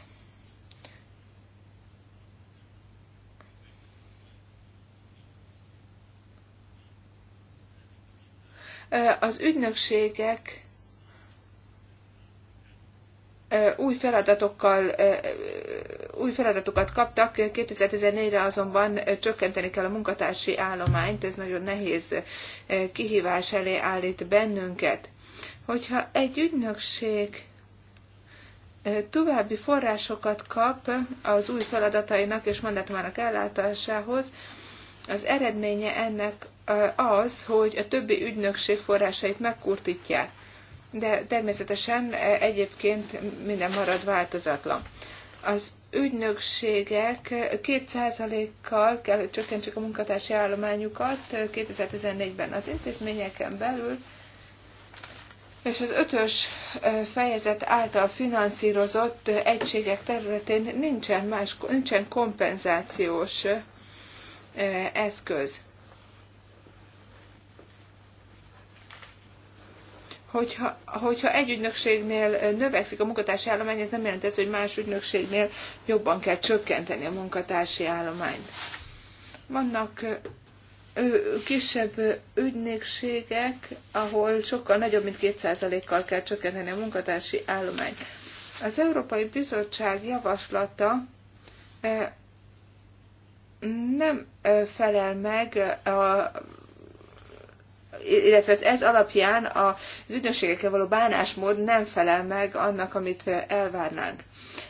Az ügynökségek új feladatokkal, új feladatokat kaptak, 2014-re azonban csökkenteni kell a munkatársi állományt, ez nagyon nehéz kihívás elé állít bennünket. Hogyha egy ügynökség további forrásokat kap az új feladatainak és mandátumának ellátásához, az eredménye ennek az, hogy a többi ügynökség forrásait megkurtítják de természetesen e, egyébként minden marad változatlan. Az ügynökségek 2%-kal kell, hogy a munkatársi állományukat 2014-ben e, az intézményeken belül, és az ötös e, fejezet által finanszírozott egységek területén nincsen, más, nincsen kompenzációs eszköz. hogyha, hogyha egy ügynökségnél növekszik a munkatársi állomány, ez nem jelenti ez, hogy más ügynökségnél jobban kell csökkenteni a munkatársi állományt. Vannak kisebb ügynökségek, ahol sokkal nagyobb, mint 2%-kal kell csökkenteni a munkatársi állományt. Az Európai Bizottság javaslata nem felel meg a illetve ez alapján az ügynökségekkel való bánásmód nem felel meg annak, amit elvárnánk.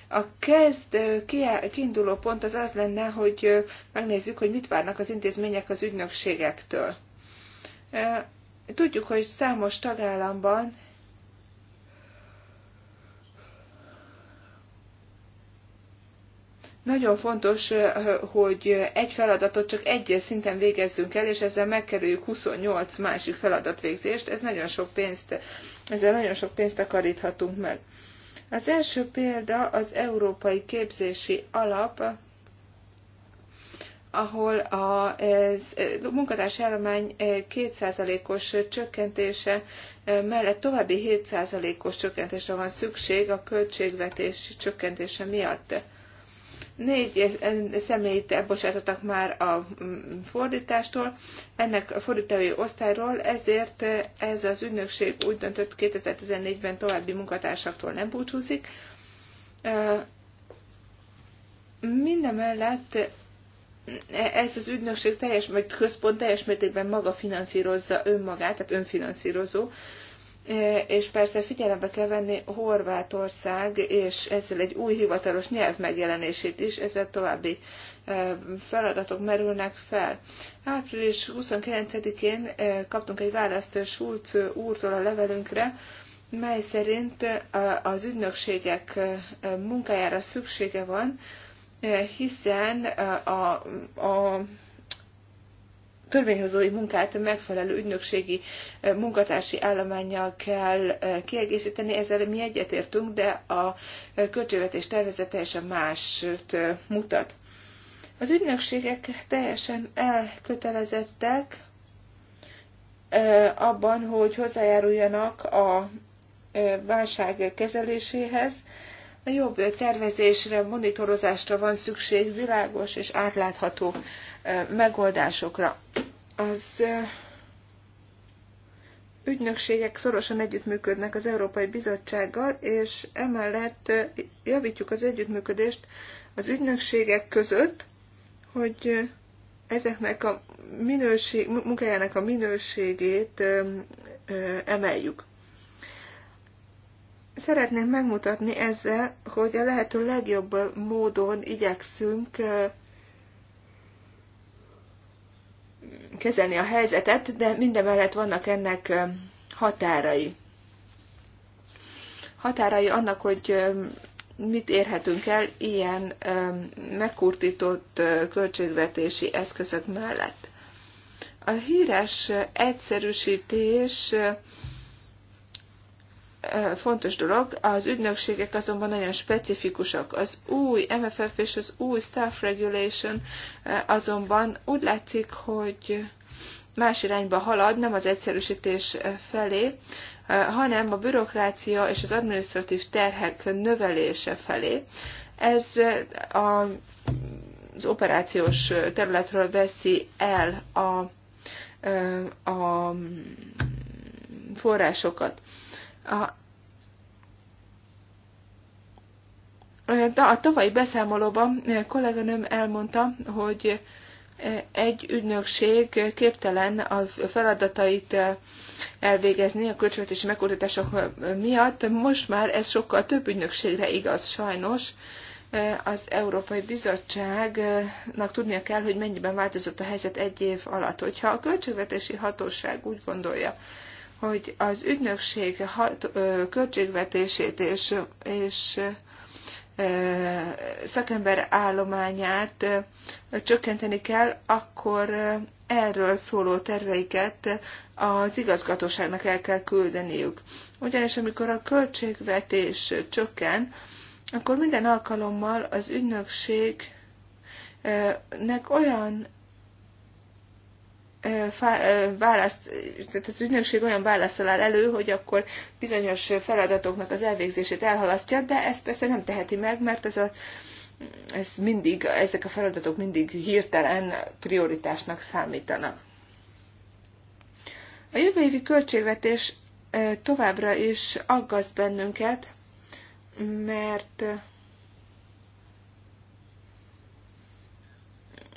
A kezd kiinduló pont az az lenne, hogy megnézzük, hogy mit várnak az intézmények az ügynökségektől. Tudjuk, hogy számos tagállamban Nagyon fontos, eh, hogy egy feladatot csak egy szinten végezzünk el, és ezzel megkerüljük 28 másik feladatvégzést. Ez nagyon sok pénzt, ezzel nagyon sok pénzt takaríthatunk meg. Az első példa az Európai Képzési Alap, ahol a eh, munkatársi állomány 2%-os eh, csökkentése mellett további 7%-os csökkentésre van szükség a költségvetés csökkentése miatt. Négy személyt elbocsátottak már a mm, fordítástól, ennek a fordítói osztályról, ezért ez az ügynökség úgy döntött 2014-ben további munkatársaktól nem búcsúzik. Mindemellett e, ez az ügynökség teljes, vagy központ teljes mértékben maga finanszírozza önmagát, tehát önfinanszírozó, E, és persze figyelembe kell venni Horvátország, és ezzel egy új hivatalos nyelv megjelenését is, ezzel további e, feladatok merülnek fel. Április 29-én e, kaptunk egy választ Schulz úrtól a levelünkre, mely szerint az ügynökségek munkájára szüksége van, hiszen a, a törvényhozói munkát megfelelő ügynökségi munkatársi állományjal kell kiegészíteni. Ezzel mi egyetértünk, de a költségvetés tervezet teljesen mást mutat. Az ügynökségek teljesen elkötelezettek abban, hogy hozzájáruljanak a válság kezeléséhez. A jobb tervezésre, monitorozásra van szükség, világos és átlátható megoldásokra. Az ügynökségek szorosan együttműködnek az Európai Bizottsággal, és emellett javítjuk az együttműködést az ügynökségek között, hogy ezeknek a minőség, munkájának a minőségét emeljük. Szeretném megmutatni ezzel, hogy a lehető legjobb módon igyekszünk kezelni a helyzetet, de mindemellett vannak ennek határai. Határai annak, hogy mit érhetünk el ilyen megkurtított költségvetési eszközök mellett. A híres egyszerűsítés fontos dolog, az ügynökségek azonban nagyon specifikusak. Az új MFF és az új staff regulation azonban úgy látszik, hogy más irányba halad, nem az egyszerűsítés felé, hanem a bürokrácia és az administratív terhek növelése felé. Ez a, az operációs területről veszi el a, a forrásokat. A, a tavalyi beszámolóban eh, kolléganőm elmondta, hogy eh, egy ügynökség képtelen a feladatait eh, elvégezni a költségvetési megkutatások miatt. Most már ez sokkal több ügynökségre igaz sajnos. Az Európai Bizottságnak tudnia kell, hogy mennyiben változott a helyzet egy év alatt. Hogyha a költségvetési hatóság úgy gondolja, hogy az ügynökség hat, ö, költségvetését és, és ö, szakember állományát ö, csökkenteni kell, akkor ö, erről szóló terveiket az igazgatóságnak el kell küldeniük. Ugyanis amikor a költségvetés csökken, akkor minden alkalommal az ügynökségnek olyan választ, tehát az ügynökség olyan válaszol áll elő, hogy akkor bizonyos feladatoknak az elvégzését elhalasztja, de ezt persze nem teheti meg, mert ez a, ez mindig, ezek a feladatok mindig hirtelen prioritásnak számítanak. A jövő évi költségvetés továbbra is aggaszt bennünket, mert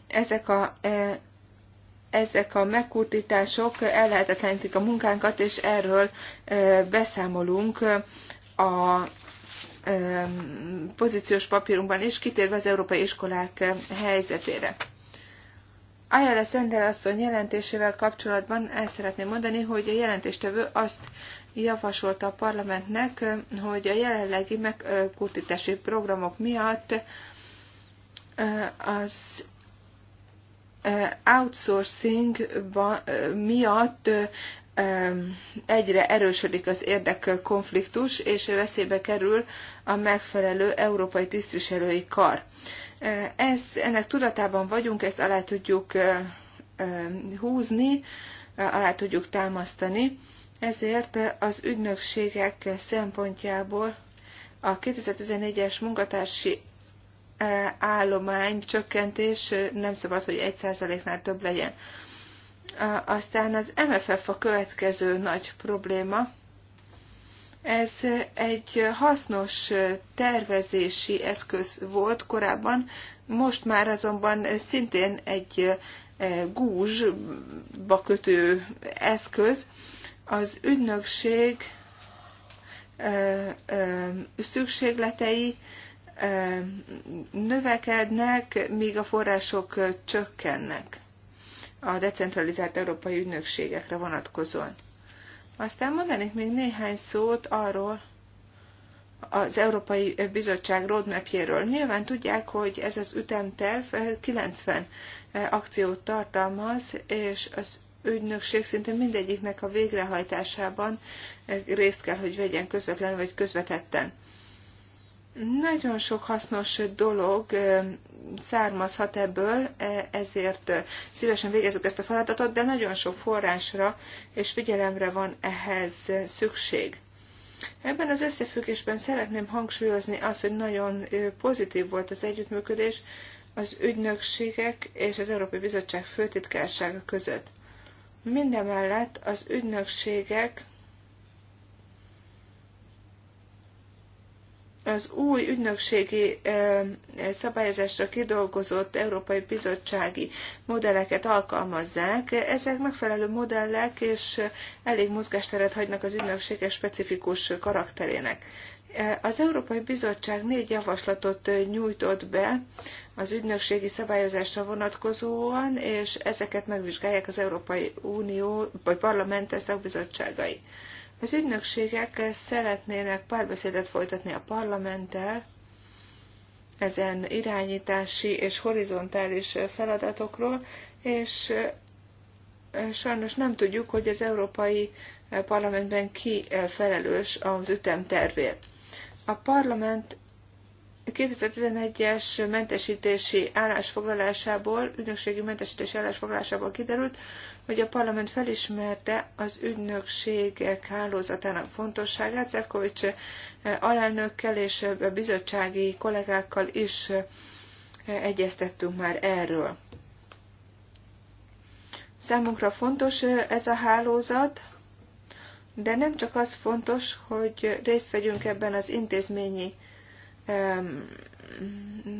ezek a ezek a megkurtítások ellehetetlenítik a munkánkat, és erről beszámolunk a pozíciós papírunkban is, kitérve az európai iskolák helyzetére. Ayala Szender asszony jelentésével kapcsolatban el szeretném mondani, hogy a jelentéstevő azt javasolta a parlamentnek, hogy a jelenlegi megkurtítási programok miatt az outsourcing miatt egyre erősödik az konfliktus és veszélybe kerül a megfelelő európai tisztviselői kar. Ez, ennek tudatában vagyunk, ezt alá tudjuk húzni, alá tudjuk támasztani, ezért az ügynökségek szempontjából a 2014-es munkatársi E, állomány csökkentés nem szabad, hogy egy nál több legyen. Aztán az MFF a következő nagy probléma. Ez egy hasznos tervezési eszköz volt korábban, most már azonban szintén egy e, gúzsba kötő eszköz. Az ügynökség e, szükségletei növekednek, míg a források csökkennek a decentralizált európai ügynökségekre vonatkozóan. Aztán mondanék még néhány szót arról, az Európai Bizottság roadmapjéről. Nyilván tudják, hogy ez az ütemterv 90 akciót tartalmaz, és az ügynökség szinte mindegyiknek a végrehajtásában részt kell, hogy vegyen közvetlenül vagy közvetetten. Nagyon sok hasznos dolog származhat ebből, e, ezért szívesen végezzük ezt a feladatot, de nagyon sok forrásra és figyelemre van ehhez szükség. Ebben az összefüggésben szeretném hangsúlyozni azt, hogy nagyon pozitív volt az együttműködés az ügynökségek és az Európai Bizottság főtitkársága között. Mindemellett az ügynökségek az új ügynökségi szabályozásra kidolgozott Európai Bizottsági modelleket alkalmazzák. Ezek megfelelő modellek, és elég mozgásteret hagynak az ügynökséges specifikus karakterének. Az Európai Bizottság négy javaslatot nyújtott be az ügynökségi szabályozásra vonatkozóan, és ezeket megvizsgálják az Európai Unió vagy Parlament szakbizottságai. bizottságai. Az ügynökségek szeretnének párbeszédet folytatni a parlamenttel ezen irányítási és horizontális feladatokról, és e, sajnos nem tudjuk, hogy az Európai Parlamentben ki e, felelős az ütemtervért. A parlament 2011-es mentesítési állásfoglalásából, ügynökségi mentesítési állásfoglalásából kiderült, hogy a parlament felismerte az ügynökségek hálózatának fontosságát. Szefkovics eh, alelnökkel és a eh, bizottsági kollégákkal is eh, egyeztettünk már erről. Számunkra fontos ez a hálózat, de nem csak az fontos, hogy részt vegyünk ebben az intézményi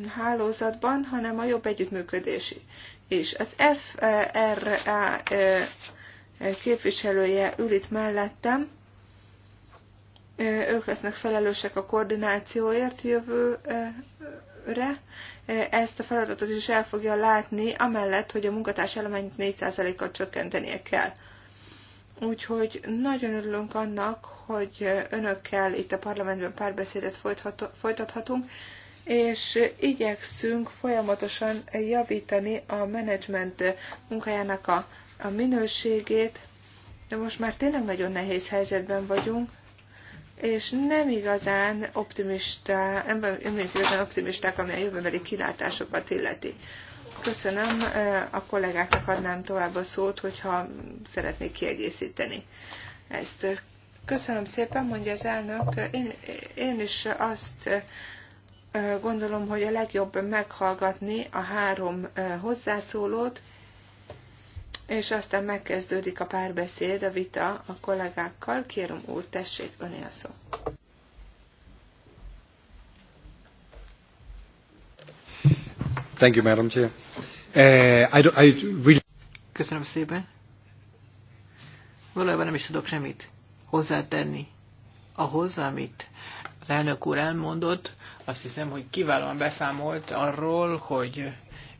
hálózatban, hanem a jobb együttműködési is. Az FRA e, e, képviselője ül itt mellettem, e, ők lesznek felelősek a koordinációért jövőre. Ezt a feladatot is el fogja látni, amellett, hogy a munkatárs elemeit 4%-kal csökkentenie kell. Úgyhogy nagyon örülünk annak, hogy önökkel itt a parlamentben párbeszédet folytathatunk, és igyekszünk folyamatosan javítani a menedzsment munkájának a, a minőségét, de most már tényleg nagyon nehéz helyzetben vagyunk, és nem igazán optimista, nem, nem igazán optimisták, ami a jövőbeli kilátásokat illeti. Köszönöm. A kollégáknak adnám tovább a szót, hogyha szeretnék kiegészíteni ezt. Köszönöm szépen, mondja az elnök. Én, én is azt gondolom, hogy a legjobb meghallgatni a három hozzászólót, és aztán megkezdődik a párbeszéd, a vita a kollégákkal. Kérem úr, tessék, öné a szó. Thank you, Madam Chair. Uh, I I really... Köszönöm szépen. Valójában nem is tudok semmit hozzátenni ahhoz, amit az elnök úr elmondott. Azt hiszem, hogy kiválóan beszámolt arról, hogy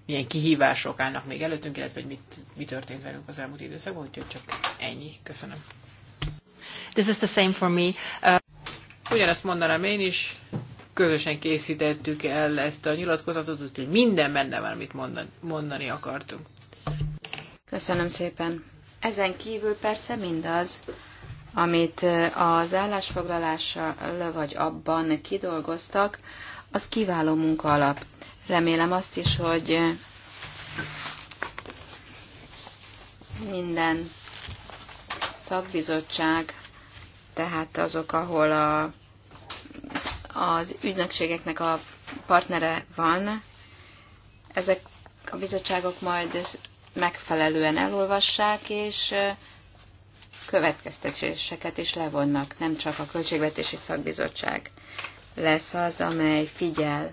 milyen kihívások állnak még előttünk, illetve hogy mit, mi történt velünk az elmúlt időszakban, úgyhogy csak ennyi. Köszönöm. This is the same for me. Uh... Ugyanazt mondanám én is, közösen készítettük el ezt a nyilatkozatot, úgyhogy minden benne van, amit mondani, mondani akartunk. Köszönöm szépen. Ezen kívül persze mindaz, amit az állásfoglalással vagy abban kidolgoztak, az kiváló munka alap. Remélem azt is, hogy minden szakbizottság, tehát azok, ahol a az ügynökségeknek a partnere van, ezek a bizottságok majd megfelelően elolvassák, és következtetéseket is levonnak. Nem csak a Költségvetési Szakbizottság lesz az, amely figyel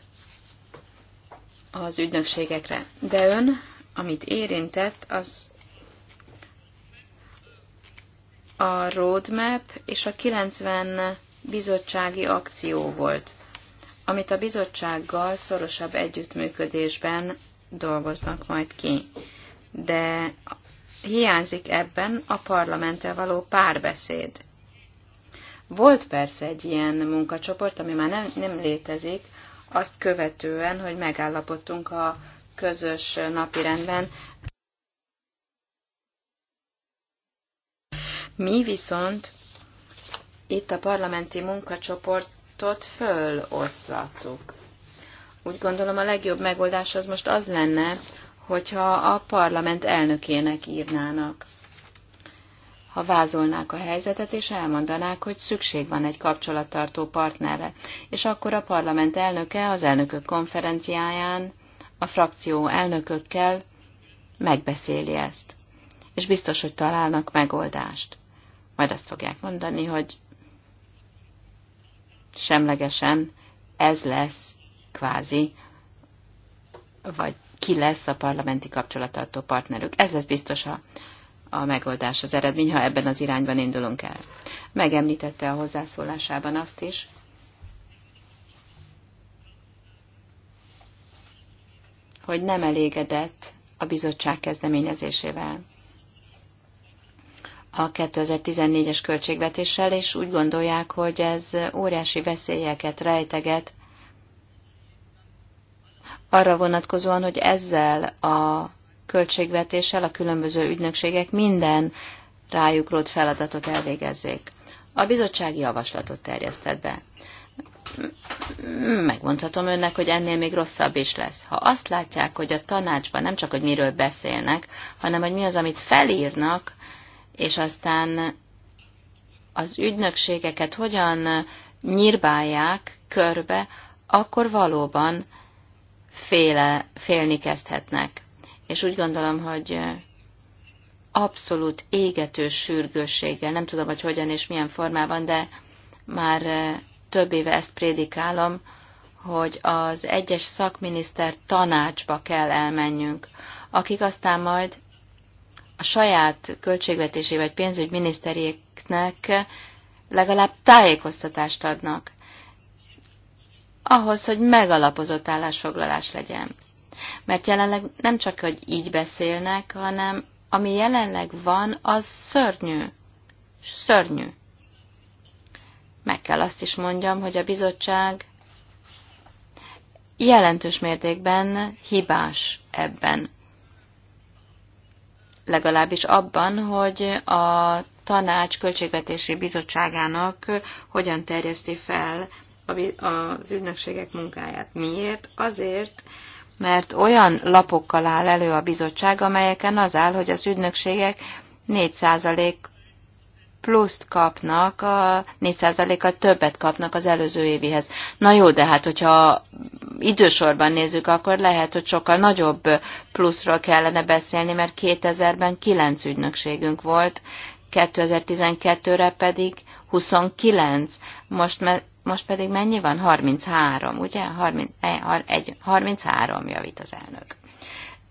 az ügynökségekre. De ön, amit érintett, az a roadmap és a 90 bizottsági akció volt, amit a bizottsággal szorosabb együttműködésben dolgoznak majd ki. De hiányzik ebben a parlamenttel való párbeszéd. Volt persze egy ilyen munkacsoport, ami már nem, nem létezik, azt követően, hogy megállapodtunk a közös napirendben. Mi viszont itt a parlamenti munkacsoportot föloszlattuk. Úgy gondolom a legjobb megoldás az most az lenne, hogyha a parlament elnökének írnának. Ha vázolnák a helyzetet, és elmondanák, hogy szükség van egy kapcsolattartó partnerre, és akkor a parlament elnöke az elnökök konferenciáján a frakció elnökökkel megbeszéli ezt. És biztos, hogy találnak megoldást. Majd azt fogják mondani, hogy semlegesen ez lesz kvázi, vagy ki lesz a parlamenti kapcsolatartó partnerük. Ez lesz biztos a, a megoldás, az eredmény, ha ebben az irányban indulunk el. Megemlítette a hozzászólásában azt is, hogy nem elégedett a bizottság kezdeményezésével a 2014-es költségvetéssel, és úgy gondolják, hogy ez óriási veszélyeket rejteget arra vonatkozóan, hogy ezzel a költségvetéssel a különböző ügynökségek minden rájuk rót feladatot elvégezzék. A bizottsági javaslatot terjesztett be. Megmondhatom önnek, hogy ennél még rosszabb is lesz. Ha azt látják, hogy a tanácsban nem csak, hogy miről beszélnek, hanem hogy mi az, amit felírnak, és aztán az ügynökségeket hogyan nyírbálják körbe, akkor valóban féle, félni kezdhetnek. És úgy gondolom, hogy abszolút égető sürgősséggel, nem tudom, hogy hogyan és milyen formában, de már eh, több éve ezt prédikálom, hogy az egyes szakminiszter tanácsba kell elmenjünk, akik aztán majd a saját költségvetési vagy pénzügyminiszteréknek legalább tájékoztatást adnak, ahhoz, hogy megalapozott állásfoglalás legyen. Mert jelenleg nem csak, hogy így beszélnek, hanem ami jelenleg van, az szörnyű. Szörnyű. Meg kell azt is mondjam, hogy a bizottság jelentős mértékben hibás ebben legalábbis abban, hogy a tanács költségvetési bizottságának hogyan terjeszti fel az ügynökségek munkáját. Miért? Azért, mert olyan lapokkal áll elő a bizottság, amelyeken az áll, hogy az ügynökségek 4% pluszt kapnak, a 4%-kal többet kapnak az előző évihez. Na jó, de hát hogyha idősorban nézzük, akkor lehet, hogy sokkal nagyobb pluszról kellene beszélni, mert 2000-ben 9 ügynökségünk volt, 2012-re pedig 29, most, me, most pedig mennyi van? 33, ugye? 30, e, egy, 33 javít az elnök.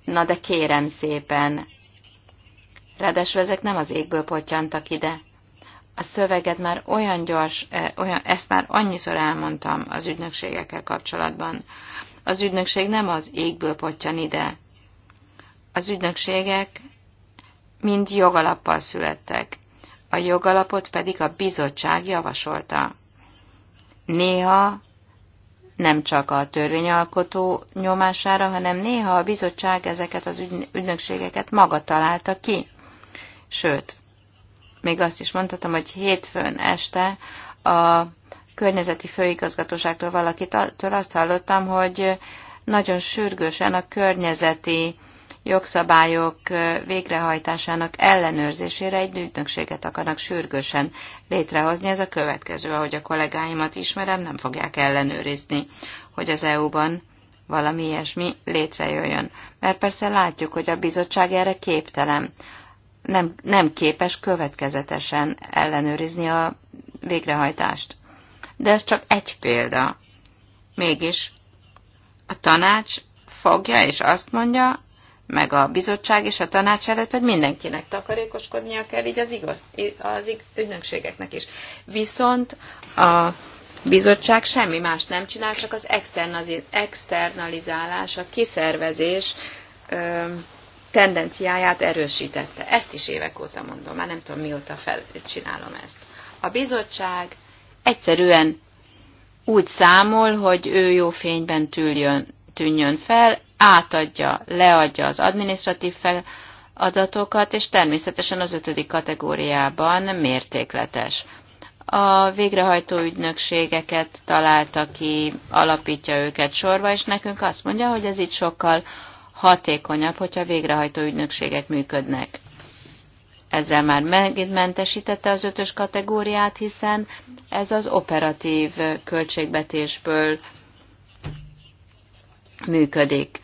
Na de kérem szépen, ráadásul ezek nem az égből potyantak ide, a szöveget már olyan gyors, olyan, ezt már annyiszor elmondtam az ügynökségekkel kapcsolatban. Az ügynökség nem az égből potyan ide. Az ügynökségek mind jogalappal születtek, a jogalapot pedig a bizottság javasolta. Néha nem csak a törvényalkotó nyomására, hanem néha a bizottság ezeket az ügynökségeket maga találta ki. Sőt, még azt is mondhatom, hogy hétfőn este a környezeti főigazgatóságtól valakitől azt hallottam, hogy nagyon sürgősen a környezeti jogszabályok végrehajtásának ellenőrzésére egy ügynökséget akarnak sürgősen létrehozni. Ez a következő, ahogy a kollégáimat ismerem, nem fogják ellenőrizni, hogy az EU-ban valami ilyesmi létrejöjjön. Mert persze látjuk, hogy a bizottság erre képtelen nem, nem képes következetesen ellenőrizni a végrehajtást. De ez csak egy példa. Mégis a tanács fogja és azt mondja, meg a bizottság és a tanács előtt, hogy mindenkinek takarékoskodnia kell, így az, igaz, az ügynökségeknek is. Viszont a bizottság semmi más nem csinál, csak az externalizálás, a kiszervezés tendenciáját erősítette. Ezt is évek óta mondom, már nem tudom mióta fel, csinálom ezt. A bizottság egyszerűen úgy számol, hogy ő jó fényben tűljön, tűnjön fel, átadja, leadja az administratív fel, adatokat, és természetesen az ötödik kategóriában mértékletes. A végrehajtó ügynökségeket találta ki, alapítja őket sorba, és nekünk azt mondja, hogy ez itt sokkal hatékonyabb, hogyha végrehajtó ügynökségek működnek. Ezzel már megint mentesítette az ötös kategóriát, hiszen ez az operatív költségvetésből működik.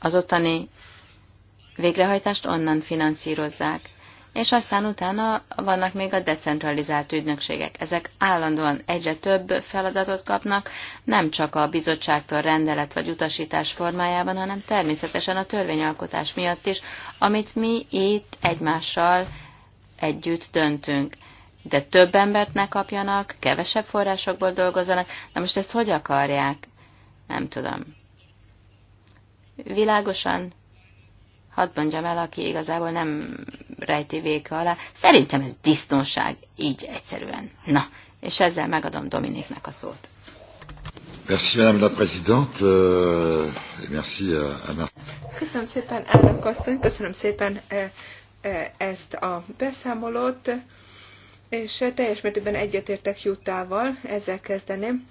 Az ottani végrehajtást onnan finanszírozzák és aztán utána vannak még a decentralizált ügynökségek. Ezek állandóan egyre több feladatot kapnak, nem csak a bizottságtól rendelet vagy utasítás formájában, hanem természetesen a törvényalkotás miatt is, amit mi itt egymással együtt döntünk. De több embert ne kapjanak, kevesebb forrásokból dolgozzanak. Na most ezt hogy akarják? Nem tudom. Világosan hadd mondjam el, aki igazából nem rejti véka alá. Szerintem ez disznóság, így egyszerűen. Na, és ezzel megadom Dominiknek a szót. Merci, Madame la Présidente, euh, et merci euh, à Anna. Köszönöm szépen, elnök asszony, köszönöm szépen ezt a beszámolót, és teljes mértékben egyetértek Jutával, ezzel kezdeném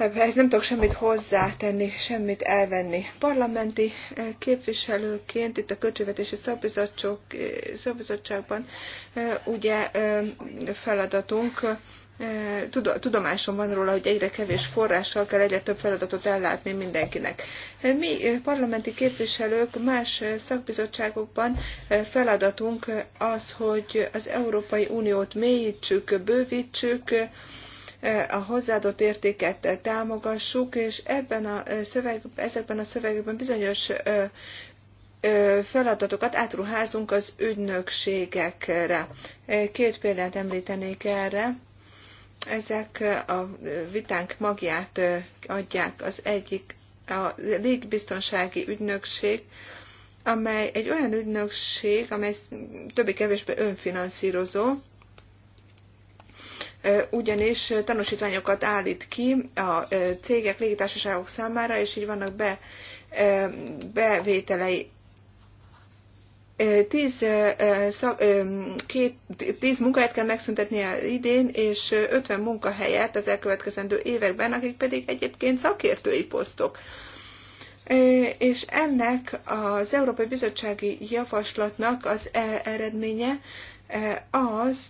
ez nem tudok semmit hozzátenni, semmit elvenni. Parlamenti eh, képviselőként itt a Költségvetési Szabizottságban eh, ugye eh, feladatunk, tudomásom van róla, hogy egyre kevés forrással kell egyre több feladatot ellátni mindenkinek. Mi parlamenti képviselők más szakbizottságokban feladatunk az, hogy az Európai Uniót mélyítsük, bővítsük, a hozzáadott értéket támogassuk, és ebben a szöveg, ezekben a szövegekben bizonyos feladatokat átruházunk az ügynökségekre. Két példát említenék erre. Ezek a vitánk magját adják az egyik, a légbiztonsági ügynökség, amely egy olyan ügynökség, amely többé-kevésbé önfinanszírozó, ugyanis tanúsítványokat állít ki a cégek, légitársaságok számára, és így vannak be, bevételei. Tíz, szak, két, tíz munkahelyet kell megszüntetni a idén, és 50 munkahelyet az elkövetkezendő években, akik pedig egyébként szakértői posztok. És ennek az Európai Bizottsági Javaslatnak az e-, eredménye az,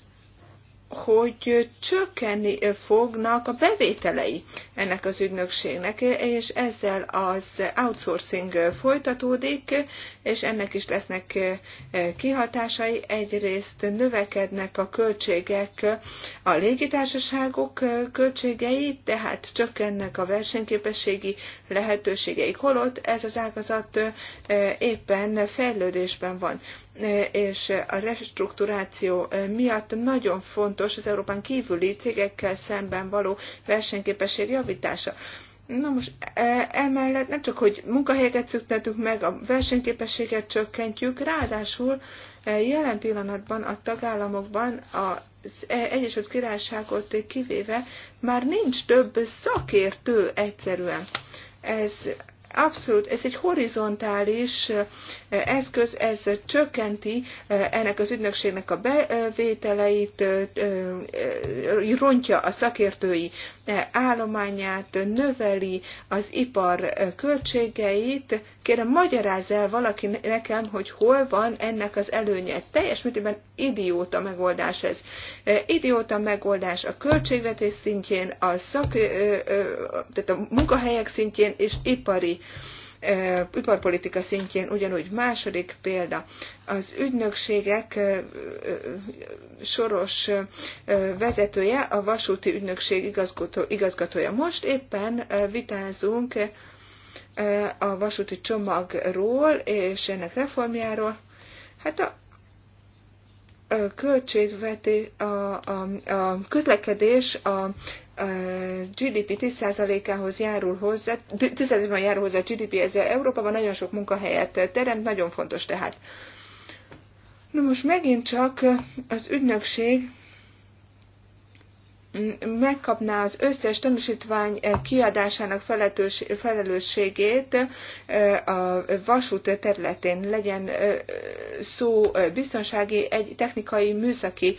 hogy csökkenni fognak a bevételei ennek az ügynökségnek, és ezzel az outsourcing folytatódik, és ennek is lesznek kihatásai. Egyrészt növekednek a költségek, a légitársaságok költségei, tehát csökkennek a versenyképességi lehetőségeik, holott ez az ágazat éppen fejlődésben van és a restrukturáció miatt nagyon fontos az Európán kívüli cégekkel szemben való versenyképesség javítása. Na most e, emellett nem csak, hogy munkahelyeket szüktetünk meg, a versenyképességet csökkentjük, ráadásul e, jelen pillanatban a tagállamokban az Egyesült Királyságot kivéve már nincs több szakértő egyszerűen. Ez Abszolút, ez egy horizontális eh, eszköz, ez csökkenti eh, ennek az ügynökségnek a bevételeit, eh, rontja a szakértői E, állományát, növeli az ipar e, költségeit. Kérem, magyarázz el valaki nekem, hogy hol van ennek az előnye. Teljes mértékben idióta megoldás ez. E, idióta megoldás a költségvetés szintjén, a, szak, tehát a munkahelyek szintjén és ipari iparpolitika szintjén ugyanúgy. Második példa, az ügynökségek soros vezetője, a vasúti ügynökség igazgató, igazgatója. Most éppen vitázunk a vasúti csomagról és ennek reformjáról. Hát a költségvetés, a, a, a közlekedés a GDP 10%-ához járul hozzá, 10%-ban járul hozzá a GDP, ez Európában nagyon sok munkahelyet teremt, nagyon fontos tehát. Na most megint csak az ügynökség megkapná az összes tanúsítvány kiadásának felelősségét a vasút területén, legyen szó biztonsági, egy technikai, műszaki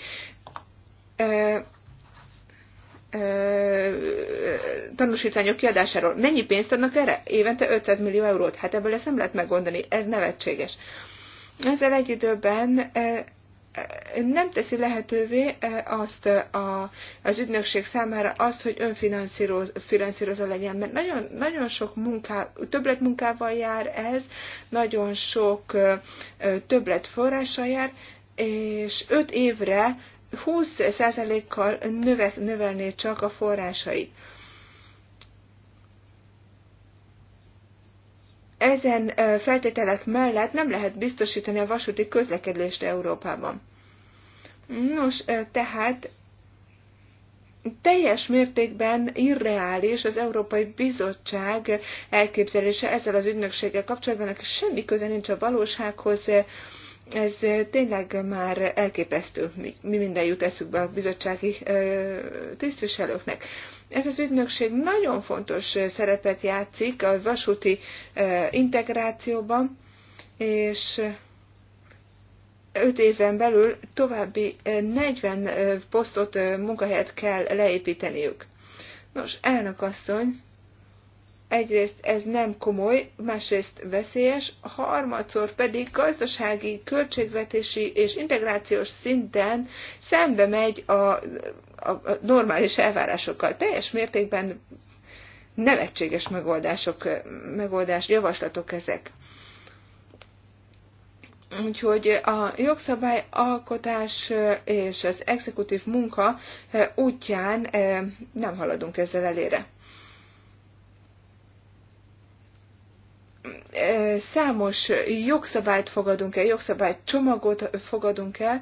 tanúsítványok kiadásáról. Mennyi pénzt adnak erre? Évente 500 millió eurót. Hát ebből ezt nem lehet meggondolni. Ez nevetséges. Ezzel egy időben nem teszi lehetővé azt a, az ügynökség számára azt, hogy önfinanszírozó legyen, mert nagyon, nagyon sok munká, többlet munkával jár ez, nagyon sok többlet forrással jár, és öt évre 20%-kal növe, növelné csak a forrásait. Ezen feltételek mellett nem lehet biztosítani a vasúti közlekedést Európában. Nos, tehát teljes mértékben irreális az Európai Bizottság elképzelése ezzel az ügynökséggel kapcsolatban, aki semmi köze nincs a valósághoz, ez tényleg már elképesztő, mi, minden jut eszükbe a bizottsági tisztviselőknek. Ez az ügynökség nagyon fontos szerepet játszik a vasúti integrációban, és öt éven belül további 40 posztot, munkahelyet kell leépíteniük. Nos, elnök asszony, egyrészt ez nem komoly, másrészt veszélyes, harmadszor pedig gazdasági, költségvetési és integrációs szinten szembe megy a, a, a normális elvárásokkal. Teljes mértékben nevetséges megoldások, megoldás, javaslatok ezek. Úgyhogy a jogszabályalkotás és az exekutív munka útján eh, nem haladunk ezzel elére. számos jogszabályt fogadunk el, jogszabályt csomagot fogadunk el,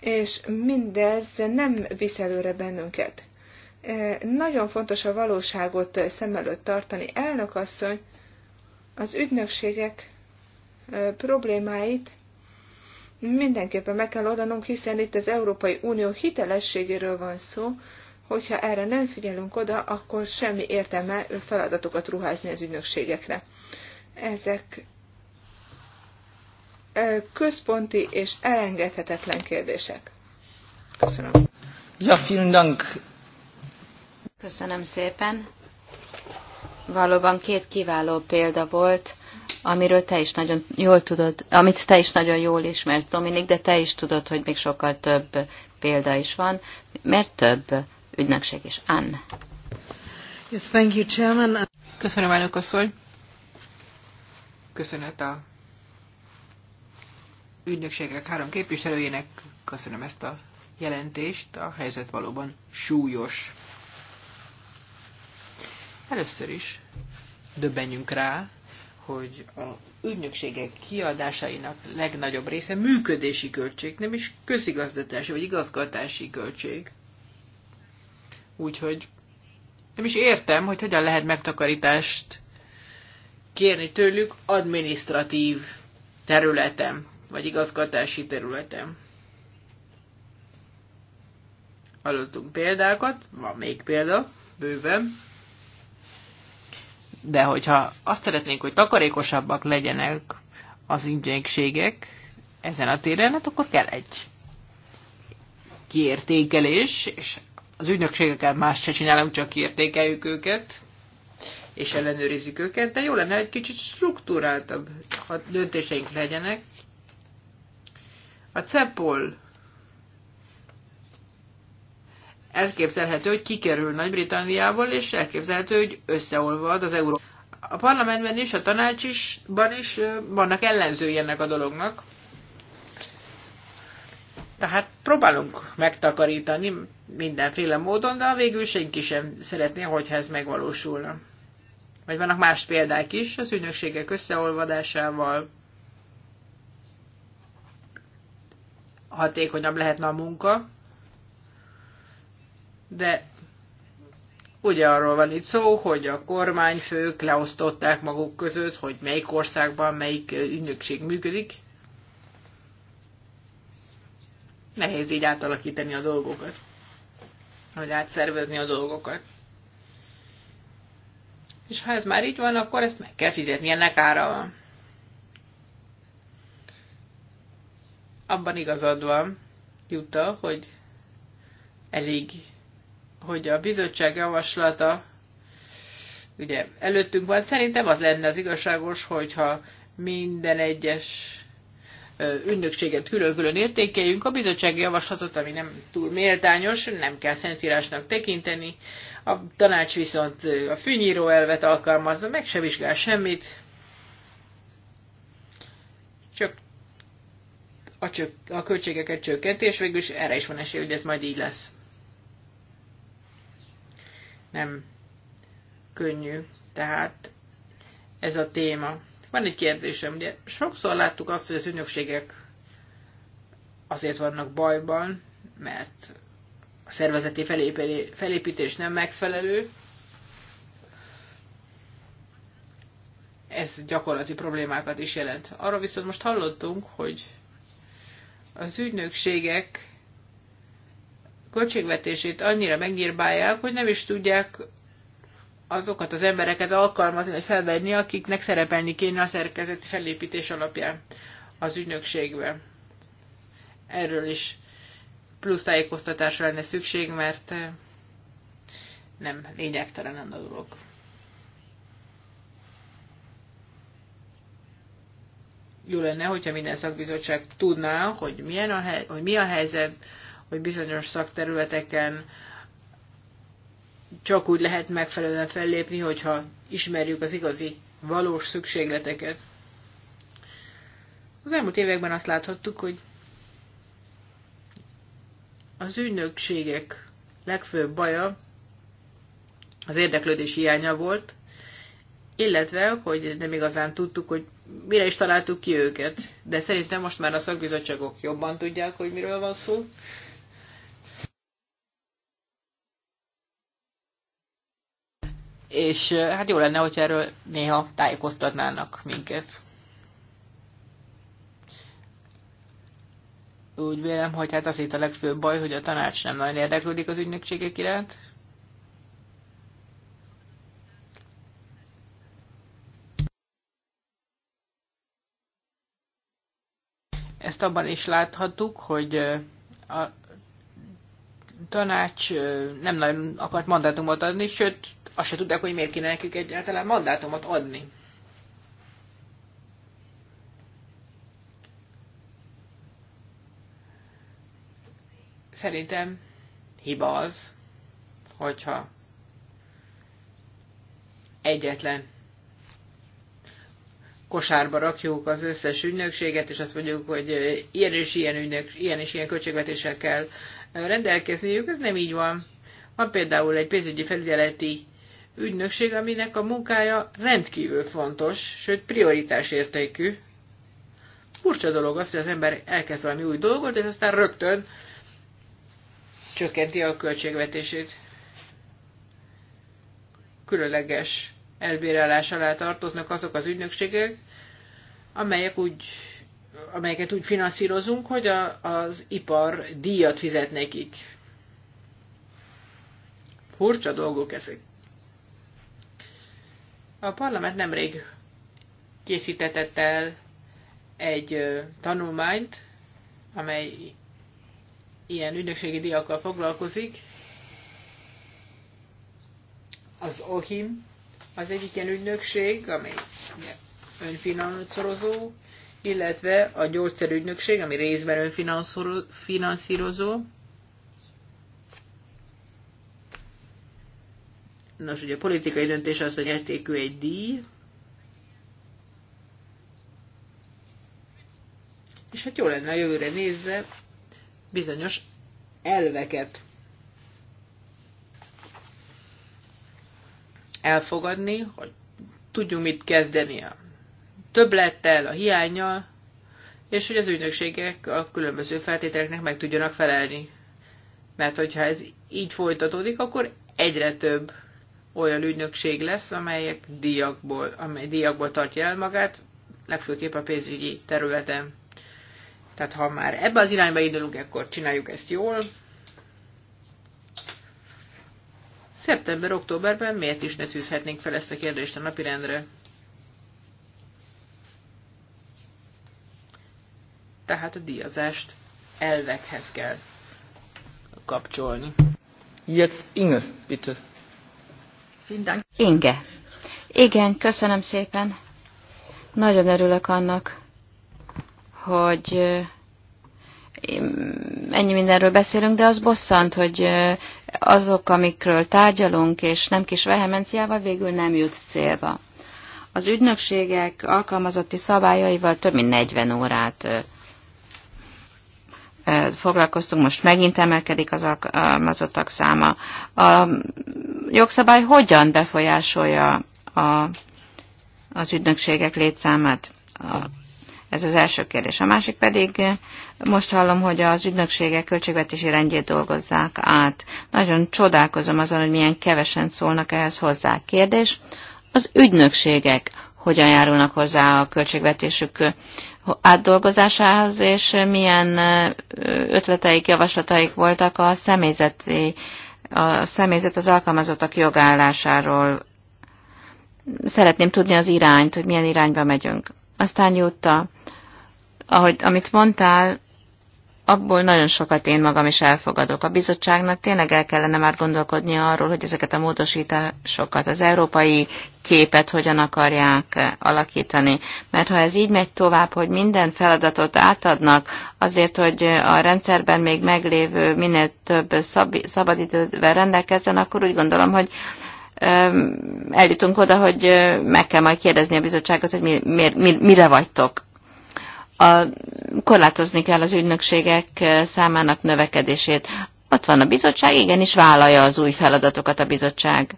és mindez nem visz előre bennünket. Nagyon fontos a valóságot szem előtt tartani. Elnök asszony az ügynökségek problémáit mindenképpen meg kell oldanunk, hiszen itt az Európai Unió hitelességéről van szó, hogyha erre nem figyelünk oda, akkor semmi értelme feladatokat ruházni az ügynökségekre. Ezek központi és elengedhetetlen kérdések. Köszönöm. Ja, vielen Dank. Köszönöm szépen. Valóban két kiváló példa volt, amiről te is nagyon jól tudod, amit te is nagyon jól ismersz, Dominik, de te is tudod, hogy még sokkal több példa is van, mert több ügynökség is. Anne. Yes, thank you, Chairman. Köszönöm, elnök asszony köszönet a ügynökségek három képviselőjének, köszönöm ezt a jelentést, a helyzet valóban súlyos. Először is döbbenjünk rá, hogy a ügynökségek kiadásainak legnagyobb része működési költség, nem is közigazgatási vagy igazgatási költség. Úgyhogy nem is értem, hogy hogyan lehet megtakarítást kérni tőlük administratív területem, vagy igazgatási területem. Hallottunk példákat, van még példa, bőven. De hogyha azt szeretnénk, hogy takarékosabbak legyenek az ügynökségek ezen a téren, hát akkor kell egy kiértékelés, és az ügynökségekkel más se csinálunk, csak kiértékeljük őket és ellenőrizzük őket, de jó lenne, egy kicsit struktúráltabb a döntéseink legyenek. A CEPOL elképzelhető, hogy kikerül Nagy-Britanniából, és elképzelhető, hogy összeolvad az euró. A parlamentben is, a tanácsban is vannak ellenzői ennek a dolognak. Tehát próbálunk megtakarítani mindenféle módon, de a végül senki sem szeretné, hogyha ez megvalósulna vagy vannak más példák is, az ügynökségek összeolvadásával hatékonyabb lehetne a munka, de ugye arról van itt szó, hogy a kormányfők leosztották maguk között, hogy melyik országban melyik ügynökség működik. Nehéz így átalakítani a dolgokat, vagy átszervezni a dolgokat. És ha ez már így van, akkor ezt meg kell fizetni, ennek ára van. Abban igazad van, Jutta, hogy elég, hogy a bizottság javaslata ugye előttünk van. Szerintem az lenne az igazságos, hogyha minden egyes ügynökséget külön-külön értékeljünk. A bizottsági javaslatot, ami nem túl méltányos, nem kell szentírásnak tekinteni. A tanács viszont a fűnyíró elvet alkalmazza, meg se vizsgál semmit. Csak a, csök, a költségeket csökkentés, végül is erre is van esély, hogy ez majd így lesz. Nem könnyű, tehát ez a téma. Van egy kérdésem, ugye sokszor láttuk azt, hogy az ügynökségek azért vannak bajban, mert a szervezeti felépítés nem megfelelő. Ez gyakorlati problémákat is jelent. Arra viszont most hallottunk, hogy az ügynökségek költségvetését annyira megnyírbálják, hogy nem is tudják azokat az embereket alkalmazni, vagy felvenni, akiknek szerepelni kéne a szerkezeti felépítés alapján az ügynökségbe. Erről is plusz tájékoztatásra lenne szükség, mert eh, nem lényegtelen a dolog. Jó lenne, hogyha minden szakbizottság tudná, hogy, milyen a hely, hogy mi a helyzet, hogy bizonyos szakterületeken csak úgy lehet megfelelően fellépni, hogyha ismerjük az igazi, valós szükségleteket. Az elmúlt években azt láthattuk, hogy az ügynökségek legfőbb baja az érdeklődés hiánya volt, illetve, hogy nem igazán tudtuk, hogy mire is találtuk ki őket. De szerintem most már a szakbizottságok jobban tudják, hogy miről van szó. és hát jó lenne, hogy erről néha tájékoztatnának minket. Úgy vélem, hogy hát az itt a legfőbb baj, hogy a tanács nem nagyon érdeklődik az ügynökségek iránt. Ezt abban is láthattuk, hogy a tanács nem nagyon akart mandátumot adni, sőt, azt se tudták, hogy miért kéne nekik egyáltalán mandátumot adni. Szerintem hiba az, hogyha egyetlen kosárba rakjuk az összes ügynökséget, és azt mondjuk, hogy ilyen és ilyen, ügynök, ilyen és ilyen költségvetéssel kell rendelkezniük, ez nem így van. Van például egy pénzügyi felügyeleti ügynökség, aminek a munkája rendkívül fontos, sőt prioritás értékű. Furcsa dolog az, hogy az ember elkezd valami új dolgot, és aztán rögtön csökkenti a költségvetését. Különleges elbírálás alá tartoznak azok az ügynökségek, amelyek úgy amelyeket úgy finanszírozunk, hogy a, az ipar díjat fizet nekik. Furcsa dolgok ezek. A parlament nemrég készítetett el egy tanulmányt, amely ilyen ügynökségi díjakkal foglalkozik. Az OHIM az egyik ilyen ügynökség, amely önfinanszírozó, illetve a gyógyszerügynökség, ami részben önfinanszírozó. Nos, ugye a politikai döntés az, hogy értékű egy díj, és hát jó lenne a jövőre nézve bizonyos elveket elfogadni, hogy tudjunk mit kezdeni a többlettel, a hiányjal, és hogy az ügynökségek a különböző feltételeknek meg tudjanak felelni. Mert hogyha ez így folytatódik, akkor egyre több olyan ügynökség lesz, amelyek díjakból, amely díjakból tartja el magát, legfőképp a pénzügyi területen. Tehát ha már ebbe az irányba indulunk, akkor csináljuk ezt jól. Szeptember-októberben miért is ne tűzhetnénk fel ezt a kérdést a napirendre? tehát a díjazást elvekhez kell kapcsolni. Jetzt Inge, bitte. Inge. Igen, köszönöm szépen. Nagyon örülök annak, hogy ennyi mindenről beszélünk, de az bosszant, hogy azok, amikről tárgyalunk, és nem kis vehemenciával végül nem jut célba. Az ügynökségek alkalmazotti szabályaival több mint 40 órát foglalkoztunk, most megint emelkedik az alkalmazottak száma. A jogszabály hogyan befolyásolja a, az ügynökségek létszámát? A, ez az első kérdés. A másik pedig most hallom, hogy az ügynökségek költségvetési rendjét dolgozzák át. Nagyon csodálkozom azon, hogy milyen kevesen szólnak ehhez hozzá. Kérdés, az ügynökségek hogyan járulnak hozzá a költségvetésük átdolgozásához, és milyen ötleteik, javaslataik voltak a személyzeti, a személyzet az alkalmazottak jogállásáról. Szeretném tudni az irányt, hogy milyen irányba megyünk. Aztán Jutta, ahogy, amit mondtál, abból nagyon sokat én magam is elfogadok. A bizottságnak tényleg el kellene már gondolkodnia arról, hogy ezeket a módosításokat, az európai képet hogyan akarják alakítani. Mert ha ez így megy tovább, hogy minden feladatot átadnak, azért, hogy a rendszerben még meglévő minél több szabadidővel rendelkezzen, akkor úgy gondolom, hogy eljutunk oda, hogy meg kell majd kérdezni a bizottságot, hogy mi, mi, mi, mire vagytok a, korlátozni kell az ügynökségek eh, számának növekedését. Ott van a bizottság, igenis vállalja az új feladatokat a bizottság.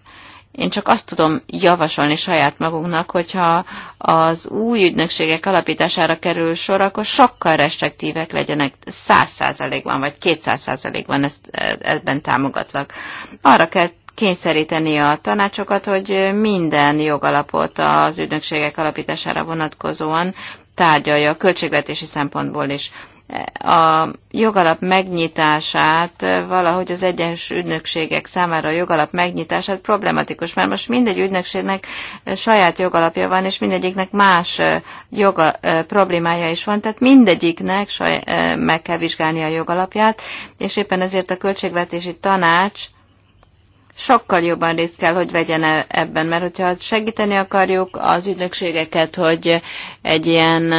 Én csak azt tudom javasolni saját magunknak, hogyha az új ügynökségek alapítására kerül sor, akkor sokkal restriktívek legyenek, száz százalékban vagy kétszáz százalékban ezt, eh, ebben támogatlak. Arra kell kényszeríteni a tanácsokat, hogy minden jogalapot az ügynökségek alapítására vonatkozóan tárgyalja a költségvetési szempontból is. A jogalap megnyitását valahogy az egyes ügynökségek számára a jogalap megnyitását problematikus, mert most mindegy ügynökségnek saját jogalapja van, és mindegyiknek más joga, problémája is van, tehát mindegyiknek saj, meg kell vizsgálni a jogalapját, és éppen ezért a költségvetési tanács sokkal jobban részt kell, hogy vegyen e- ebben, mert hogyha segíteni akarjuk az ügynökségeket, hogy egy ilyen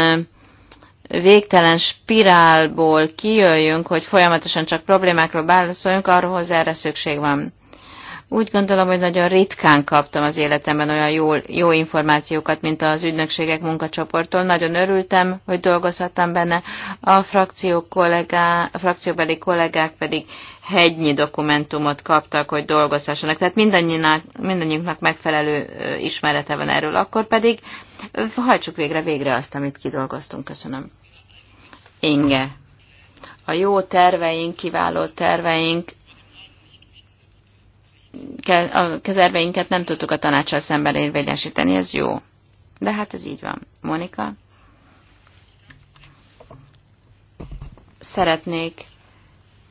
végtelen spirálból kijöjjünk, hogy folyamatosan csak problémákról válaszoljunk, arhoz erre szükség van. Úgy gondolom, hogy nagyon ritkán kaptam az életemben olyan jó, jó információkat, mint az ügynökségek munkacsoporttól. Nagyon örültem, hogy dolgozhattam benne. A frakció kollégá, a frakcióbeli kollégák pedig hegynyi dokumentumot kaptak, hogy dolgozhassanak. Tehát mindannyiunknak megfelelő ismerete van erről, akkor pedig hajtsuk végre végre azt, amit kidolgoztunk. Köszönöm. Inge. A jó terveink, kiváló terveink, a kezerveinket nem tudtuk a tanácssal szemben érvényesíteni, ez jó. De hát ez így van. Monika? Szeretnék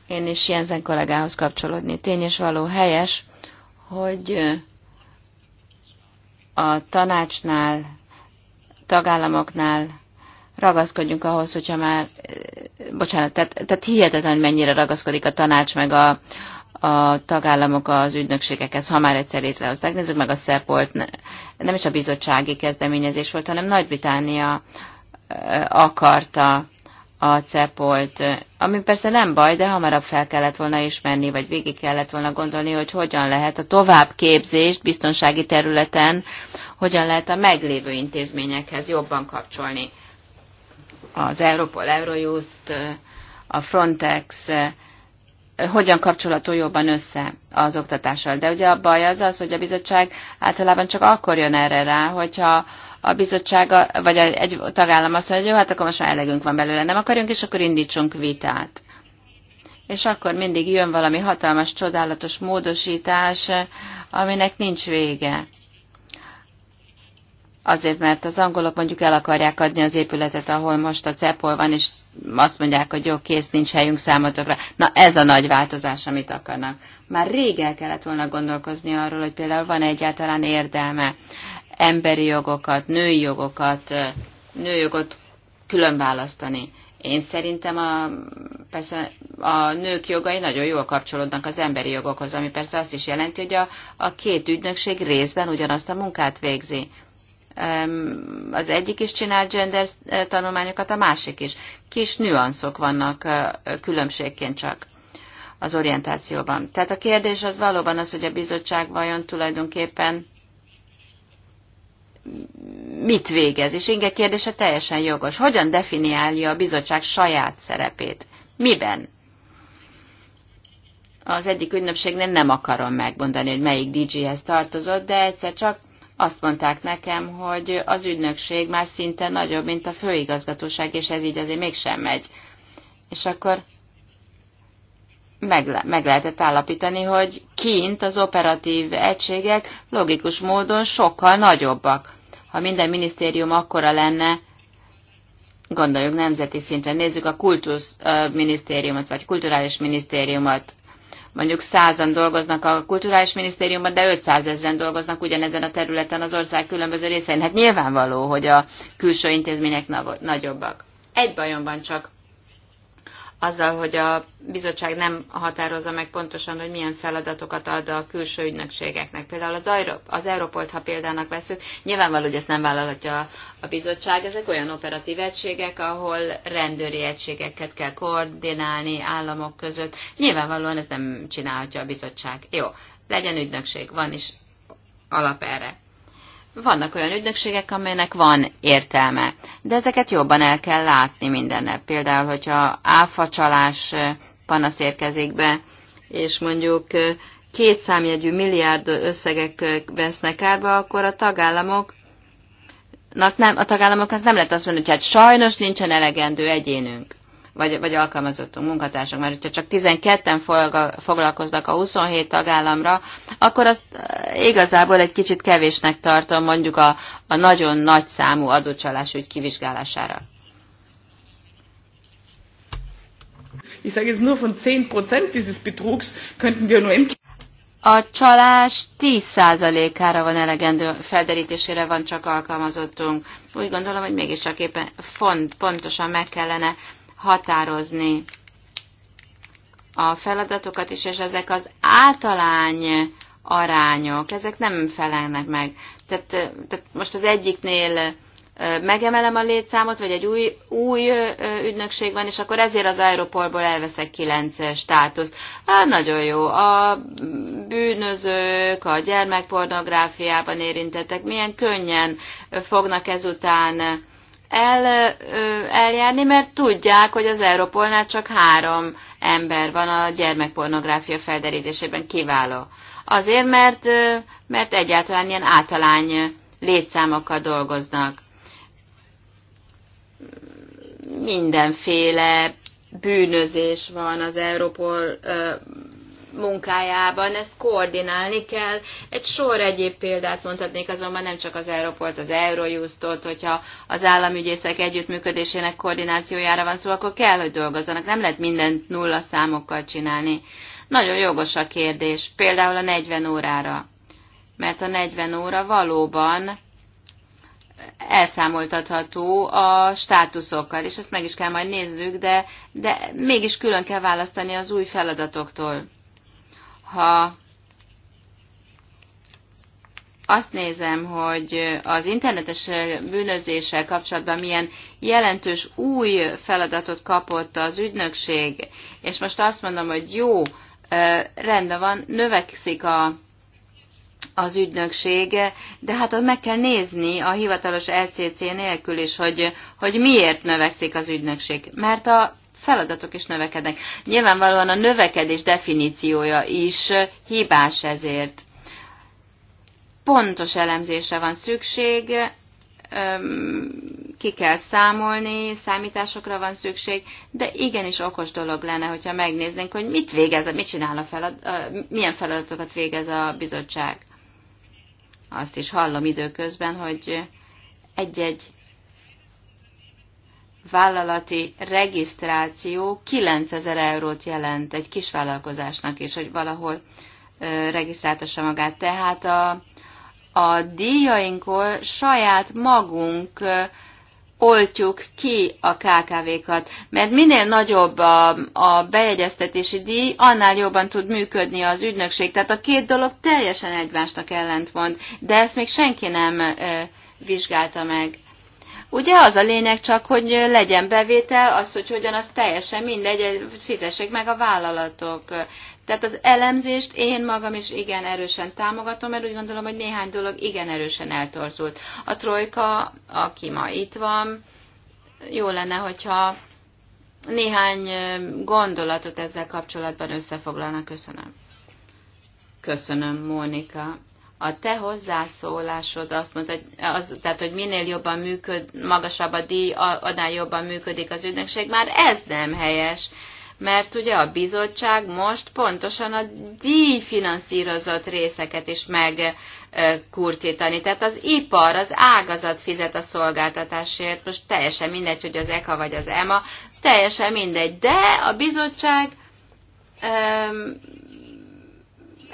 én is Jensen kollégához kapcsolódni. Tény és való helyes, hogy a tanácsnál, tagállamoknál ragaszkodjunk ahhoz, hogyha már, bocsánat, tehát, tehát hihetetlen, hogy mennyire ragaszkodik a tanács meg a, a tagállamok az ügynökségekhez, ha már egyszer létrehozták. Nézzük meg a szepolt, nem is a bizottsági kezdeményezés volt, hanem Nagy-Británia akarta a cepolt, ami persze nem baj, de hamarabb fel kellett volna ismerni, vagy végig kellett volna gondolni, hogy hogyan lehet a továbbképzést biztonsági területen, hogyan lehet a meglévő intézményekhez jobban kapcsolni. Az Europol, Eurojust, a Frontex, hogyan kapcsolható jobban össze az oktatással. De ugye a baj az az, hogy a bizottság általában csak akkor jön erre rá, hogyha a bizottság vagy egy tagállam azt mondja, hogy jó, hát akkor most már elegünk van belőle, nem akarunk, és akkor indítsunk vitát. És akkor mindig jön valami hatalmas, csodálatos módosítás, aminek nincs vége. Azért, mert az angolok mondjuk el akarják adni az épületet, ahol most a cepol van, és azt mondják, hogy jó, kész, nincs helyünk számotokra. Na ez a nagy változás, amit akarnak. Már rég el kellett volna gondolkozni arról, hogy például van -e egyáltalán érdelme emberi jogokat, női jogokat, nőjogot külön választani. Én szerintem a, persze a nők jogai nagyon jól kapcsolódnak az emberi jogokhoz, ami persze azt is jelenti, hogy a, a két ügynökség részben ugyanazt a munkát végzi. Az egyik is csinál gender tanulmányokat, a másik is. Kis nüanszok vannak különbségként csak az orientációban. Tehát a kérdés az valóban az, hogy a bizottság vajon tulajdonképpen mit végez. És Inge kérdése teljesen jogos. Hogyan definiálja a bizottság saját szerepét? Miben? Az egyik ügynökségnél nem akarom megmondani, hogy melyik DJ-hez tartozott, de egyszer csak azt mondták nekem, hogy az ügynökség már szinte nagyobb, mint a főigazgatóság, és ez így azért mégsem megy. És akkor meg, meg lehetett állapítani, hogy kint az operatív egységek logikus módon sokkal nagyobbak ha minden minisztérium akkora lenne, gondoljuk nemzeti szinten, nézzük a kultuszminisztériumot, vagy kulturális minisztériumot, mondjuk százan dolgoznak a kulturális minisztériumban, de 500 ezeren dolgoznak ugyanezen a területen az ország különböző részein. Hát nyilvánvaló, hogy a külső intézmények nagyobbak. Egy bajom van csak azzal, hogy a bizottság nem határozza meg pontosan, hogy milyen feladatokat ad a külső ügynökségeknek. Például az, Europ, az Europolt, ha példának veszük, nyilvánvaló, hogy ezt nem vállalhatja a bizottság. Ezek olyan operatív egységek, ahol rendőri egységeket kell koordinálni államok között. Nyilvánvalóan ez nem csinálhatja a bizottság. Jó, legyen ügynökség, van is alap erre. Vannak olyan ügynökségek, amelynek van értelme, de ezeket jobban el kell látni mindennek. Például, hogyha csalás panasz érkezik be, és mondjuk két számjegyű milliárd összegek vesznek árba, akkor a tagállamok nem, a tagállamoknak nem lehet azt mondani, hogy hát sajnos nincsen elegendő egyénünk vagy, vagy alkalmazottunk, munkatársak, mert hogyha csak 12-en foglalkoznak a 27 tagállamra, akkor azt eh, igazából egy kicsit kevésnek tartom mondjuk a, a nagyon nagy számú adócsalás ügy kivizsgálására. Ich sage jetzt nur von 10% dieses Betrugs könnten wir nur im a csalás 10%-ára van elegendő, felderítésére van csak alkalmazottunk. Úgy gondolom, hogy mégiscsak éppen font, pontosan meg kellene határozni a feladatokat is, és ezek az általány arányok, ezek nem felelnek meg. Tehát, tehát most az egyiknél megemelem a létszámot, vagy egy új, új ügynökség van, és akkor ezért az aeropolból elveszek kilenc státuszt. Hát nagyon jó. A bűnözők, a gyermekpornográfiában érintettek milyen könnyen fognak ezután el, eljárni, mert tudják, hogy az Európolnál csak három ember van a gyermekpornográfia felderítésében kiváló. Azért, mert, mert egyáltalán ilyen általány létszámokkal dolgoznak. Mindenféle bűnözés van az Európol munkájában, ezt koordinálni kell. Egy sor egyéb példát mondhatnék azonban nem csak az Europolt, az Eurojustot, hogyha az államügyészek együttműködésének koordinációjára van szó, akkor kell, hogy dolgozzanak. Nem lehet mindent nulla számokkal csinálni. Nagyon jogos a kérdés, például a 40 órára. Mert a 40 óra valóban elszámoltatható a státuszokkal, és ezt meg is kell majd nézzük, de, de mégis külön kell választani az új feladatoktól. Ha azt nézem, hogy az internetes bűnözéssel kapcsolatban milyen jelentős új feladatot kapott az ügynökség, és most azt mondom, hogy jó, rendben van, növekszik a, az ügynökség, de hát meg kell nézni a hivatalos LCC nélkül is, hogy, hogy miért növekszik az ügynökség. Mert a feladatok is növekednek. Nyilvánvalóan a növekedés definíciója is hibás ezért. Pontos elemzésre van szükség, ki kell számolni, számításokra van szükség, de igenis okos dolog lenne, hogyha megnéznénk, hogy mit végez, mit csinál a feladat, milyen feladatokat végez a bizottság. Azt is hallom időközben, hogy egy-egy vállalati regisztráció 9000 eurót jelent egy kisvállalkozásnak is, hogy valahol regisztráltassa magát. Tehát a, a díjainkból saját magunk oltjuk ki a KKV-kat, mert minél nagyobb a, a bejegyeztetési díj, annál jobban tud működni az ügynökség. Tehát a két dolog teljesen egymásnak ellentmond, de ezt még senki nem ö, vizsgálta meg. Ugye az a lényeg csak, hogy legyen bevétel, az, hogy hogyan, az teljesen mindegy, fizessék meg a vállalatok. Tehát az elemzést én magam is igen erősen támogatom, mert úgy gondolom, hogy néhány dolog igen erősen eltorzult. A trojka, aki ma itt van, jó lenne, hogyha néhány gondolatot ezzel kapcsolatban összefoglalna. Köszönöm. Köszönöm, Mónika a te hozzászólásod azt mondta, hogy az, tehát, hogy minél jobban működ, magasabb a díj, annál jobban működik az ügynökség, már ez nem helyes, mert ugye a bizottság most pontosan a díjfinanszírozott részeket is megkurtítani. E, tehát az ipar, az ágazat fizet a szolgáltatásért, most teljesen mindegy, hogy az ECHA vagy az EMA, teljesen mindegy, de a bizottság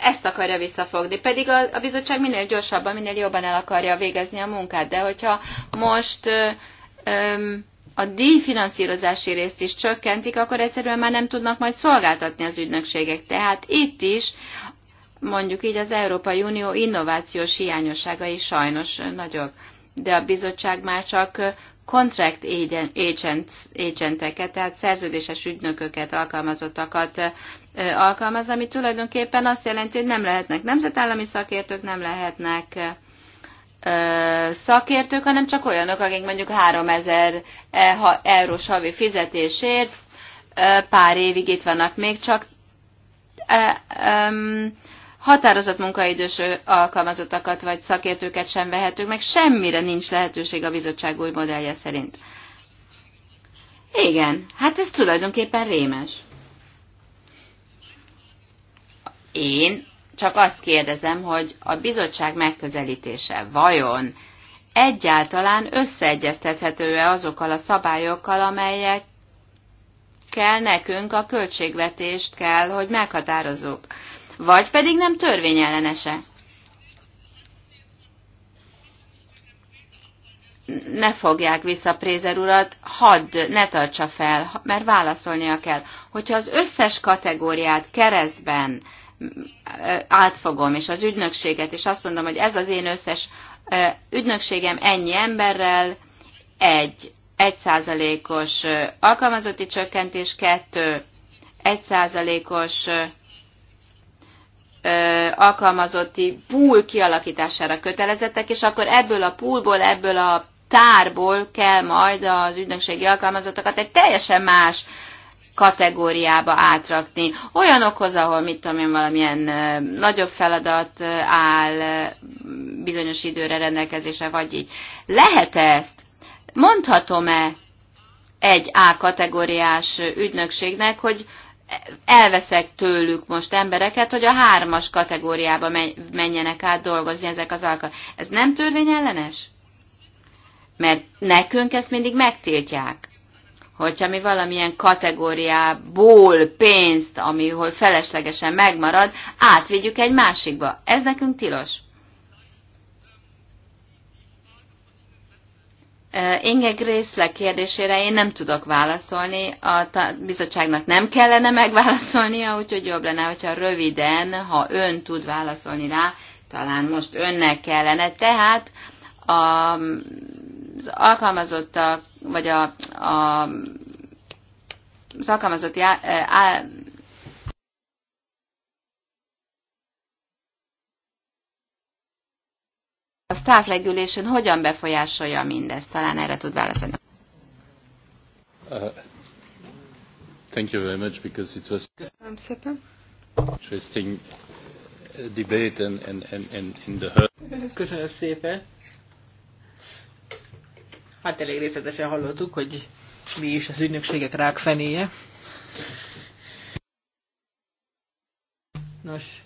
ezt akarja visszafogni. Pedig a, a bizottság minél gyorsabban, minél jobban el akarja végezni a munkát. De hogyha most ö, ö, a díjfinanszírozási részt is csökkentik, akkor egyszerűen már nem tudnak majd szolgáltatni az ügynökségek. Tehát itt is mondjuk így az Európai Unió innovációs hiányosságai sajnos nagyok. De a bizottság már csak contract agent, agenteket, tehát szerződéses ügynököket, alkalmazottakat alkalmaz, ami tulajdonképpen azt jelenti, hogy nem lehetnek nemzetállami szakértők, nem lehetnek szakértők, hanem csak olyanok, akik mondjuk 3000 e, eurós havi fizetésért pár évig itt vannak még csak határozott munkaidős alkalmazottakat vagy szakértőket sem vehetünk, meg semmire nincs lehetőség a bizottság új modellje szerint. Igen, hát ez tulajdonképpen rémes. Én csak azt kérdezem, hogy a bizottság megközelítése vajon egyáltalán összeegyeztethető-e azokkal a szabályokkal, amelyek kell nekünk a költségvetést kell, hogy meghatározzuk, vagy pedig nem törvényellenese. ne fogják vissza Prézer urat, hadd, ne tartsa fel, mert válaszolnia kell. Hogyha az összes kategóriát keresztben átfogom, és az ügynökséget, és azt mondom, hogy ez az én összes ügynökségem ennyi emberrel, egy, egy százalékos alkalmazotti csökkentés, kettő, egy százalékos alkalmazotti pool kialakítására kötelezettek, és akkor ebből a poolból, ebből a tárból kell majd az ügynökségi alkalmazottakat egy teljesen más kategóriába átrakni. Olyanokhoz, ahol mit tudom én, valamilyen nagyobb feladat áll bizonyos időre rendelkezésre, vagy így. Lehet -e ezt? Mondhatom-e egy A kategóriás ügynökségnek, hogy elveszek tőlük most embereket, hogy a hármas kategóriába menjenek át dolgozni ezek az alkalmak. Ez nem törvényellenes? Mert nekünk ezt mindig megtiltják hogyha mi valamilyen kategóriából pénzt, ami hogy feleslegesen megmarad, átvigyük egy másikba. Ez nekünk tilos. Inge Grészle kérdésére én nem tudok válaszolni, a bizottságnak nem kellene megválaszolnia, úgyhogy jobb lenne, hogyha röviden, ha ön tud válaszolni rá, talán most önnek kellene. Tehát a az alkalmazottak, vagy a, a, az alkalmazott já, e, á, a staff regulation hogyan befolyásolja mindezt? Talán erre tud válaszolni. Uh, thank you very much because it was Köszönöm szépen. interesting uh, debate and, and, and, and in the Köszönöm szépen. Hát elég részletesen hallottuk, hogy mi is az ügynökségek rákfenéje. Nos,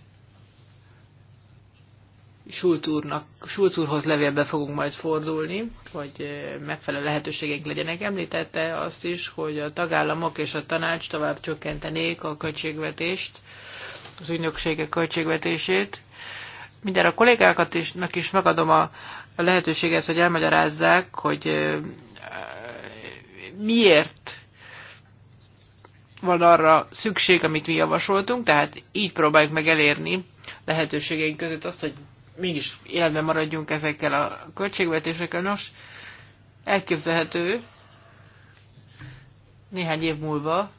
Schulz, úrnak, Schulz úrhoz levélbe fogunk majd fordulni, hogy eh, megfelelő lehetőségek legyenek. Említette azt is, hogy a tagállamok és a tanács tovább csökkentenék a költségvetést, az ügynökségek költségvetését. Mindjárt a kollégákat is, is megadom a a lehetőséget, hogy elmagyarázzák, hogy miért van arra szükség, amit mi javasoltunk, tehát így próbáljuk meg elérni lehetőségeink között azt, hogy mégis életben maradjunk ezekkel a költségvetésekkel. Nos, elképzelhető néhány év múlva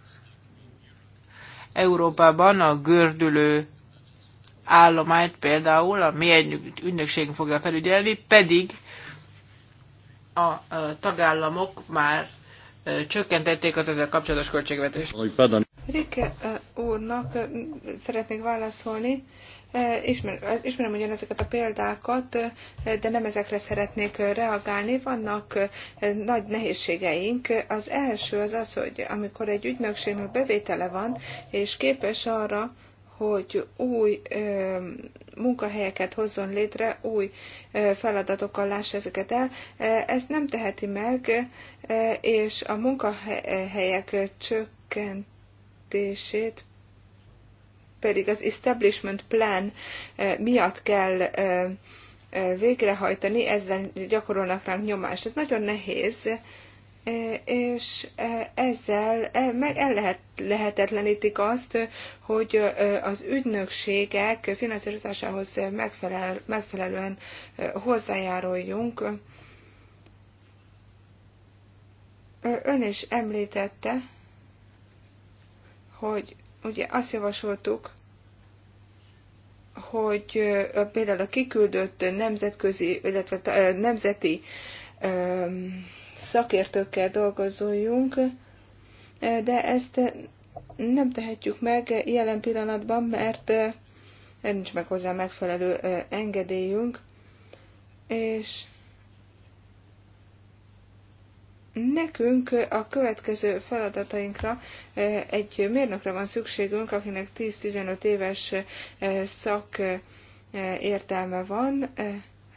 Európában a gördülő állományt például a mi ügynökségünk fogja felügyelni, pedig a tagállamok már csökkentették az ezzel kapcsolatos költségvetést. Rike úrnak szeretnék válaszolni. ismerem ugyanezeket a példákat, de nem ezekre szeretnék reagálni. Vannak nagy nehézségeink. Az első az az, hogy amikor egy ügynökségnek bevétele van, és képes arra, hogy új ö, munkahelyeket hozzon létre, új ö, feladatokkal lássa ezeket el. Ezt nem teheti meg, és a munkahelyek csökkentését pedig az establishment plan miatt kell végrehajtani, ezzel gyakorolnak ránk nyomást. Ez nagyon nehéz, E, és e, ezzel e, meg el lehet, lehetetlenítik azt, hogy az ügynökségek finanszírozásához megfelel, megfelelően hozzájáruljunk. Ön is említette, hogy ugye azt javasoltuk, hogy például a kiküldött nemzetközi, illetve nemzeti szakértőkkel dolgozoljunk, de ezt nem tehetjük meg jelen pillanatban, mert nincs meg hozzá megfelelő engedélyünk, és nekünk a következő feladatainkra egy mérnökre van szükségünk, akinek 10-15 éves szak értelme van,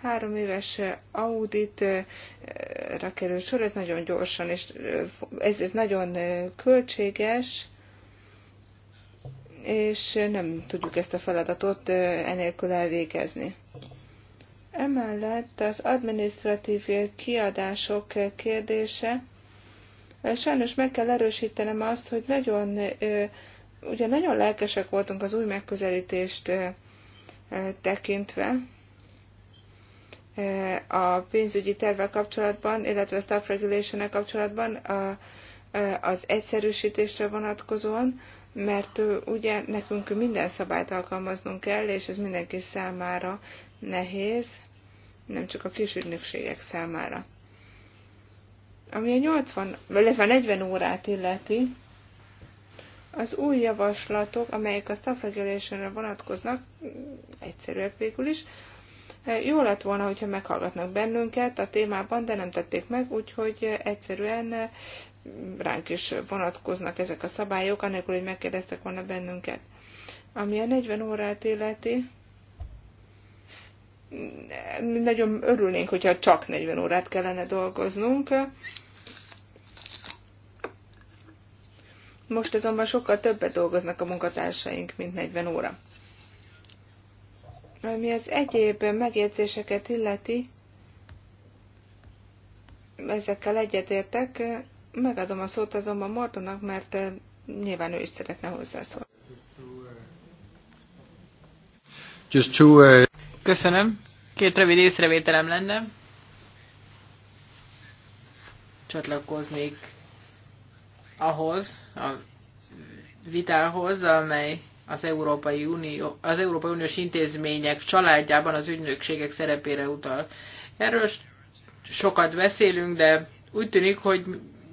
Három éves auditra kerül sor, ez nagyon gyorsan, és ez, ez nagyon költséges, és nem tudjuk ezt a feladatot enélkül elvégezni. Emellett az adminisztratív kiadások kérdése. Sajnos meg kell erősítenem azt, hogy nagyon, ugye nagyon lelkesek voltunk az új megközelítést tekintve, a pénzügyi tervvel kapcsolatban, illetve a staff regulation kapcsolatban a, az egyszerűsítésre vonatkozóan, mert ugye nekünk minden szabályt alkalmaznunk kell, és ez mindenki számára nehéz, nem csak a kis ügynökségek számára. Ami a 80, illetve 40 órát illeti, az új javaslatok, amelyek a staff regulation vonatkoznak, egyszerűek végül is, Eh, jó lett volna, hogyha meghallgatnak bennünket a témában, de nem tették meg, úgyhogy eh, egyszerűen eh, ránk is vonatkoznak ezek a szabályok, anélkül, hogy megkérdeztek volna bennünket. Ami a 40 órát illeti, mm, nagyon örülnénk, hogyha csak 40 órát kellene dolgoznunk. Most azonban sokkal többet dolgoznak a munkatársaink, mint 40 óra. Ami az egyéb megjegyzéseket illeti, ezekkel egyetértek, megadom a szót azonban Mordonak, mert eh, nyilván ő is szeretne hozzászólni. Uh, Köszönöm. Két rövid észrevételem lenne. Csatlakoznék ahhoz, a vitához, amely az Európai, Unió, az Európai Uniós intézmények családjában az ügynökségek szerepére utal. Erről sokat beszélünk, de úgy tűnik, hogy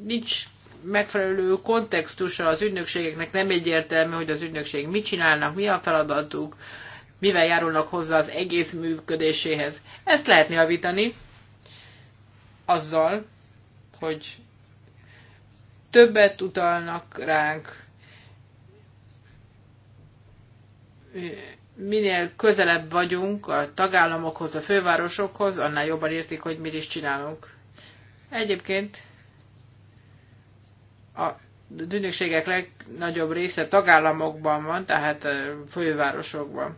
nincs megfelelő kontextusa az ügynökségeknek, nem egyértelmű, hogy az ügynökség mit csinálnak, mi a feladatuk, mivel járulnak hozzá az egész működéséhez. Ezt lehetne javítani azzal, hogy többet utalnak ránk, minél közelebb vagyunk a tagállamokhoz, a fővárosokhoz, annál jobban értik, hogy mi is csinálunk. Egyébként a dünnökségek legnagyobb része tagállamokban van, tehát fővárosokban.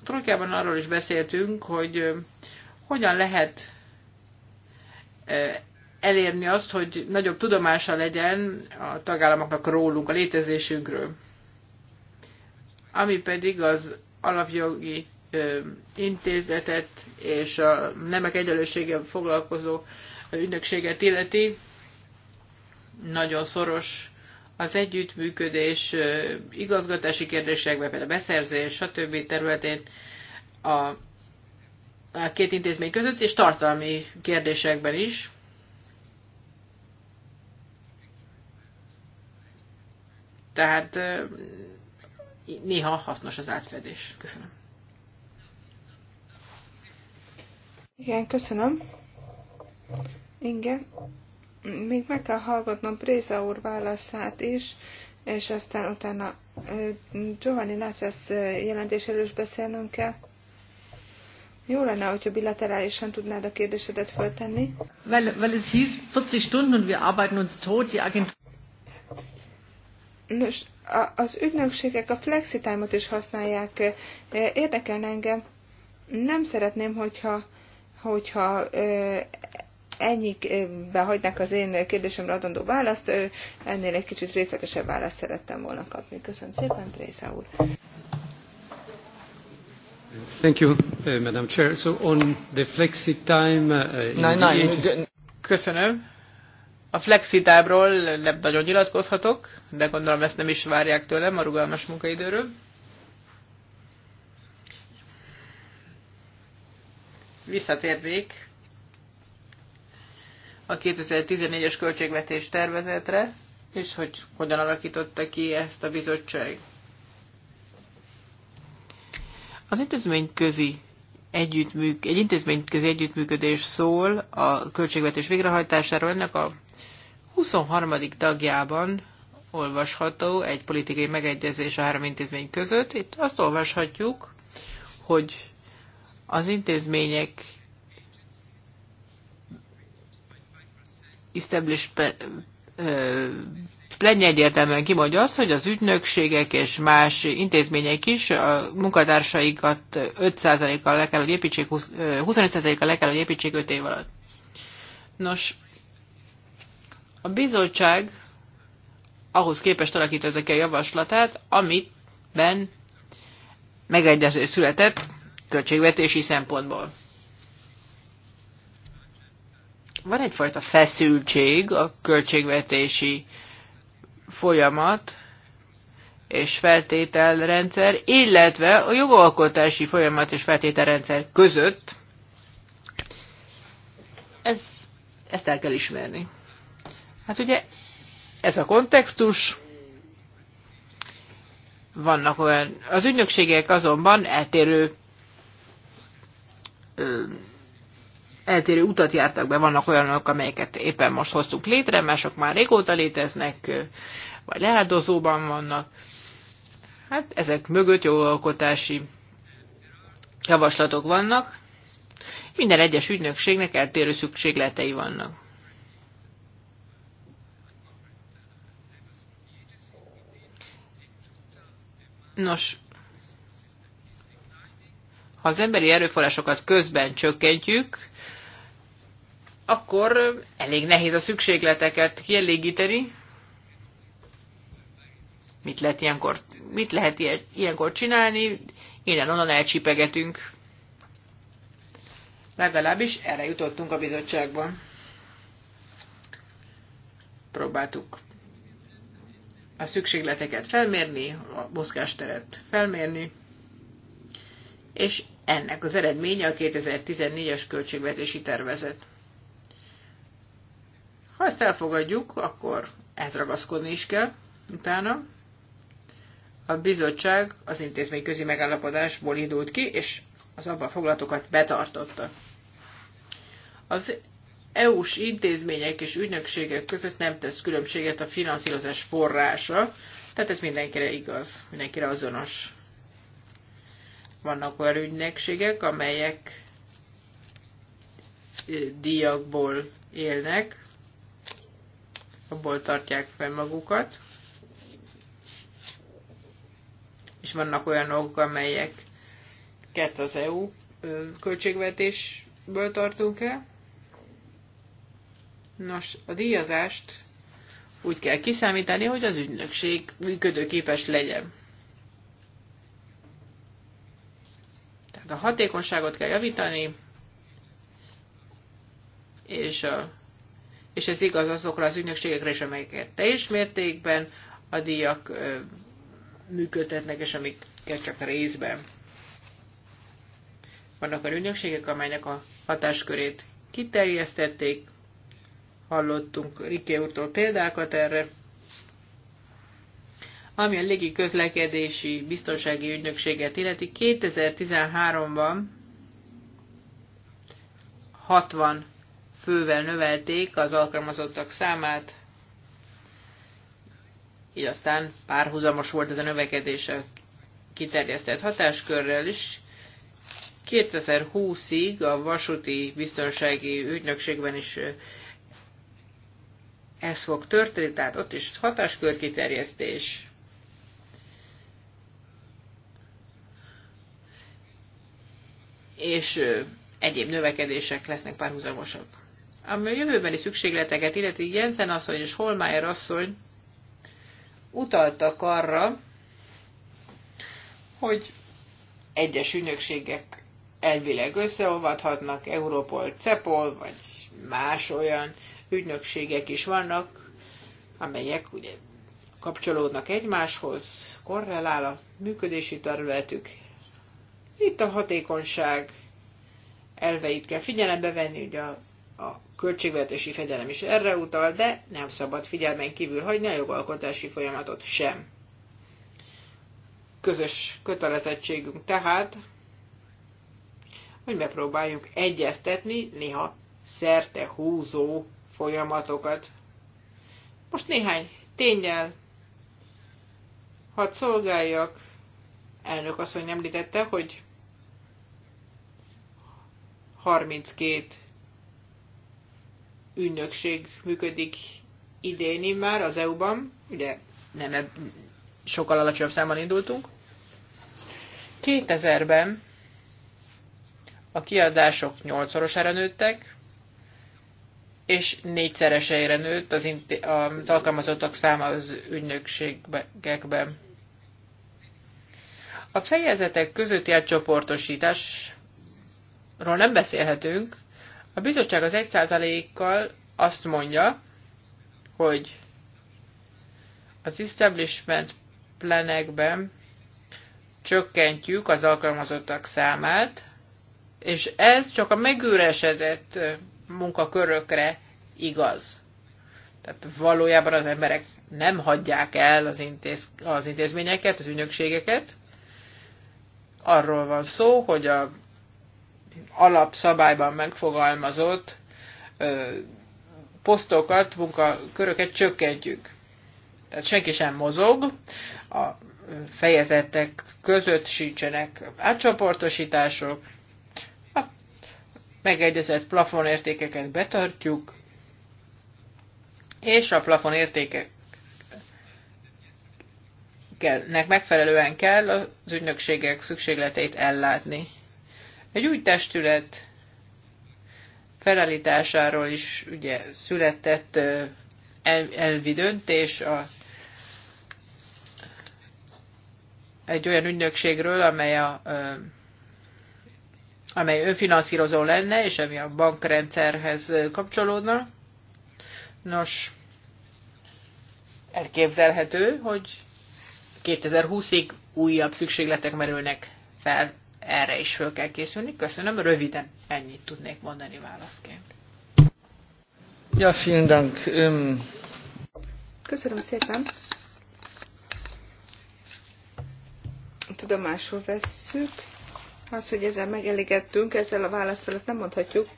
A trojkában arról is beszéltünk, hogy hogyan lehet elérni azt, hogy nagyobb tudomása legyen a tagállamoknak rólunk, a létezésünkről ami pedig az alapjogi intézetet és a nemek egyenlőséggel foglalkozó ügynökséget illeti. Nagyon szoros az együttműködés igazgatási kérdésekben, például beszerzés, stb. területén a, a két intézmény között, és tartalmi kérdésekben is. Tehát néha hasznos az átfedés. Köszönöm. Igen, köszönöm. Igen. Még meg kell hallgatnom Préza úr válaszát is, és aztán utána Giovanni Nácsász jelentéséről is beszélnünk kell. Jó lenne, hogyha bilaterálisan tudnád a kérdésedet föltenni. Weil, weil es hieß 40 Stunden und wir arbeiten uns tot, die Agentur... Nos, az ügynökségek a flexitime-ot is használják. Érdekelne engem. Nem szeretném, hogyha, hogyha ennyi, behagynak az én kérdésemre adandó választ. Ennél egy kicsit részletesebb választ szerettem volna kapni. Köszönöm szépen, Prészá úr. Thank you, uh, Madam Chair. So on the flexi time... Uh, nein, nein. Köszönöm a flexitábról nem nagyon nyilatkozhatok, de gondolom ezt nem is várják tőlem a rugalmas munkaidőről. Visszatérnék a 2014-es költségvetés tervezetre, és hogy hogyan alakította ki ezt a bizottság. Az intézmény közi együttműk, egy intézmény közi együttműködés szól a költségvetés végrehajtásáról. Ennek a 23. tagjában olvasható egy politikai megegyezés a három intézmény között. Itt azt olvashatjuk, hogy az intézmények establishment plenny egyértelműen kimondja azt, hogy az ügynökségek és más intézmények is a munkatársaikat 5%-kal le kell, hogy építsék, 25%-kal le kell, hogy építsék 5 év alatt. Nos, a bizottság ahhoz képest alakította ki a javaslatát, amiben megegyező született költségvetési szempontból. Van egyfajta feszültség a költségvetési folyamat és feltételrendszer, illetve a jogalkotási folyamat és feltételrendszer között. Ez, ezt el kell ismerni. Hát ugye ez a kontextus, vannak olyan, az ügynökségek azonban eltérő ö, eltérő utat jártak be, vannak olyanok, amelyeket éppen most hoztuk létre, mások már régóta léteznek, vagy leáldozóban vannak. Hát ezek mögött jogalkotási javaslatok vannak. Minden egyes ügynökségnek eltérő szükségletei vannak. Nos, ha az emberi erőforrásokat közben csökkentjük, akkor elég nehéz a szükségleteket kielégíteni. Mit lehet ilyenkor, mit lehet ilyenkor csinálni? Innen-onnan elcsipegetünk. Legalábbis erre jutottunk a bizottságban. Próbáltuk a szükségleteket felmérni, a mozgásteret felmérni, és ennek az eredménye a 2014-es költségvetési tervezet. Ha ezt elfogadjuk, akkor ez ragaszkodni is kell utána. A bizottság az intézmény közi megállapodásból indult ki, és az abban foglalatokat betartotta. Az EU-s intézmények és ügynökségek között nem tesz különbséget a finanszírozás forrása, tehát ez mindenkire igaz, mindenkire azonos. Vannak olyan ügynökségek, amelyek díjakból élnek, abból tartják fel magukat, és vannak olyanok, amelyeket az EU költségvetésből tartunk el, Nos, a díjazást úgy kell kiszámítani, hogy az ügynökség működőképes legyen. Tehát a hatékonyságot kell javítani, és, a, és ez igaz azokra az ügynökségekre is, amelyeket teljes mértékben a díjak ö, működtetnek, és amiket csak részben. Vannak a ügynökségek, amelynek a hatáskörét kiterjesztették, Hallottunk Riké úrtól példákat erre. Ami a légi közlekedési biztonsági ügynökséget illeti, 2013-ban 60 fővel növelték az alkalmazottak számát, így aztán párhuzamos volt ez a növekedés a kiterjesztett hatáskörrel is. 2020-ig a vasúti biztonsági ügynökségben is ez fog történni, tehát ott is hatáskör kiterjesztés. És egyéb növekedések lesznek párhuzamosak. Ami a jövőbeni szükségleteket illeti Jensen asszony és Holmeyer asszony utaltak arra, hogy egyes ügynökségek elvileg összeolvadhatnak, Európol, Cepol, vagy más olyan ügynökségek is vannak, amelyek ugye kapcsolódnak egymáshoz, korrelál a működési területük. Itt a hatékonyság elveit kell figyelembe venni, ugye a, a költségvetési fegyelem is erre utal, de nem szabad figyelmen kívül hagyni a jogalkotási folyamatot sem. Közös kötelezettségünk tehát, hogy megpróbáljuk egyeztetni néha szerte húzó folyamatokat. Most néhány tényel hadd szolgáljak. Elnök asszony említette, hogy 32 ünnökség működik idén már az EU-ban, ugye nem sokkal alacsonyabb számmal indultunk. 2000-ben a kiadások 8-szorosára nőttek, és négyszereseire nőtt az, az alkalmazottak száma az ügynökségekben. A fejezetek közötti átcsoportosításról nem beszélhetünk. A bizottság az 1%-kal azt mondja, hogy az establishment plenekben csökkentjük az alkalmazottak számát, és ez csak a megüresedett munkakörökre igaz. Tehát valójában az emberek nem hagyják el az, intéz, az intézményeket, az ügynökségeket. Arról van szó, hogy a alapszabályban megfogalmazott ö, posztokat, munkaköröket csökkentjük. Tehát senki sem mozog, a fejezetek között sincsenek átcsoportosítások, megegyezett plafonértékeket betartjuk, és a plafonértékeknek megfelelően kell az ügynökségek szükségleteit ellátni. Egy új testület felállításáról is ugye született elvi döntés a egy olyan ügynökségről, amely a amely önfinanszírozó lenne, és ami a bankrendszerhez kapcsolódna. Nos, elképzelhető, hogy 2020-ig újabb szükségletek merülnek fel, erre is föl kell készülni. Köszönöm, röviden ennyit tudnék mondani válaszként. Ja, vielen Dank. Um... Köszönöm szépen. Tudomásul vesszük az, hogy ezzel megelégettünk, ezzel a választal, ezt nem mondhatjuk.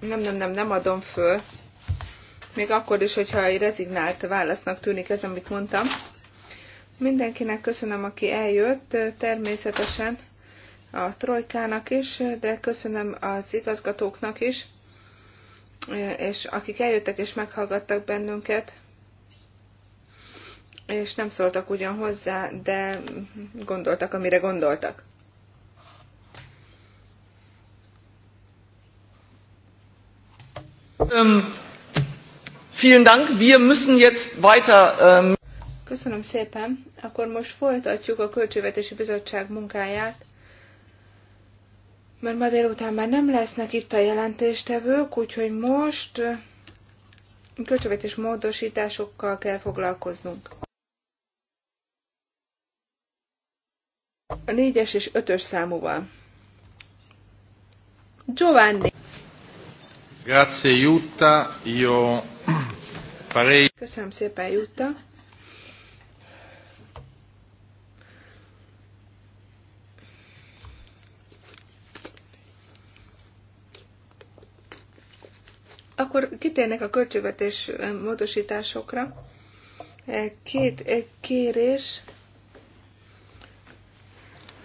Nem, nem, nem, nem adom föl. Még akkor is, hogyha egy rezignált válasznak tűnik ez, amit mondtam. Mindenkinek köszönöm, aki eljött, természetesen a trojkának is, de köszönöm az igazgatóknak is, és akik eljöttek és meghallgattak bennünket és nem szóltak ugyan hozzá, de gondoltak, amire gondoltak. Um, vielen Dank. Wir müssen jetzt weiter. Um... Köszönöm szépen. Akkor most folytatjuk a Költségvetési Bizottság munkáját. Mert ma délután már nem lesznek itt a jelentéstevők, úgyhogy most költségvetés módosításokkal kell foglalkoznunk. A négyes és ötös számúval. Giovanni. Grazie Jutta, io farei... Köszönöm szépen Jutta. Akkor kitérnek a költségvetés eh, módosításokra. Eh, két eh, kérés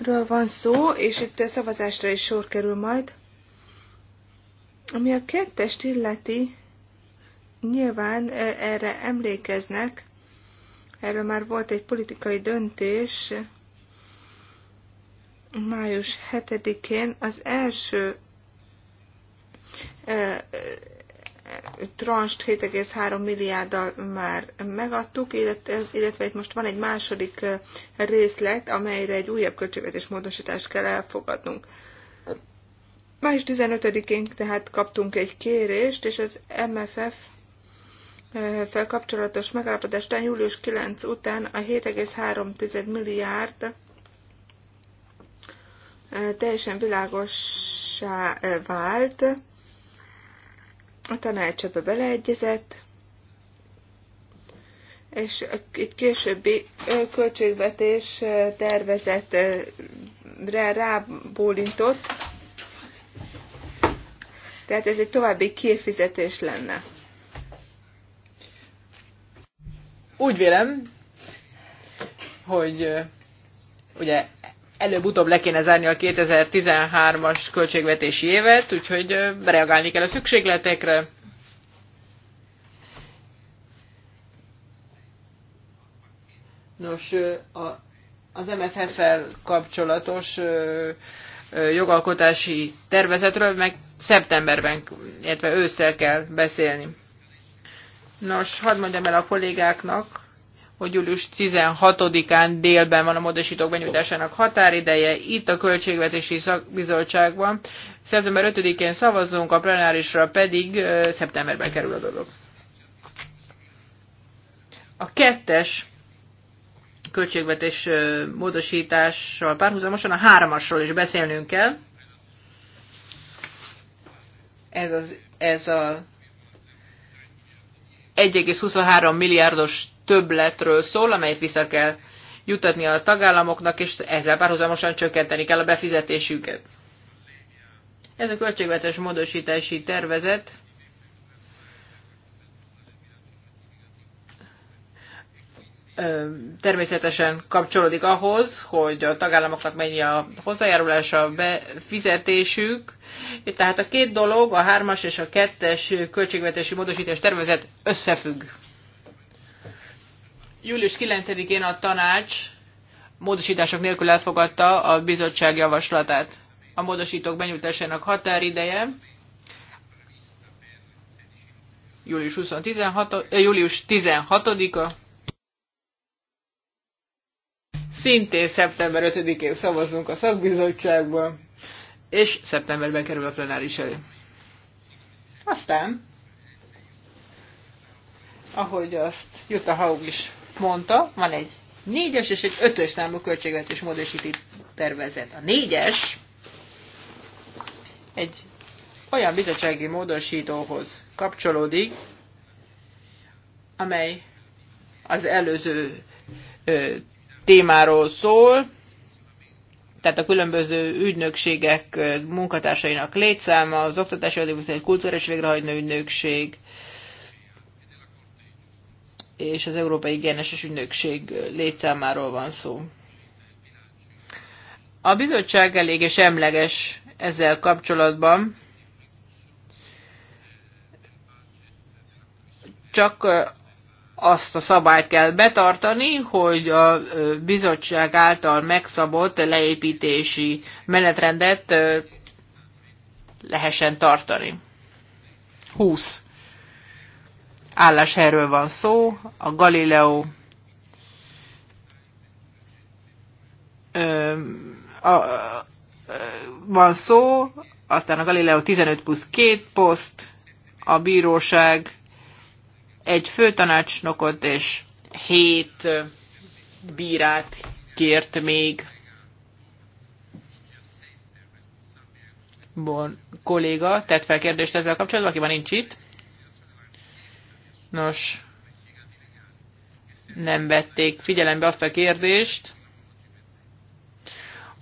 ről van szó, és itt szavazásra is sor kerül majd. Ami a kettest illeti, nyilván e, erre emlékeznek, erről már volt egy politikai döntés május 7-én, az első e, transzt 7,3 milliárddal már megadtuk, illetve itt most van egy második részlet, amelyre egy újabb költségvetés módosítást kell elfogadnunk. Május 15-én tehát kaptunk egy kérést, és az MFF felkapcsolatos megállapodás után július 9 után a 7,3 milliárd teljesen világossá vált, a tanács ebbe beleegyezett, és egy későbbi költségvetés tervezetre rábólintott, tehát ez egy további kifizetés lenne. Úgy vélem, hogy ugye előbb-utóbb le kéne zárni a 2013-as költségvetési évet, úgyhogy reagálni kell a szükségletekre. Nos, a, az MFF-el kapcsolatos jogalkotási tervezetről meg szeptemberben, illetve ősszel kell beszélni. Nos, hadd mondjam el a kollégáknak, hogy július 16-án délben van a módosítók benyújtásának határideje, itt a Költségvetési bizottságban Szeptember 5-én szavazunk, a plenárisra pedig szeptemberben kerül a dolog. A kettes költségvetés módosítással párhuzamosan a hármasról is beszélnünk kell. Ez, az, ez a 1,23 milliárdos többletről szól, amelyet vissza kell jutatni a tagállamoknak, és ezzel párhuzamosan csökkenteni kell a befizetésüket. Ez a költségvetés módosítási tervezet természetesen kapcsolódik ahhoz, hogy a tagállamoknak mennyi a hozzájárulása, a befizetésük. Tehát a két dolog, a hármas és a kettes költségvetési módosítás tervezet összefügg. Július 9-én a tanács módosítások nélkül elfogadta a bizottság javaslatát. A módosítók benyújtásának határideje július 16-a, eh, Szintén szeptember 5-én szavazunk a szakbizottságban, és szeptemberben kerül a plenáris elő. Aztán, ahogy azt Jutta Haug is mondta, van egy négyes és egy ötös számú költségvetés módosíti tervezet. A négyes egy olyan bizottsági módosítóhoz kapcsolódik, amely az előző témáról szól, tehát a különböző ügynökségek munkatársainak létszáma, az Oktatási Adóviszony Kulturális Végrehajtó Ügynökség és az Európai Géneses Ügynökség létszámáról van szó. A bizottság és emleges ezzel kapcsolatban, csak azt a szabályt kell betartani, hogy a bizottság által megszabott leépítési menetrendet lehessen tartani. 20. Álláshelyről van szó, a Galileo a, a, van szó, aztán a Galileo 15 plusz 2 poszt, a bíróság egy főtanácsnokot és hét bírát kért még bon, kolléga tett fel kérdést ezzel kapcsolatban, aki van nincs itt. Nos, nem vették figyelembe azt a kérdést,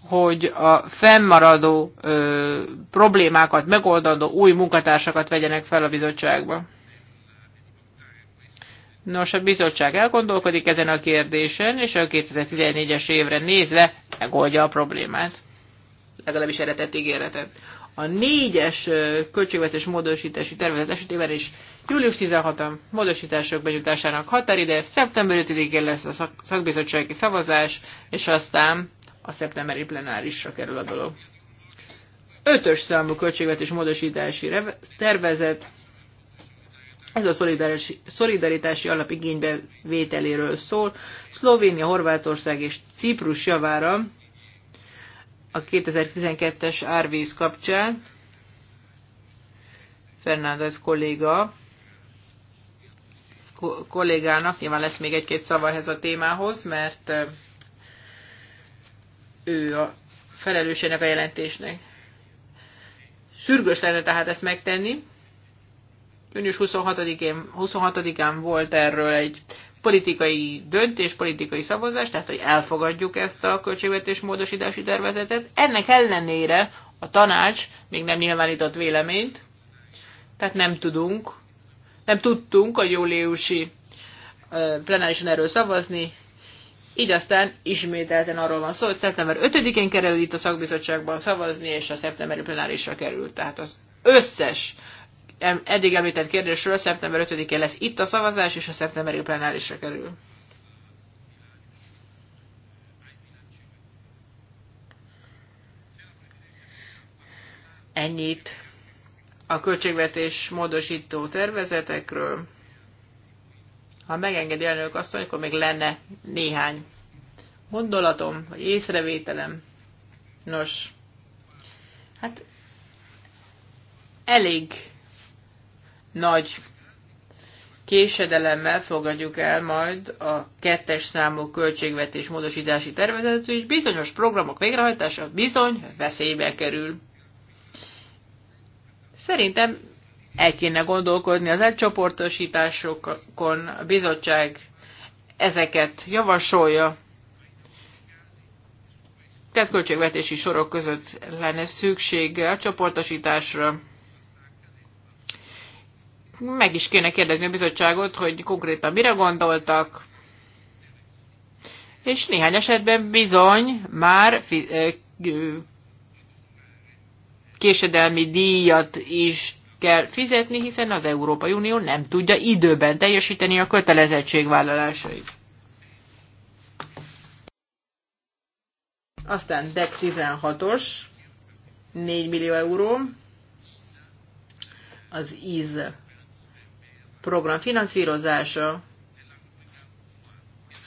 hogy a fennmaradó ö, problémákat megoldandó új munkatársakat vegyenek fel a bizottságba. Nos, a bizottság elgondolkodik ezen a kérdésen, és a 2014-es évre nézve megoldja a problémát. Legalábbis erre tett ígéretet. A négyes költségvetés módosítási tervezet esetében is július 16-a módosítások benyújtásának határideje, szeptember 5-én lesz a szakbizottsági szavazás, és aztán a szeptemberi plenárisra kerül a dolog. Ötös számú költségvetés módosítási tervezet ez a szolidaritási, alap igénybevételéről szól. Szlovénia, Horvátország és Ciprus javára a 2012-es árvíz kapcsán Fernández kolléga kollégának, nyilván lesz még egy-két szava ehhez a témához, mert ő a felelősének a jelentésnek. Sürgős lenne tehát ezt megtenni. Június 26-án, 26-án volt erről egy politikai döntés, politikai szavazás, tehát hogy elfogadjuk ezt a költségvetés módosítási tervezetet. Ennek ellenére a tanács még nem nyilvánított véleményt, tehát nem tudunk, nem tudtunk a júliusi plenárisan erről szavazni, így aztán ismételten arról van szó, hogy szeptember 5-én kerül itt a szakbizottságban szavazni, és a szeptemberi plenárisra kerül. Tehát az összes eddig említett kérdésről szeptember 5-én lesz itt a szavazás, és a szeptemberi plenárisra kerül. Ennyit a költségvetés módosító tervezetekről. Ha megengedi elnök azt, akkor még lenne néhány gondolatom, vagy észrevételem. Nos, hát elég nagy késedelemmel fogadjuk el majd a kettes számú költségvetés módosítási tervezetet, hogy bizonyos programok végrehajtása bizony veszélybe kerül. Szerintem el kéne gondolkodni az elcsoportosításokon, a bizottság ezeket javasolja. Tehát költségvetési sorok között lenne szükség a csoportosításra meg is kéne kérdezni a bizottságot, hogy konkrétan mire gondoltak, és néhány esetben bizony már késedelmi díjat is kell fizetni, hiszen az Európai Unió nem tudja időben teljesíteni a kötelezettségvállalásait. Aztán DEC 16-os, 4 millió euró, az íz program finanszírozása,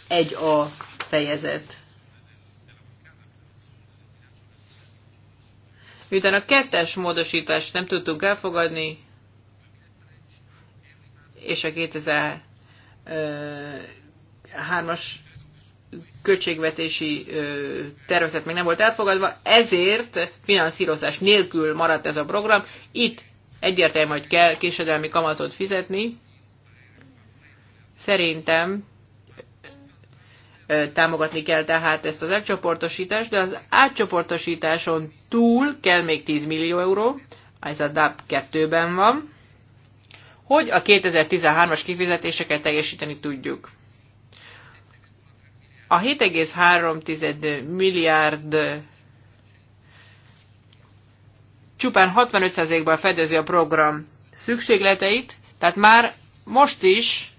egy a fejezet. Miután a kettes módosítást nem tudtuk elfogadni, és a 2003-as költségvetési tervezet még nem volt elfogadva, ezért finanszírozás nélkül maradt ez a program. Itt egyértelmű, hogy kell késedelmi kamatot fizetni, Szerintem támogatni kell tehát ezt az átcsoportosítást, de az átcsoportosításon túl kell még 10 millió euró, ez a DAP 2-ben van, hogy a 2013-as kifizetéseket teljesíteni tudjuk. A 7,3 milliárd csupán 65%-ban fedezi a program szükségleteit, tehát már most is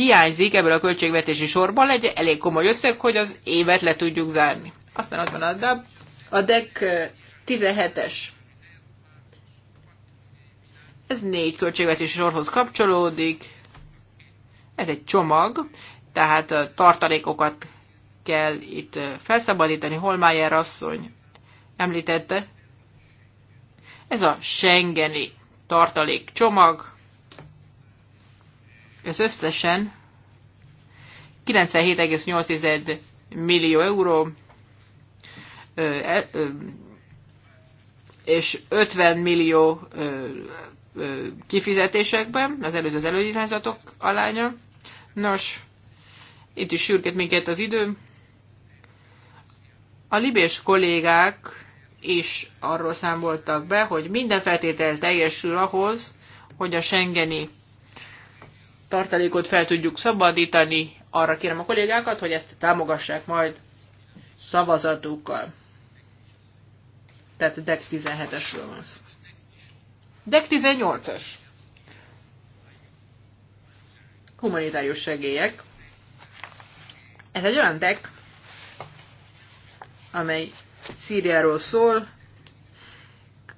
hiányzik ebből a költségvetési sorból egy elég komoly összeg, hogy az évet le tudjuk zárni. Aztán ott van a DAB, a DEC 17-es. Eh, Ez négy költségvetési sorhoz kapcsolódik. Ez egy csomag, tehát eh, tartalékokat kell itt eh, felszabadítani. Holmájer asszony említette. Ez a Schengeni tartalék csomag. Ez összesen 97,8 millió euró, e, és 50 millió kifizetésekben, az előző az előirányzatok alánya. Nos, itt is sürget minket az idő. A libés kollégák is arról számoltak be, hogy minden feltétel teljesül ahhoz, hogy a Schengeni tartalékot fel tudjuk szabadítani. Arra kérem a kollégákat, hogy ezt támogassák majd szavazatukkal. Tehát DEC 17-esről van szó. DEC 18-as. Humanitárius segélyek. Ez egy olyan DEC, amely Szíriáról szól,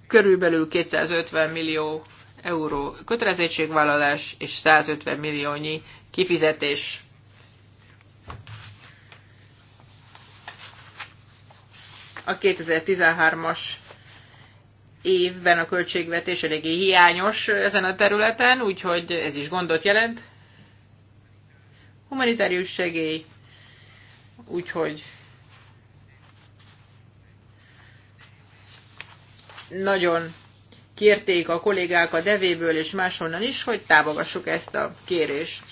körülbelül 250 millió euró kötelezettségvállalás és 150 milliónyi kifizetés. A 2013-as évben a költségvetés eléggé hiányos ezen a területen, úgyhogy ez is gondot jelent. Humanitárius segély, úgyhogy nagyon kérték a kollégák a devéből és máshonnan is, hogy támogassuk ezt a kérést.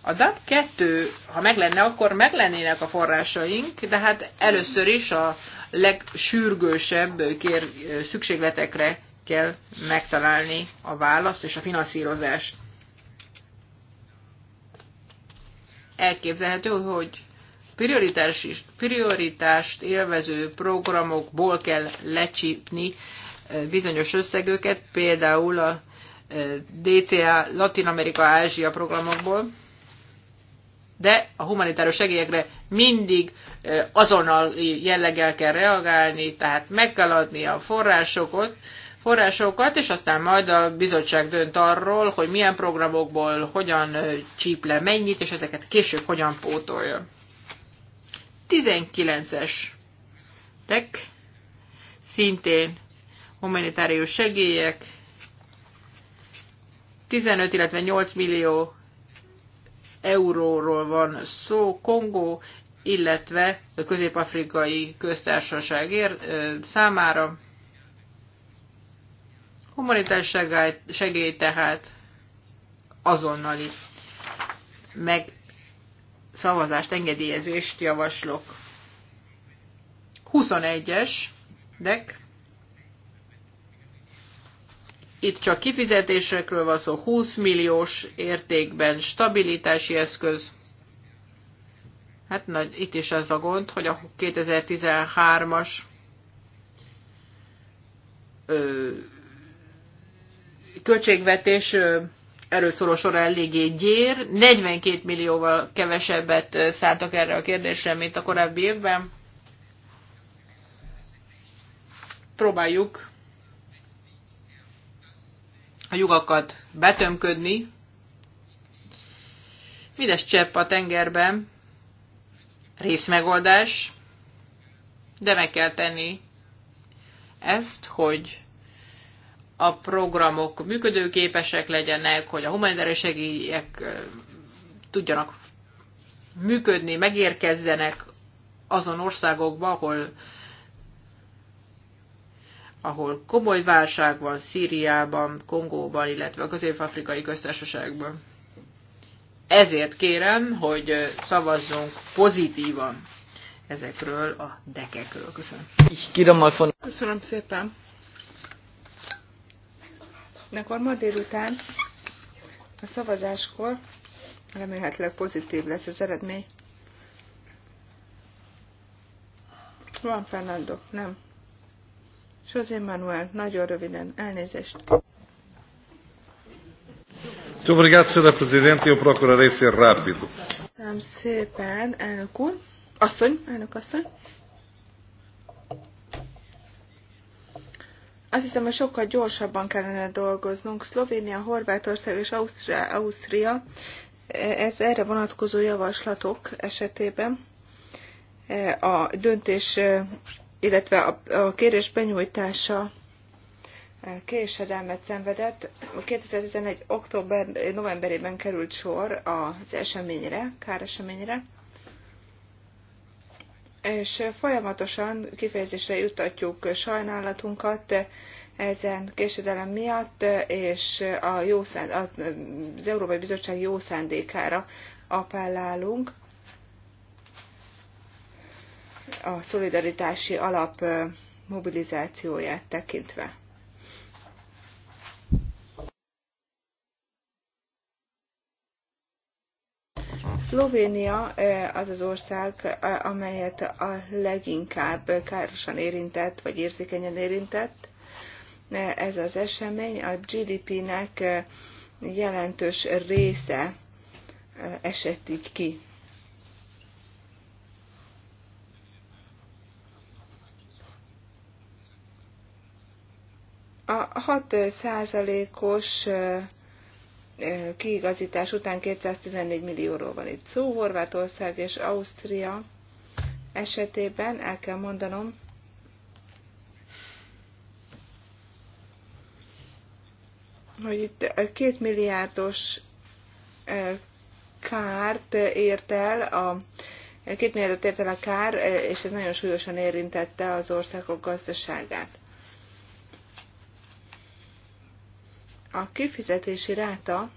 A DAP 2, ha meg lenne, akkor meg lennének a forrásaink, de hát először is a legsürgősebb kér, szükségletekre kell megtalálni a választ és a finanszírozást. Elképzelhető, hogy prioritás, prioritást élvező programokból kell lecsípni eh, bizonyos összegöket, például a eh, DCA Latin Amerika Ázsia programokból, de a humanitáros segélyekre mindig eh, azonnal jelleggel kell reagálni, tehát meg kell adni a forrásokat, forrásokat, és aztán majd a bizottság dönt arról, hogy milyen programokból hogyan csíp le mennyit, és ezeket később hogyan pótolja. 19-es tek, szintén humanitárius segélyek, 15, illetve 8 millió euróról van szó, Kongó, illetve a közép-afrikai köztársaság ér, ö, számára. Humanitárius segély, segély tehát azonnali meg szavazást, engedélyezést javaslok. 21-es, dek. Itt csak kifizetésekről van szó, 20 milliós értékben stabilitási eszköz. Hát na, itt is az a gond, hogy a 2013-as költségvetés ö, erről sorra eléggé gyér. 42 millióval kevesebbet szálltak erre a kérdésre, mint a korábbi évben. Próbáljuk a lyukakat betömködni. Mindes csepp a tengerben részmegoldás, de meg kell tenni ezt, hogy a programok működőképesek legyenek, hogy a humanitárius segélyek tudjanak működni, megérkezzenek azon országokba, ahol, ahol komoly válság van Szíriában, Kongóban, illetve a Közép-Afrikai Köztársaságban. Ezért kérem, hogy szavazzunk pozitívan ezekről a dekekről. Köszönöm. Köszönöm szépen. Akkor ma délután a szavazáskor remélhetőleg pozitív lesz az eredmény. Van Fernando, nem. José Manuel, nagyon röviden, elnézést. obrigado, Sra. Presidente. Eu procurarei ser rápido. Köszönöm szépen, elnök úr. Asszony, elnök asszony. Azt hiszem, hogy sokkal gyorsabban kellene dolgoznunk. Szlovénia, Horvátország és Ausztria, Ausztria ez erre vonatkozó javaslatok esetében e, a döntés, e, illetve a kérés benyújtása e, késedelmet szenvedett. 2011. október novemberében került sor az eseményre, káreseményre és folyamatosan kifejezésre jutatjuk sajnálatunkat ezen késedelem miatt, és a jó szánd, az Európai Bizottság jó szándékára appellálunk a szolidaritási alap mobilizációját tekintve. Szlovénia az az ország, amelyet a leginkább károsan érintett, vagy érzékenyen érintett. Ez az esemény a GDP-nek jelentős része esett így ki. A 6 százalékos kiigazítás után 214 millióról van itt szó. Horvátország és Ausztria esetében el kell mondanom, hogy itt két milliárdos kárt ért el a két milliárdot ért el a kár, és ez nagyon súlyosan érintette az országok gazdaságát. A kifizetési ráta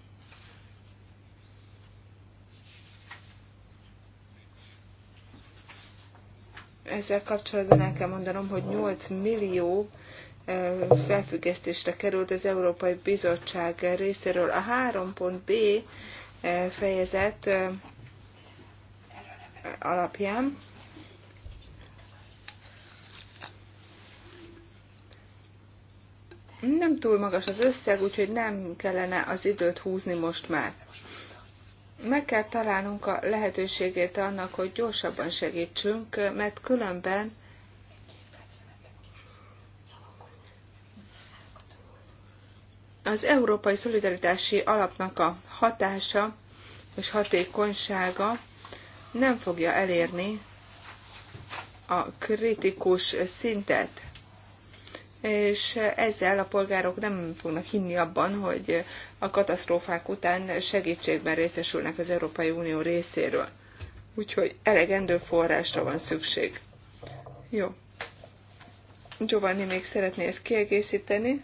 ezzel kapcsolatban el kell mondanom, hogy 8 millió felfüggesztésre került az Európai Bizottság részéről. A 3.b fejezet alapján Nem túl magas az összeg, úgyhogy nem kellene az időt húzni most már. Meg kell találnunk a lehetőségét annak, hogy gyorsabban segítsünk, mert különben az Európai Szolidaritási Alapnak a hatása és hatékonysága nem fogja elérni a kritikus szintet és ezzel a polgárok nem fognak hinni abban, hogy a katasztrófák után segítségben részesülnek az Európai Unió részéről. Úgyhogy elegendő forrásra van szükség. Jó. Giovanni még szeretné ezt kiegészíteni,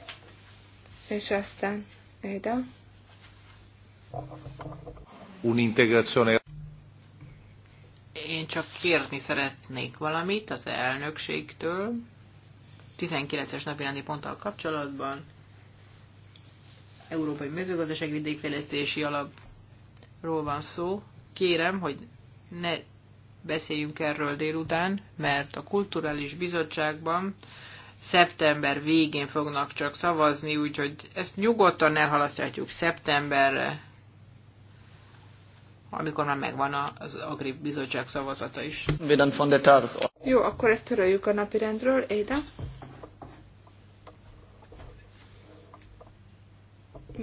és aztán Éda. Unintegrazione. Én csak kérni szeretnék valamit az elnökségtől 19-es napirendi ponttal kapcsolatban. Európai Mezőgazdaság Vidékfejlesztési Alapról van szó. Kérem, hogy ne beszéljünk erről délután, mert a Kulturális Bizottságban szeptember végén fognak csak szavazni, úgyhogy ezt nyugodtan elhalaszthatjuk szeptemberre, amikor már megvan az Agri Bizottság szavazata is. Jó, akkor ezt töröljük a napirendről, Éda.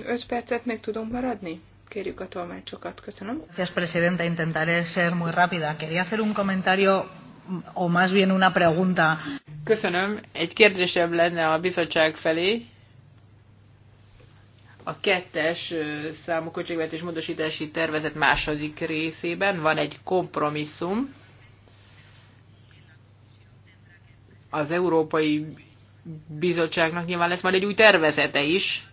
Öt percet még tudunk maradni? Kérjük a tolmácsokat. Köszönöm. Gracias, Presidenta. Intentaré ser muy rápida. Quería hacer un comentario o más bien una pregunta. Köszönöm. Egy kérdésem lenne a bizottság felé. A kettes számú költségvetés módosítási tervezet második részében van egy kompromisszum. Az Európai Bizottságnak nyilván lesz majd egy új tervezete is,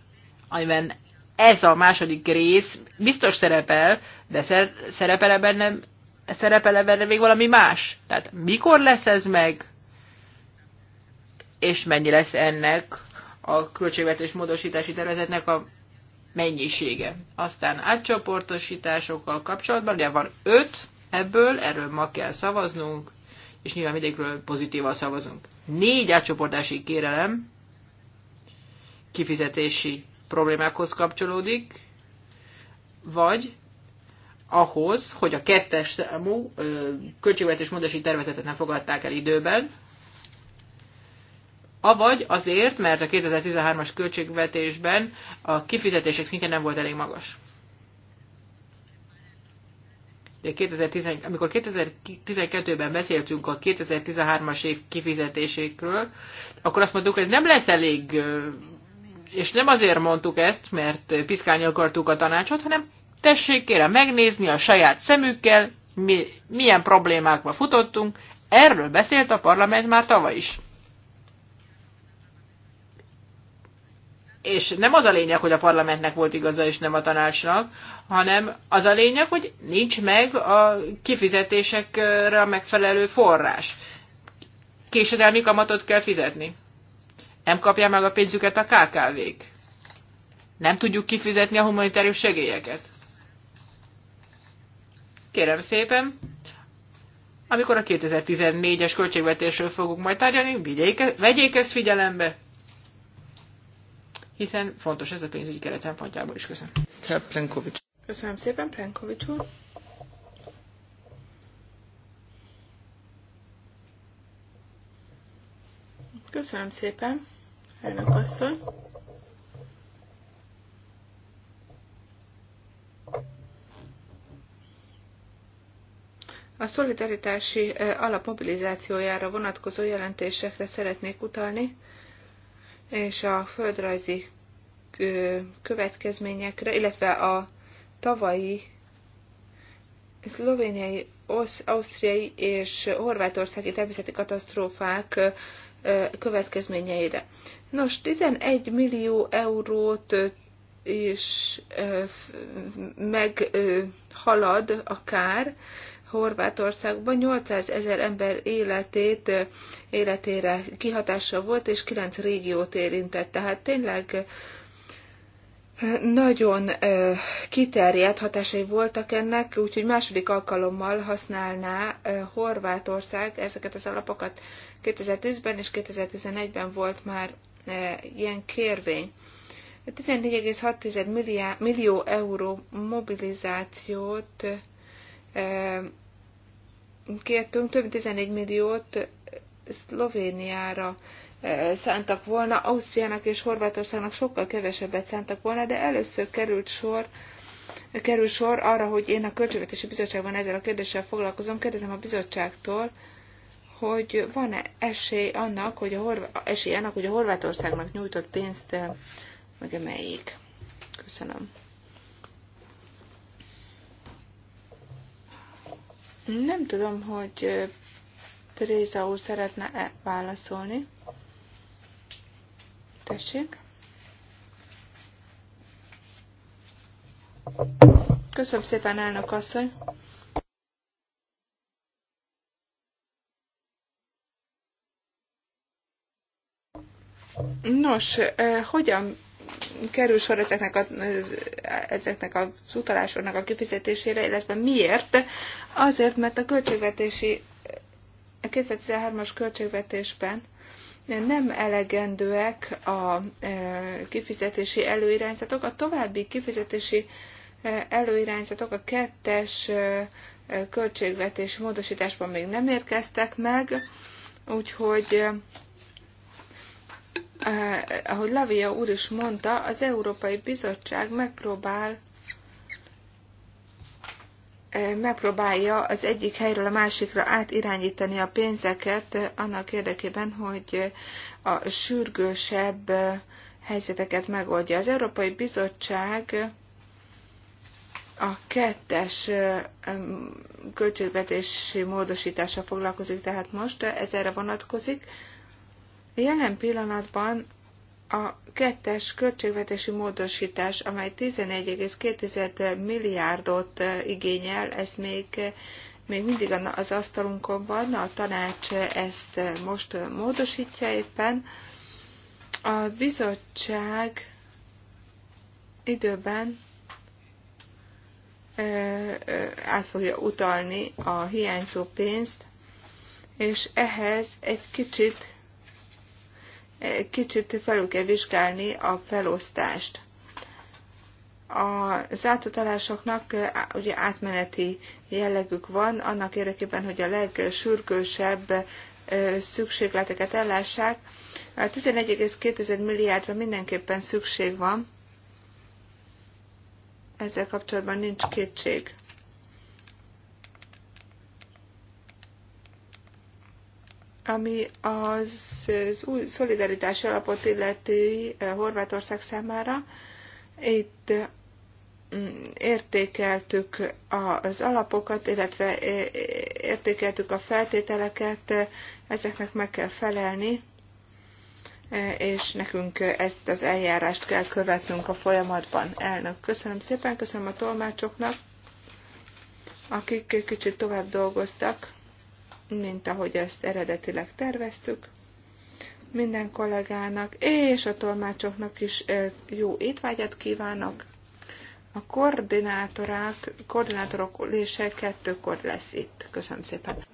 amiben ez a második rész biztos szerepel, de szerepele benne, szerepele benne még valami más. Tehát mikor lesz ez meg, és mennyi lesz ennek a költségvetés módosítási tervezetnek a mennyisége. Aztán átcsoportosításokkal kapcsolatban, ugye van öt ebből, erről ma kell szavaznunk, és nyilván mindegyikről pozitívan szavazunk. Négy átcsoportási kérelem, kifizetési problémákhoz kapcsolódik, vagy ahhoz, hogy a kettes számú költségvetés módosít tervezetet nem fogadták el időben, avagy azért, mert a 2013-as költségvetésben a kifizetések szintje nem volt elég magas. De 2010, amikor 2012-ben beszéltünk a 2013-as év kifizetésékről, akkor azt mondtuk, hogy nem lesz elég és nem azért mondtuk ezt, mert piszkálni akartuk a tanácsot, hanem tessék kérem megnézni a saját szemükkel, mi, milyen problémákba futottunk, erről beszélt a parlament már tavaly is. És nem az a lényeg, hogy a parlamentnek volt igaza, és nem a tanácsnak, hanem az a lényeg, hogy nincs meg a kifizetésekre a megfelelő forrás. Késedelmi kamatot kell fizetni. Nem kapja meg a pénzüket a KKV-k. Nem tudjuk kifizetni a humanitárius segélyeket. Kérem szépen, amikor a 2014-es költségvetésről fogunk majd tárgyalni, vigyék, e- vegyék ezt figyelembe, hiszen fontos ez a pénzügyi keret szempontjából is. Köszönöm. Köszönöm szépen, Plenkovics úr. Köszönöm szépen, elnök asszony. A szolidaritási alap mobilizációjára vonatkozó jelentésekre szeretnék utalni, és a földrajzi következményekre, illetve a tavalyi szlovéniai, ausztriai és horvátországi természeti katasztrófák következményeire. Nos, 11 millió eurót is meghalad a kár Horvátországban. 800 ezer ember életét, életére kihatása volt, és 9 régiót érintett. Tehát tényleg nagyon kiterjedt hatásai voltak ennek, úgyhogy második alkalommal használná Horvátország ezeket az alapokat. 2010-ben és 2011-ben volt már e, ilyen kérvény. 14,6 millió euró mobilizációt e, kértünk, több mint 14 milliót e, Szlovéniára szántak volna, Ausztriának és Horvátországnak sokkal kevesebbet szántak volna, de először került sor, kerül sor arra, hogy én a Költségvetési Bizottságban ezzel a kérdéssel foglalkozom, kérdezem a bizottságtól, hogy van-e esély annak, hogy a, Horvá- esély annak, hogy a Horvátországnak nyújtott pénzt eh, megemeljék. Köszönöm. Nem tudom, hogy eh, Teresa úr szeretne -e válaszolni. Tessék. Köszönöm szépen, elnök asszony. Nos, hogyan kerül sor ezeknek, a, ezeknek az utalásoknak a kifizetésére, illetve miért? Azért, mert a költségvetési, a 2013-as költségvetésben nem elegendőek a kifizetési előirányzatok. A további kifizetési előirányzatok a kettes költségvetési módosításban még nem érkeztek meg, úgyhogy eh, ahogy Lavia úr is mondta, az Európai Bizottság megpróbál eh, megpróbálja az egyik helyről a másikra átirányítani a pénzeket eh, annak érdekében, hogy eh, a sürgősebb eh, helyzeteket megoldja. Az Európai Bizottság eh, a kettes költségvetési módosítása foglalkozik, tehát most ez erre vonatkozik. Jelen pillanatban a kettes költségvetési módosítás, amely 11,2 milliárdot eh, igényel, ez még, eh, még mindig az asztalunkon van, a tanács ezt eh, most módosítja éppen. A bizottság időben át fogja utalni a hiányzó pénzt, és ehhez egy kicsit kicsit felül kell vizsgálni a felosztást. Az átutalásoknak ugye átmeneti jellegük van, annak érdekében, hogy a legsürgősebb szükségleteket ellássák. 11,2 milliárdra mindenképpen szükség van, ezzel kapcsolatban nincs kétség. Ami az, az új szolidaritási alapot illeti eh, Horvátország számára, itt mm, értékeltük az alapokat, illetve eh, értékeltük a feltételeket, eh, ezeknek meg kell felelni, és nekünk ezt az eljárást kell követnünk a folyamatban. Elnök, köszönöm szépen, köszönöm a tolmácsoknak, akik kicsit tovább dolgoztak mint ahogy ezt eredetileg terveztük minden kollégának és a tolmácsoknak is jó étvágyat kívánok. A koordinátorok ülése kettőkor lesz itt. Köszönöm szépen.